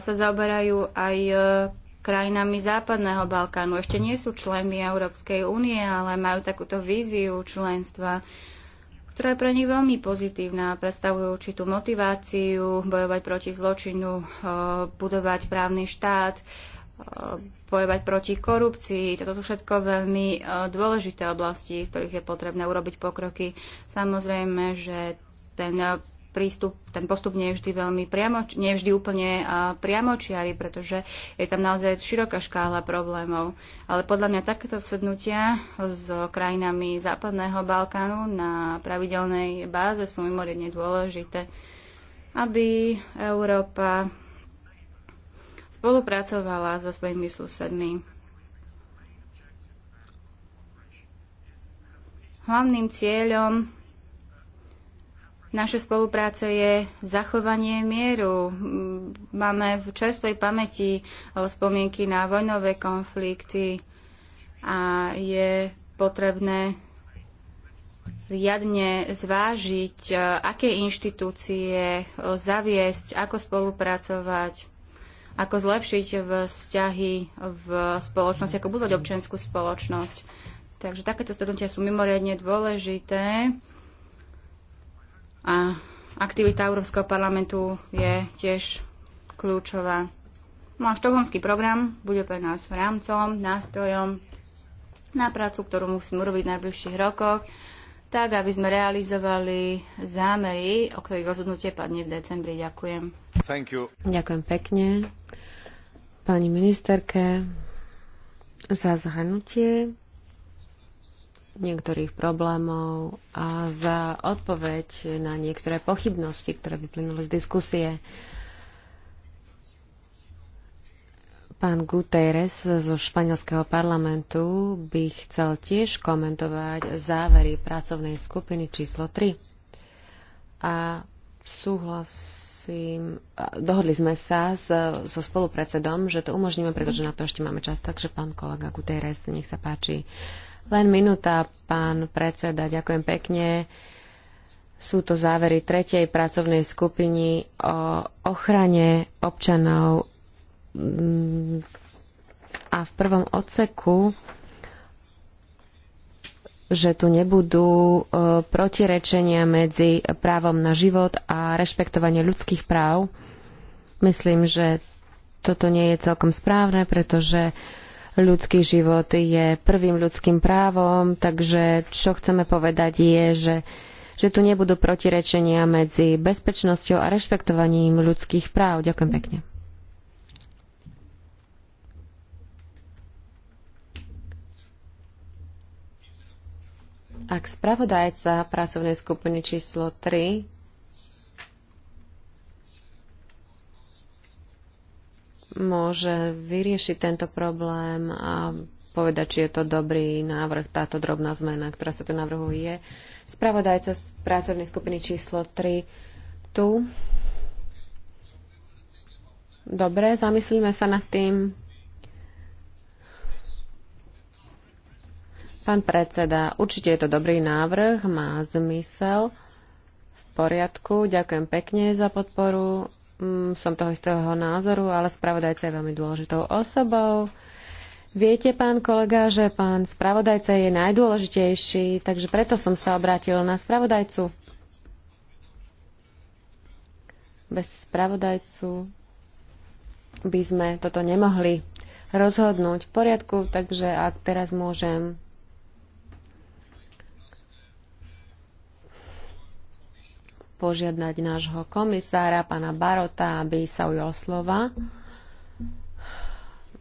sa zaoberajú aj e, krajinami Západného Balkánu. Ešte nie sú členmi Európskej únie, ale majú takúto víziu členstva, ktorá je pre nich veľmi pozitívna. Predstavujú určitú motiváciu bojovať proti zločinu, budovať právny štát, Eh, bojovať proti korupcii. Toto sú všetko veľmi eh, dôležité oblasti, v ktorých je potrebné urobiť pokroky. Samozrejme, že ten eh, prístup, ten postup nie je vždy veľmi priamo, nie je vždy úplne priamočiary, pretože je tam naozaj široká škála problémov. Ale podľa mňa takéto sednutia s krajinami Západného Balkánu na pravidelnej báze sú mimoriadne dôležité, aby Európa spolupracovala so svojimi susedmi. Hlavným cieľom naše spolupráce je zachovanie mieru. Máme v čerstvej pamäti eh, spomienky na vojnové konflikty a je potrebné riadne zvážiť, eh, aké inštitúcie eh, zaviesť, ako spolupracovať ako zlepšiť vzťahy v spoločnosti, ako budovať občianskú spoločnosť. Takže takéto stretnutia sú mimoriadne dôležité a aktivita Európskeho parlamentu je tiež kľúčová. No a štokholmský program bude pre nás rámcom, nástrojom na prácu, ktorú musíme urobiť v najbližších rokoch tak aby sme realizovali zámery, o ktorých rozhodnutie padne v decembri. Ďakujem. Ďakujem pekne pani ministerke za zahrnutie niektorých problémov a za odpoveď na niektoré pochybnosti, ktoré vyplynuli z diskusie. Pán Guterres zo španielského parlamentu by chcel tiež komentovať závery pracovnej skupiny číslo 3. A súhlasím, dohodli sme sa so, so spolupredsedom, že to umožníme, pretože na to ešte máme čas, takže pán kolega Guterres, nech sa páči. Len minúta, pán predseda, ďakujem pekne. Sú to závery tretej pracovnej skupiny o ochrane občanov a v prvom odseku že tu nebudú e, protirečenia medzi právom na život a rešpektovanie ľudských práv. Myslím, že toto nie je celkom správne, pretože ľudský život je prvým ľudským právom, takže čo chceme povedať je, že, že tu nebudú protirečenia medzi bezpečnosťou a rešpektovaním ľudských práv. Ďakujem pekne. Ak spravodajca pracovnej skupiny číslo 3 môže vyriešiť tento problém a povedať, či je to dobrý návrh, táto drobná zmena, ktorá sa tu navrhuje. Spravodajca z pracovnej skupiny číslo 3 tu. Dobre, zamyslíme sa nad tým. Pán predseda, určite je to dobrý návrh, má zmysel. V poriadku, ďakujem pekne za podporu. Mm, som toho istého názoru, ale spravodajca je veľmi dôležitou osobou. Viete, pán kolega, že pán spravodajca je najdôležitejší, takže preto som sa obrátil na spravodajcu. Bez spravodajcu by sme toto nemohli rozhodnúť v poriadku, takže ak teraz môžem požiadať nášho komisára, pána Barota, aby sa ujal slova.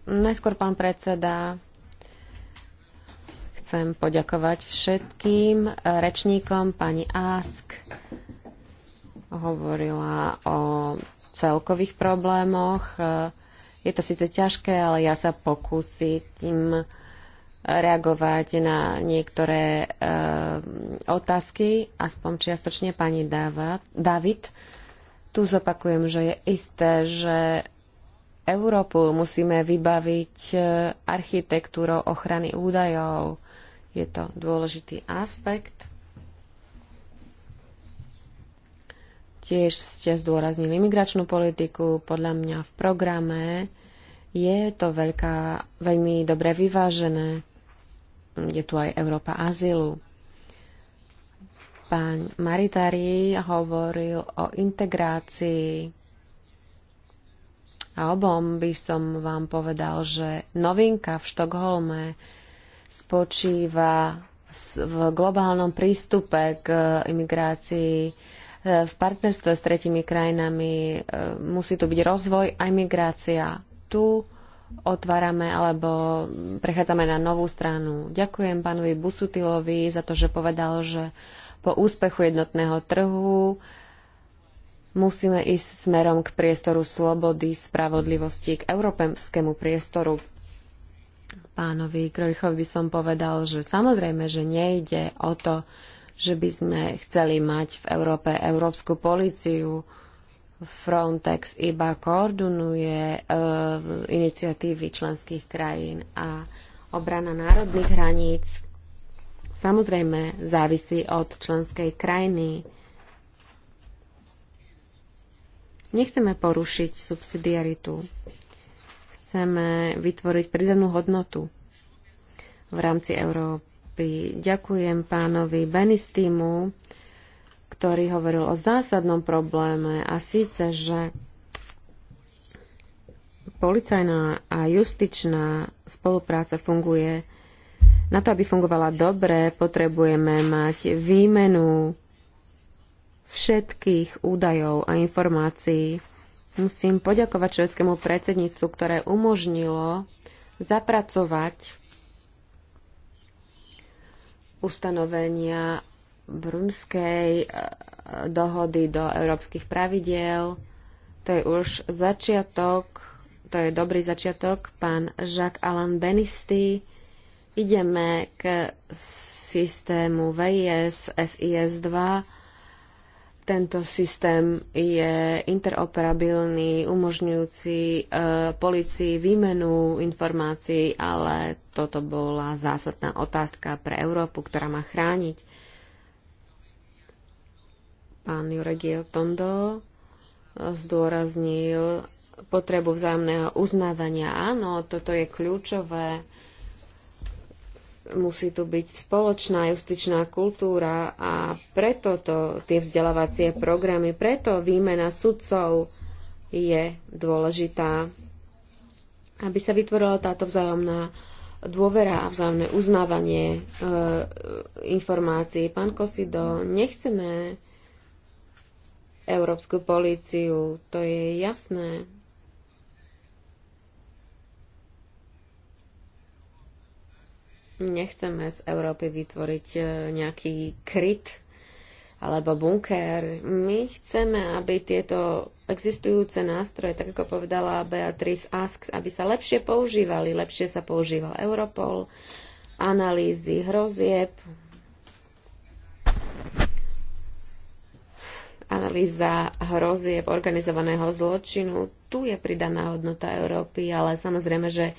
Najskôr, pán predseda, chcem poďakovať všetkým rečníkom. Pani Ask hovorila o celkových problémoch. Je to síce ťažké, ale ja sa pokúsim reagovať na niektoré e, otázky, aspoň čiastočne pani David. Tu zopakujem, že je isté, že Európu musíme vybaviť eh, architektúrou ochrany údajov. Je to dôležitý aspekt. Tiež ste zdôraznili imigračnú politiku. Podľa mňa v programe je to veľká, veľmi dobre vyvážené je tu aj Európa azylu. Pán Maritari hovoril o integrácii a obom by som vám povedal, že novinka v Štokholme spočíva v globálnom prístupe k eh, imigrácii eh, v partnerstve s tretimi krajinami. Eh, musí tu byť rozvoj a imigrácia. Tu otvárame alebo prechádzame na novú stranu. Ďakujem pánovi Busutilovi za to, že povedal, že po úspechu jednotného trhu musíme ísť smerom k priestoru slobody, spravodlivosti, k európskému priestoru. Pánovi Krojchovi by som povedal, že samozrejme, že nejde o to, že by sme chceli mať v Európe európsku políciu, Frontex iba koordinuje e, iniciatívy členských krajín a obrana národných hraníc samozrejme závisí od členskej krajiny. Nechceme porušiť subsidiaritu. Chceme vytvoriť pridanú hodnotu v rámci Európy. Ďakujem pánovi Benistimu ktorý hovoril o zásadnom probléme a síce, že policajná a justičná spolupráca funguje. Na to, aby fungovala dobre, potrebujeme mať výmenu všetkých údajov a informácií. Musím poďakovať švedskému predsedníctvu, ktoré umožnilo zapracovať ustanovenia brumskej e, dohody do európskych pravidiel. To je už začiatok, to je dobrý začiatok. Pán Jacques Alan Benisty, ideme k systému VIS SIS-2. Tento systém je interoperabilný, umožňujúci e, policii výmenu informácií, ale toto bola zásadná otázka pre Európu, ktorá má chrániť Pán Juregio Tondo eh, zdôraznil potrebu vzájomného uznávania. Áno, toto je kľúčové. Musí tu byť spoločná justičná kultúra a preto to, tie vzdelávacie programy, preto výmena sudcov je dôležitá, aby sa vytvorila táto vzájomná dôvera a vzájomné uznávanie e, informácií. Pán Kosido, nechceme európsku políciu. To je jasné. Nechceme z Európy vytvoriť e, nejaký kryt alebo bunker. My chceme, aby tieto existujúce nástroje, tak ako povedala Beatrice Ask, aby sa lepšie používali. Lepšie sa používal Europol, analýzy hrozieb, analýza hrozieb organizovaného zločinu. Tu je pridaná hodnota Európy, ale samozrejme, že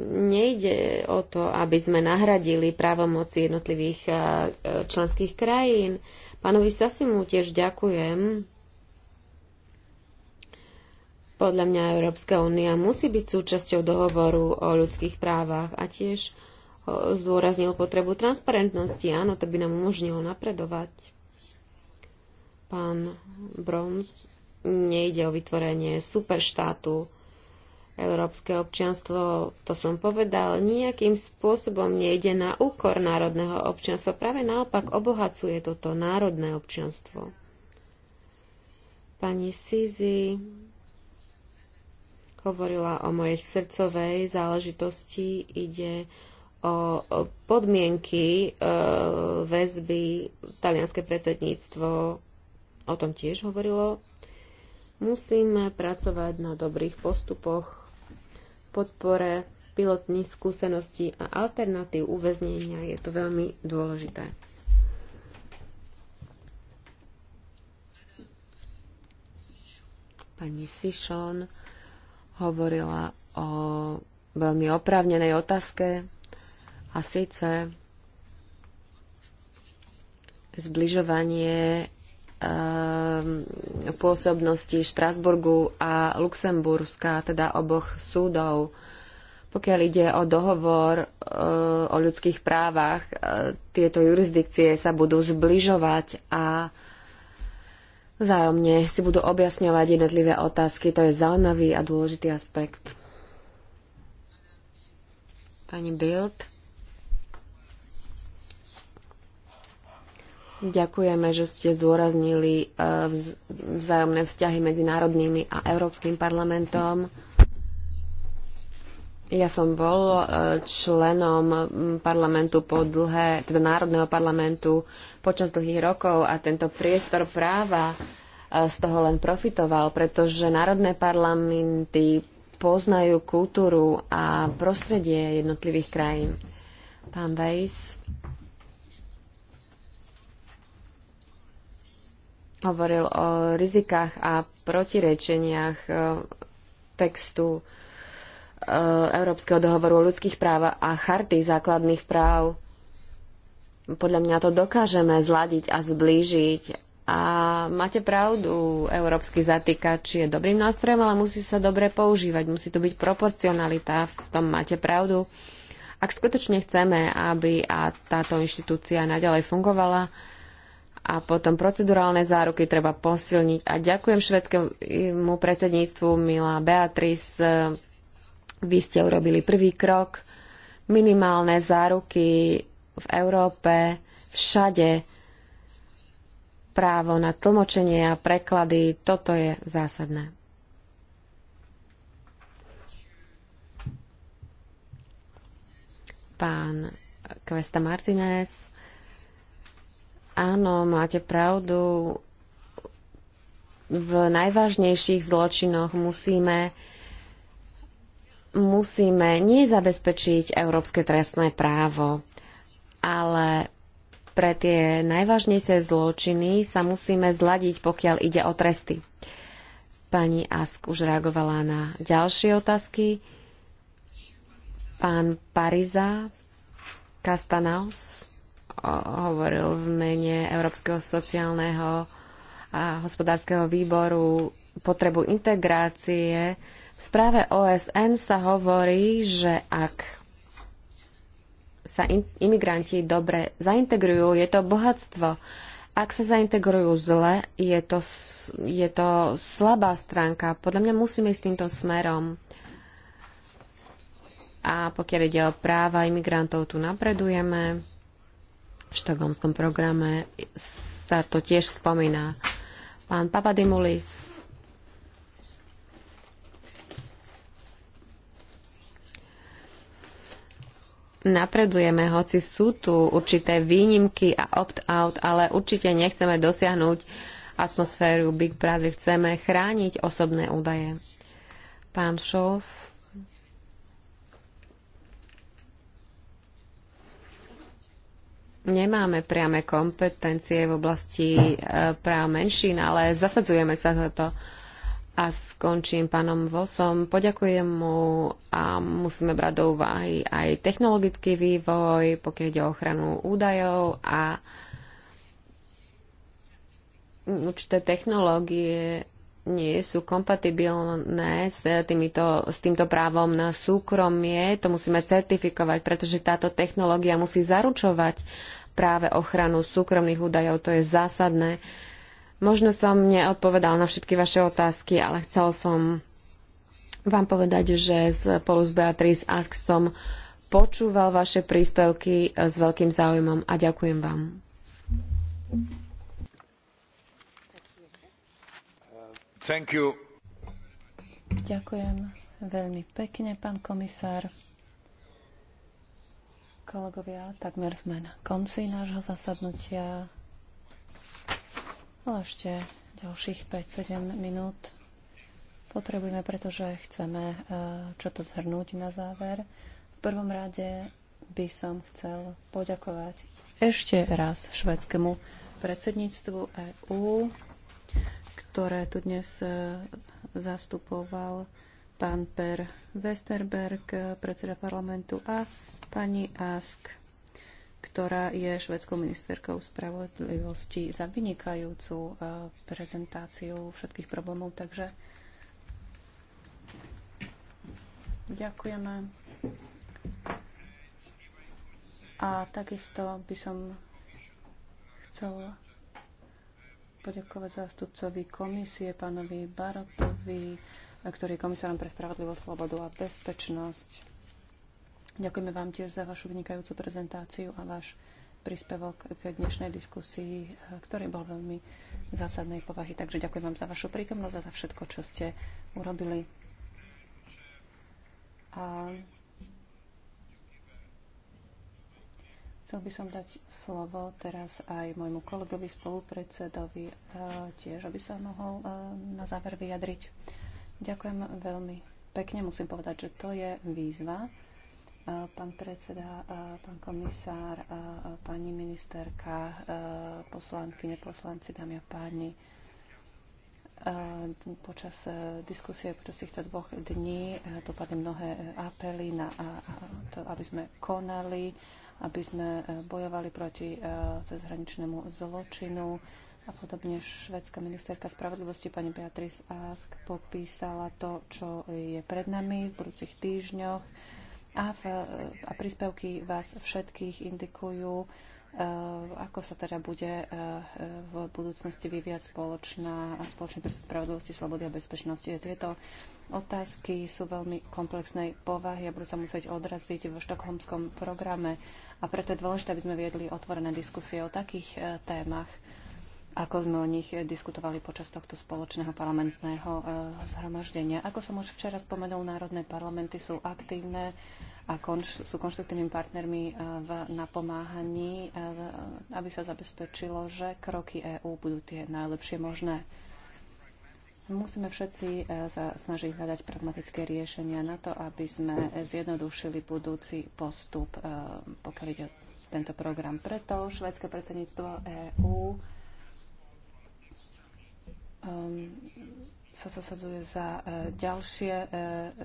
nejde o to, aby sme nahradili právomoci jednotlivých e, členských krajín. Pánovi Sasimu tiež ďakujem. Podľa mňa Európska únia musí byť súčasťou dohovoru o ľudských právach a tiež zdôraznil potrebu transparentnosti. Áno, to by nám umožnilo napredovať. Pán Bronz, nejde o vytvorenie superštátu. Európske občianstvo, to som povedal, nejakým spôsobom nejde na úkor národného občianstva. Práve naopak obohacuje toto národné občianstvo. Pani Sizi hovorila o mojej srdcovej záležitosti. Ide o podmienky e, väzby talianské predsedníctvo o tom tiež hovorilo. Musíme pracovať na dobrých postupoch, podpore pilotných skúseností a alternatív uväznenia. Je to veľmi dôležité. Pani Sišon hovorila o veľmi oprávnenej otázke a síce zbližovanie Ehm, pôsobnosti Štrasburgu a Luxemburska, teda oboch súdov. Pokiaľ ide o dohovor e, o ľudských právach, e, tieto jurisdikcie sa budú zbližovať a vzájomne si budú objasňovať jednotlivé otázky. To je zaujímavý a dôležitý aspekt. Pani Bild. Ďakujeme, že ste zdôraznili eh, vzájomné vzťahy medzi národnými a Európskym parlamentom. Ja som bol eh, členom mm, parlamentu po dlhé, teda Národného parlamentu počas dlhých rokov a tento priestor práva eh, z toho len profitoval, pretože národné parlamenty poznajú kultúru a prostredie jednotlivých krajín. Pán Weiss. hovoril o rizikách a protirečeniach e, textu e, Európskeho dohovoru o ľudských právach a charty základných práv. Podľa mňa to dokážeme zladiť a zblížiť. A máte pravdu, európsky zatýkač je dobrým nástrojom, ale musí sa dobre používať, musí tu byť proporcionalita, v tom máte pravdu. Ak skutočne chceme, aby a táto inštitúcia naďalej fungovala, a potom procedurálne záruky treba posilniť. A ďakujem švedskému predsedníctvu, milá Beatrice, vy ste urobili prvý krok. Minimálne záruky v Európe, všade právo na tlmočenie a preklady, toto je zásadné. Pán Kvesta Martinez. Áno, máte pravdu. V najvážnejších zločinoch musíme musíme nie zabezpečiť európske trestné právo, ale pre tie najvážnejšie zločiny sa musíme zladiť, pokiaľ ide o tresty. Pani Ask už reagovala na ďalšie otázky. Pán Pariza, Castanaus hovoril v mene Európskeho sociálneho a hospodárskeho výboru potrebu integrácie. V správe OSN sa hovorí, že ak sa in, imigranti dobre zaintegrujú, je to bohatstvo. Ak sa zaintegrujú zle, je to, je to slabá stránka. Podľa mňa musíme ísť týmto smerom. A pokiaľ ide o práva imigrantov, tu napredujeme v štokholmskom programe sa to tiež spomína. Pán Papadimulis. Napredujeme, hoci sú tu určité výnimky a opt-out, ale určite nechceme dosiahnuť atmosféru Big Brother, chceme chrániť osobné údaje. Pán Šof nemáme priame kompetencie v oblasti e, práv menšín, ale zasadzujeme sa za to. A skončím pánom Vosom. Poďakujem mu a musíme brať do úvahy aj technologický vývoj, pokiaľ ide o ochranu údajov a určité technológie nie sú kompatibilné s, týmito, s týmto právom na súkromie. To musíme certifikovať, pretože táto technológia musí zaručovať práve ochranu súkromných údajov. To je zásadné. Možno som neodpovedal na všetky vaše otázky, ale chcel som vám povedať, že spolu s Beatrice Ask som počúval vaše príspevky s veľkým záujmom a ďakujem vám. Thank you. Ďakujem veľmi pekne, pán komisár. Kolegovia, takmer sme na konci nášho zasadnutia. No Ale ešte ďalších 5-7 minút potrebujeme, pretože chceme eh, čo to zhrnúť na záver. V prvom rade by som chcel poďakovať ešte raz švedskému predsedníctvu EÚ ktoré tu dnes e, zastupoval pán Per Westerberg, e, predseda parlamentu a pani Ask, ktorá je švedskou ministerkou spravodlivosti za vynikajúcu e, prezentáciu všetkých problémov. Takže ďakujeme. A takisto by som chcela poďakovať zástupcovi komisie, pánovi Barotovi, ktorý je komisárom pre spravodlivosť, slobodu a bezpečnosť. Ďakujeme vám tiež za vašu vynikajúcu prezentáciu a váš príspevok k dnešnej diskusii, ktorý bol veľmi zásadnej povahy. Takže ďakujem vám za vašu prítomnosť a za všetko, čo ste urobili. A Chcel by som dať slovo teraz aj môjmu kolegovi, spolupredsedovi, tiež aby sa mohol na záver vyjadriť. Ďakujem veľmi pekne. Musím povedať, že to je výzva. Pán predseda, pán komisár, pani ministerka, poslanky, neposlanci, dámy a páni. Počas e, diskusie, počas týchto dvoch dní dopadli mnohé apely na to, aby sme konali aby sme e, bojovali proti e, cezhraničnému zločinu a podobne. Švedská ministerka spravodlivosti pani Beatrice Ask popísala to, čo je pred nami v budúcich týždňoch a, v, e, a príspevky vás všetkých indikujú, ako sa teda bude v budúcnosti vyviať spoločná, spoločný prístup spravodlivosti, slobody a bezpečnosti. Tieto otázky sú veľmi komplexnej povahy a budú sa musieť odraziť vo štokholmskom programe. A preto je dôležité, aby sme viedli otvorené diskusie o takých e, témach, ako sme o nich e, diskutovali počas tohto spoločného parlamentného e, zhromaždenia. Ako som už včera spomenul, národné parlamenty sú aktívne a konš- sú konštruktívnymi partnermi v napomáhaní, aby sa zabezpečilo, že kroky EÚ budú tie najlepšie možné. Musíme všetci e, sa snažiť hľadať pragmatické riešenia na to, aby sme zjednodušili budúci postup, e, pokiaľ ide tento program. Preto švedské predsedníctvo EÚ ehm, sa zasadzuje za e, ďalšie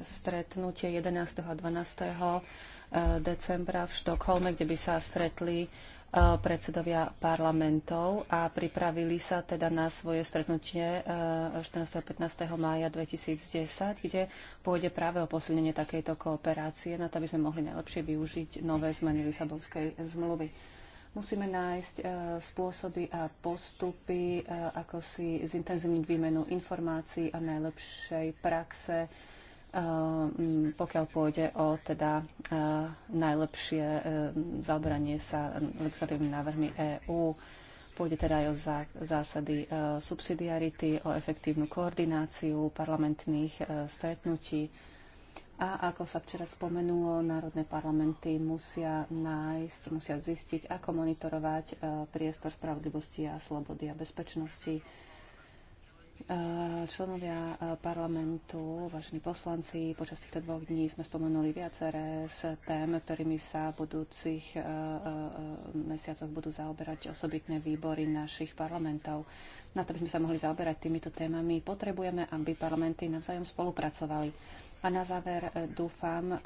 stretnutie 11. a 12. decembra v Štokholme, kde by sa stretli E, predsedovia parlamentov a pripravili sa teda na svoje stretnutie 14. E, a 15. mája 2010, kde pôjde práve o posilnenie takejto kooperácie, na to, aby sme mohli najlepšie využiť nové zmeny Lisabonskej zmluvy. Musíme nájsť e, spôsoby a postupy, ako si zintenzívniť výmenu informácií a najlepšej praxe Ehm, pokiaľ pôjde o teda eh, najlepšie eh, zaoberanie sa legislatívnymi návrhmi EÚ. Pôjde teda aj o zásady eh, subsidiarity, o efektívnu koordináciu parlamentných stretnutí. A ako sa včera spomenulo, národné parlamenty musia nájsť, musia zistiť, ako monitorovať priestor spravodlivosti a slobody a bezpečnosti Eh, členovia eh, parlamentu, vážení poslanci, počas týchto dvoch dní sme spomenuli viaceré z tém, ktorými sa v budúcich eh, mesiacoch budú zaoberať osobitné výbory našich parlamentov. Na to by sme sa mohli zaoberať týmito témami. Potrebujeme, aby parlamenty navzájom spolupracovali. A na záver dúfam,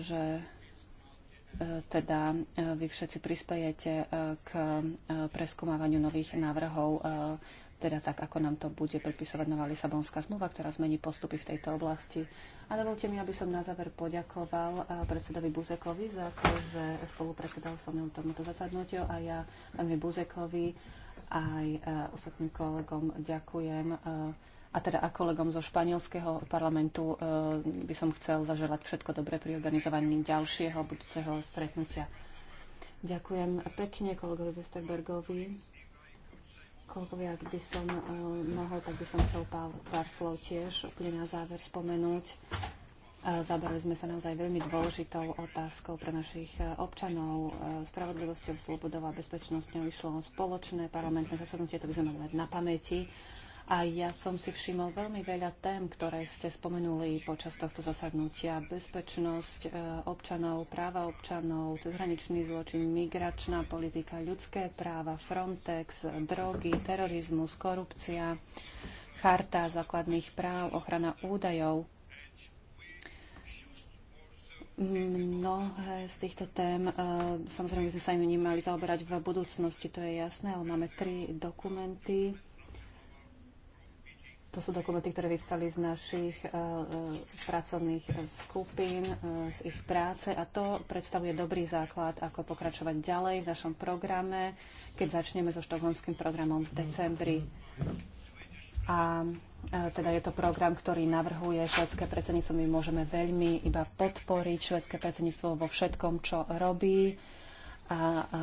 že teda e, vy všetci prispejete e, k e, preskúmavaniu nových návrhov, teda tak, ako nám to bude pripisovať nová Lisabonská zmluva, ktorá zmení postupy v tejto oblasti. A dovolte mi, aby som na záver poďakoval predsedovi Buzekovi za to, že spolupredsedal so mnou tomuto zasadnutiu a ja veľmi Buzekovi aj ostatným kolegom ďakujem a teda a kolegom zo španielského parlamentu e, by som chcel zaželať všetko dobré pri organizovaní ďalšieho budúceho stretnutia. Ďakujem pekne kolegovi Westerbergovi. Kolegovia, ak by som e, mohol, tak by som chcel pár, pár slov tiež úplne na záver spomenúť. E, zabrali sme sa naozaj veľmi dôležitou otázkou pre našich občanov. Spravodlivosťou, slobodou a bezpečnosťou išlo spoločné parlamentné zasadnutie, to by sme mali mať na pamäti. A ja som si všimol veľmi veľa tém, ktoré ste spomenuli počas tohto zasadnutia. Bezpečnosť e, občanov, práva občanov, cezhraničný zločin, migračná politika, ľudské práva, Frontex, drogy, terorizmus, korupcia, charta základných práv, ochrana údajov. Mnohé z týchto tém, e, samozrejme, by sme sa im nemali zaoberať v budúcnosti, to je jasné, ale máme tri dokumenty to sú dokumenty, ktoré vyvstali z našich eh, eh, pracovných skupín, eh, z ich práce a to predstavuje dobrý základ, ako pokračovať ďalej v našom programe, keď začneme so štokholmským programom v decembri. A teda je to program, ktorý navrhuje švedské predsedníctvo. My môžeme veľmi iba podporiť švedské predsedníctvo vo všetkom, čo robí a, a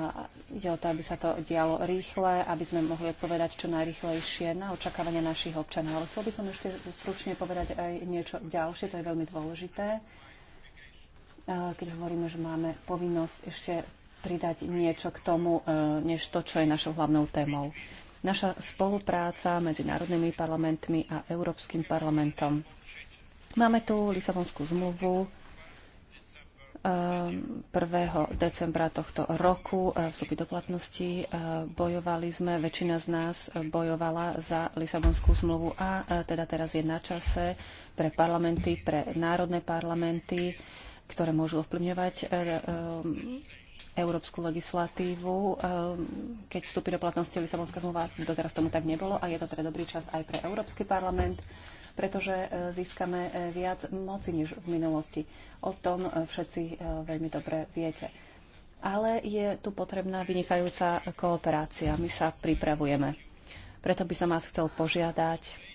ide o to, aby sa to dialo rýchle, aby sme mohli odpovedať čo najrychlejšie na očakávania našich občanov. Ale chcel by som ešte stručne povedať aj niečo ďalšie, to je veľmi dôležité. Keď hovoríme, že máme povinnosť ešte pridať niečo k tomu, e, než to, čo je našou hlavnou témou. Naša spolupráca medzi národnými parlamentmi a Európskym parlamentom. Máme tu Lisabonskú zmluvu, 1. decembra tohto roku e, vstúpi do platnosti. E, bojovali sme, väčšina z nás bojovala za Lisabonskú zmluvu a e, teda teraz je na čase pre parlamenty, pre národné parlamenty, ktoré môžu ovplyvňovať európsku legislatívu, keď vstúpi do platnosti Lisabonská zmluva, doteraz tomu tak nebolo a je to teda dobrý čas aj pre Európsky parlament, pretože e, získame e, viac moci než v minulosti. O tom e, všetci veľmi dobre viete. Ale je tu potrebná vynikajúca kooperácia. My sa pripravujeme. Preto by som vás chcel požiadať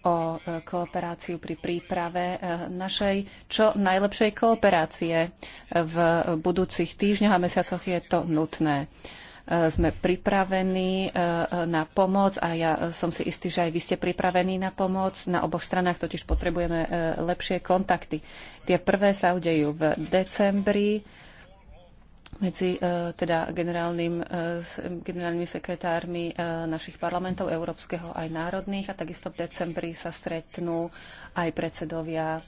o kooperáciu pri príprave našej čo najlepšej kooperácie. V budúcich týždňoch a mesiacoch je to nutné. Eh, sme pripravení eh, na pomoc a ja som si istý, že aj vy ste pripravení na pomoc. Na oboch stranách totiž potrebujeme eh, lepšie kontakty. Tie prvé sa udejú v decembri medzi teda generálnym, generálnymi sekretármi našich parlamentov, európskeho aj národných a takisto v decembri sa stretnú aj predsedovia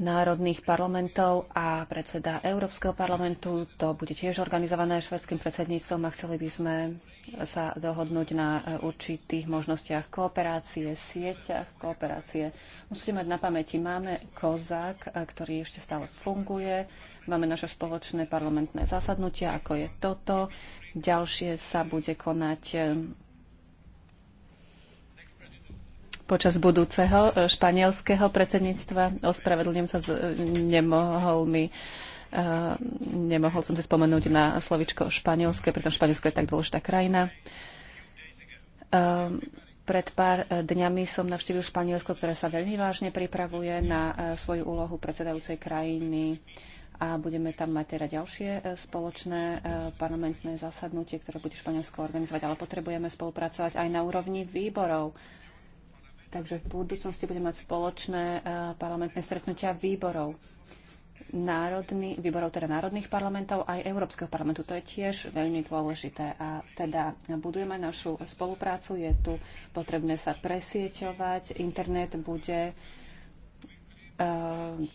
národných parlamentov a predseda Európskeho parlamentu. To bude tiež organizované švedským predsedníctvom a chceli by sme sa dohodnúť na určitých možnostiach kooperácie, sieťach kooperácie. Musíme mať na pamäti, máme kozák, ktorý ešte stále funguje, máme naše spoločné parlamentné zasadnutia, ako je toto. Ďalšie sa bude konať počas budúceho e, španielského predsedníctva. Ospravedlňujem sa, e, nemohol mi e, nemohol som si spomenúť na slovičko španielské, v Španielsko je tak dôležitá krajina. Pred pár dňami som navštívil Španielsko, ktoré sa veľmi vážne pripravuje na svoju úlohu predsedajúcej krajiny a budeme tam mať teda ďalšie spoločné parlamentné zasadnutie, ktoré bude Španielsko organizovať, ale potrebujeme spolupracovať aj na úrovni výborov Takže v budúcnosti budeme mať spoločné e, parlamentné stretnutia výborov národný, výborov teda národných parlamentov aj Európskeho parlamentu. To je tiež veľmi dôležité. A teda budujeme našu spoluprácu, je tu potrebné sa presieťovať, internet bude e,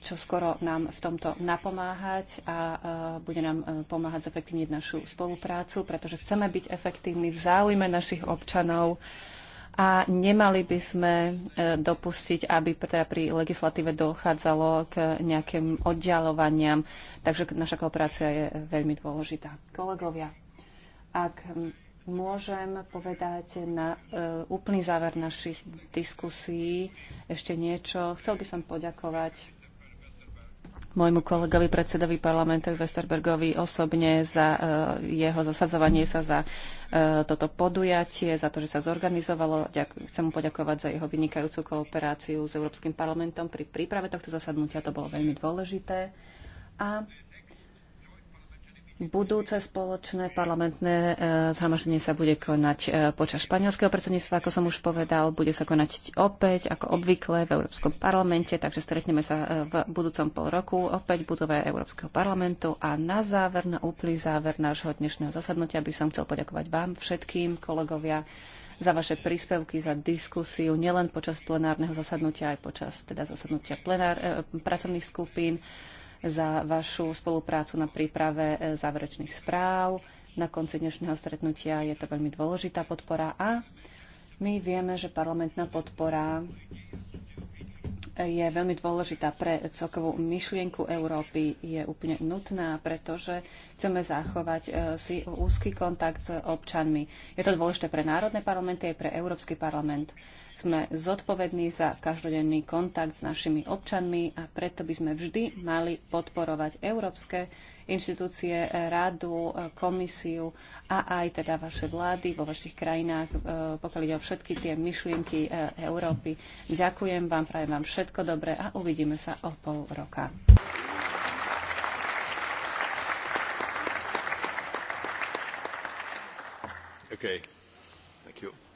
čo skoro nám v tomto napomáhať a e, bude nám pomáhať zefektívniť našu spoluprácu, pretože chceme byť efektívni v záujme našich občanov a nemali by sme e, dopustiť, aby teda pri legislatíve dochádzalo k nejakým oddialovaniam. Takže naša kooperácia je veľmi dôležitá. Kolegovia, ak môžem povedať na e, úplný záver našich diskusí ešte niečo. Chcel by som poďakovať môjmu kolegovi, predsedovi parlamentu Westerbergovi osobne za e, jeho zasadzovanie sa za E, toto podujatie, za to, že sa zorganizovalo. Chcem mu poďakovať za jeho vynikajúcu kooperáciu s Európskym parlamentom pri príprave tohto zasadnutia. To bolo veľmi dôležité. A Budúce spoločné parlamentné e, zhromaždenie sa bude konať e, počas španielského predsedníctva, ako som už povedal. Bude sa konať opäť, ako obvykle, v Európskom parlamente, takže stretneme sa e, v budúcom pol roku opäť v budove Európskeho parlamentu. A na záver, na úplný záver nášho dnešného zasadnutia by som chcel poďakovať vám všetkým, kolegovia, za vaše príspevky, za diskusiu, nielen počas plenárneho zasadnutia, aj počas teda zasadnutia plenár, e, pracovných skupín za vašu spoluprácu na príprave e, záverečných správ. Na konci dnešného stretnutia je to veľmi dôležitá podpora a my vieme, že parlamentná podpora je veľmi dôležitá pre celkovú myšlienku Európy, je úplne nutná, pretože chceme zachovať e, si úzky kontakt s občanmi. Je to dôležité pre národné parlamenty aj pre Európsky parlament. Sme zodpovední za každodenný kontakt s našimi občanmi a preto by sme vždy mali podporovať európske inštitúcie, e, radu, e, komisiu a aj teda vaše vlády vo vašich krajinách, e, pokiaľ ide o všetky tie myšlienky Európy. Ďakujem vám, prajem vám všetko dobré a uvidíme sa o pol roka. Okay. Thank you.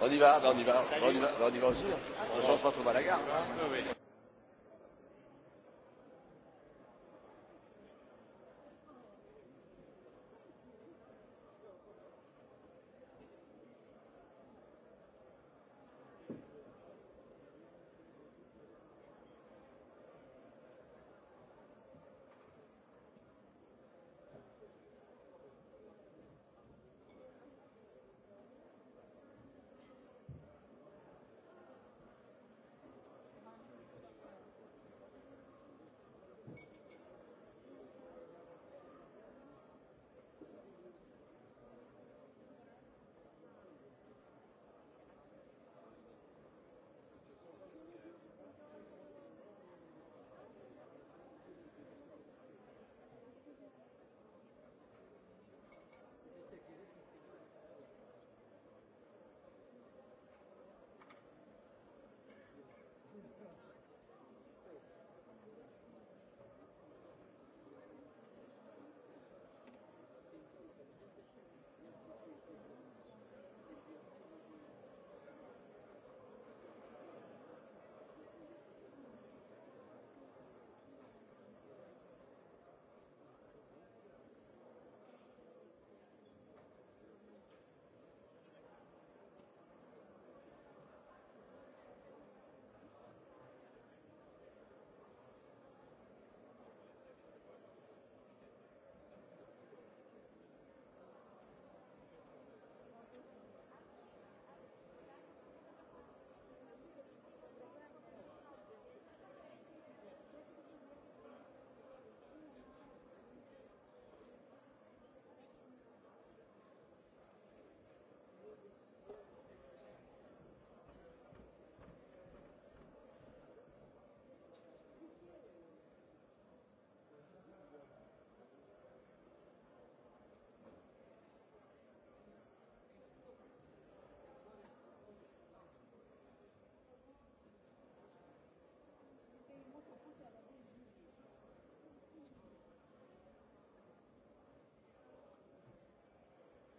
On y va, ben on y va, on y va, on y va aussi. On ne change pas trop à la gare.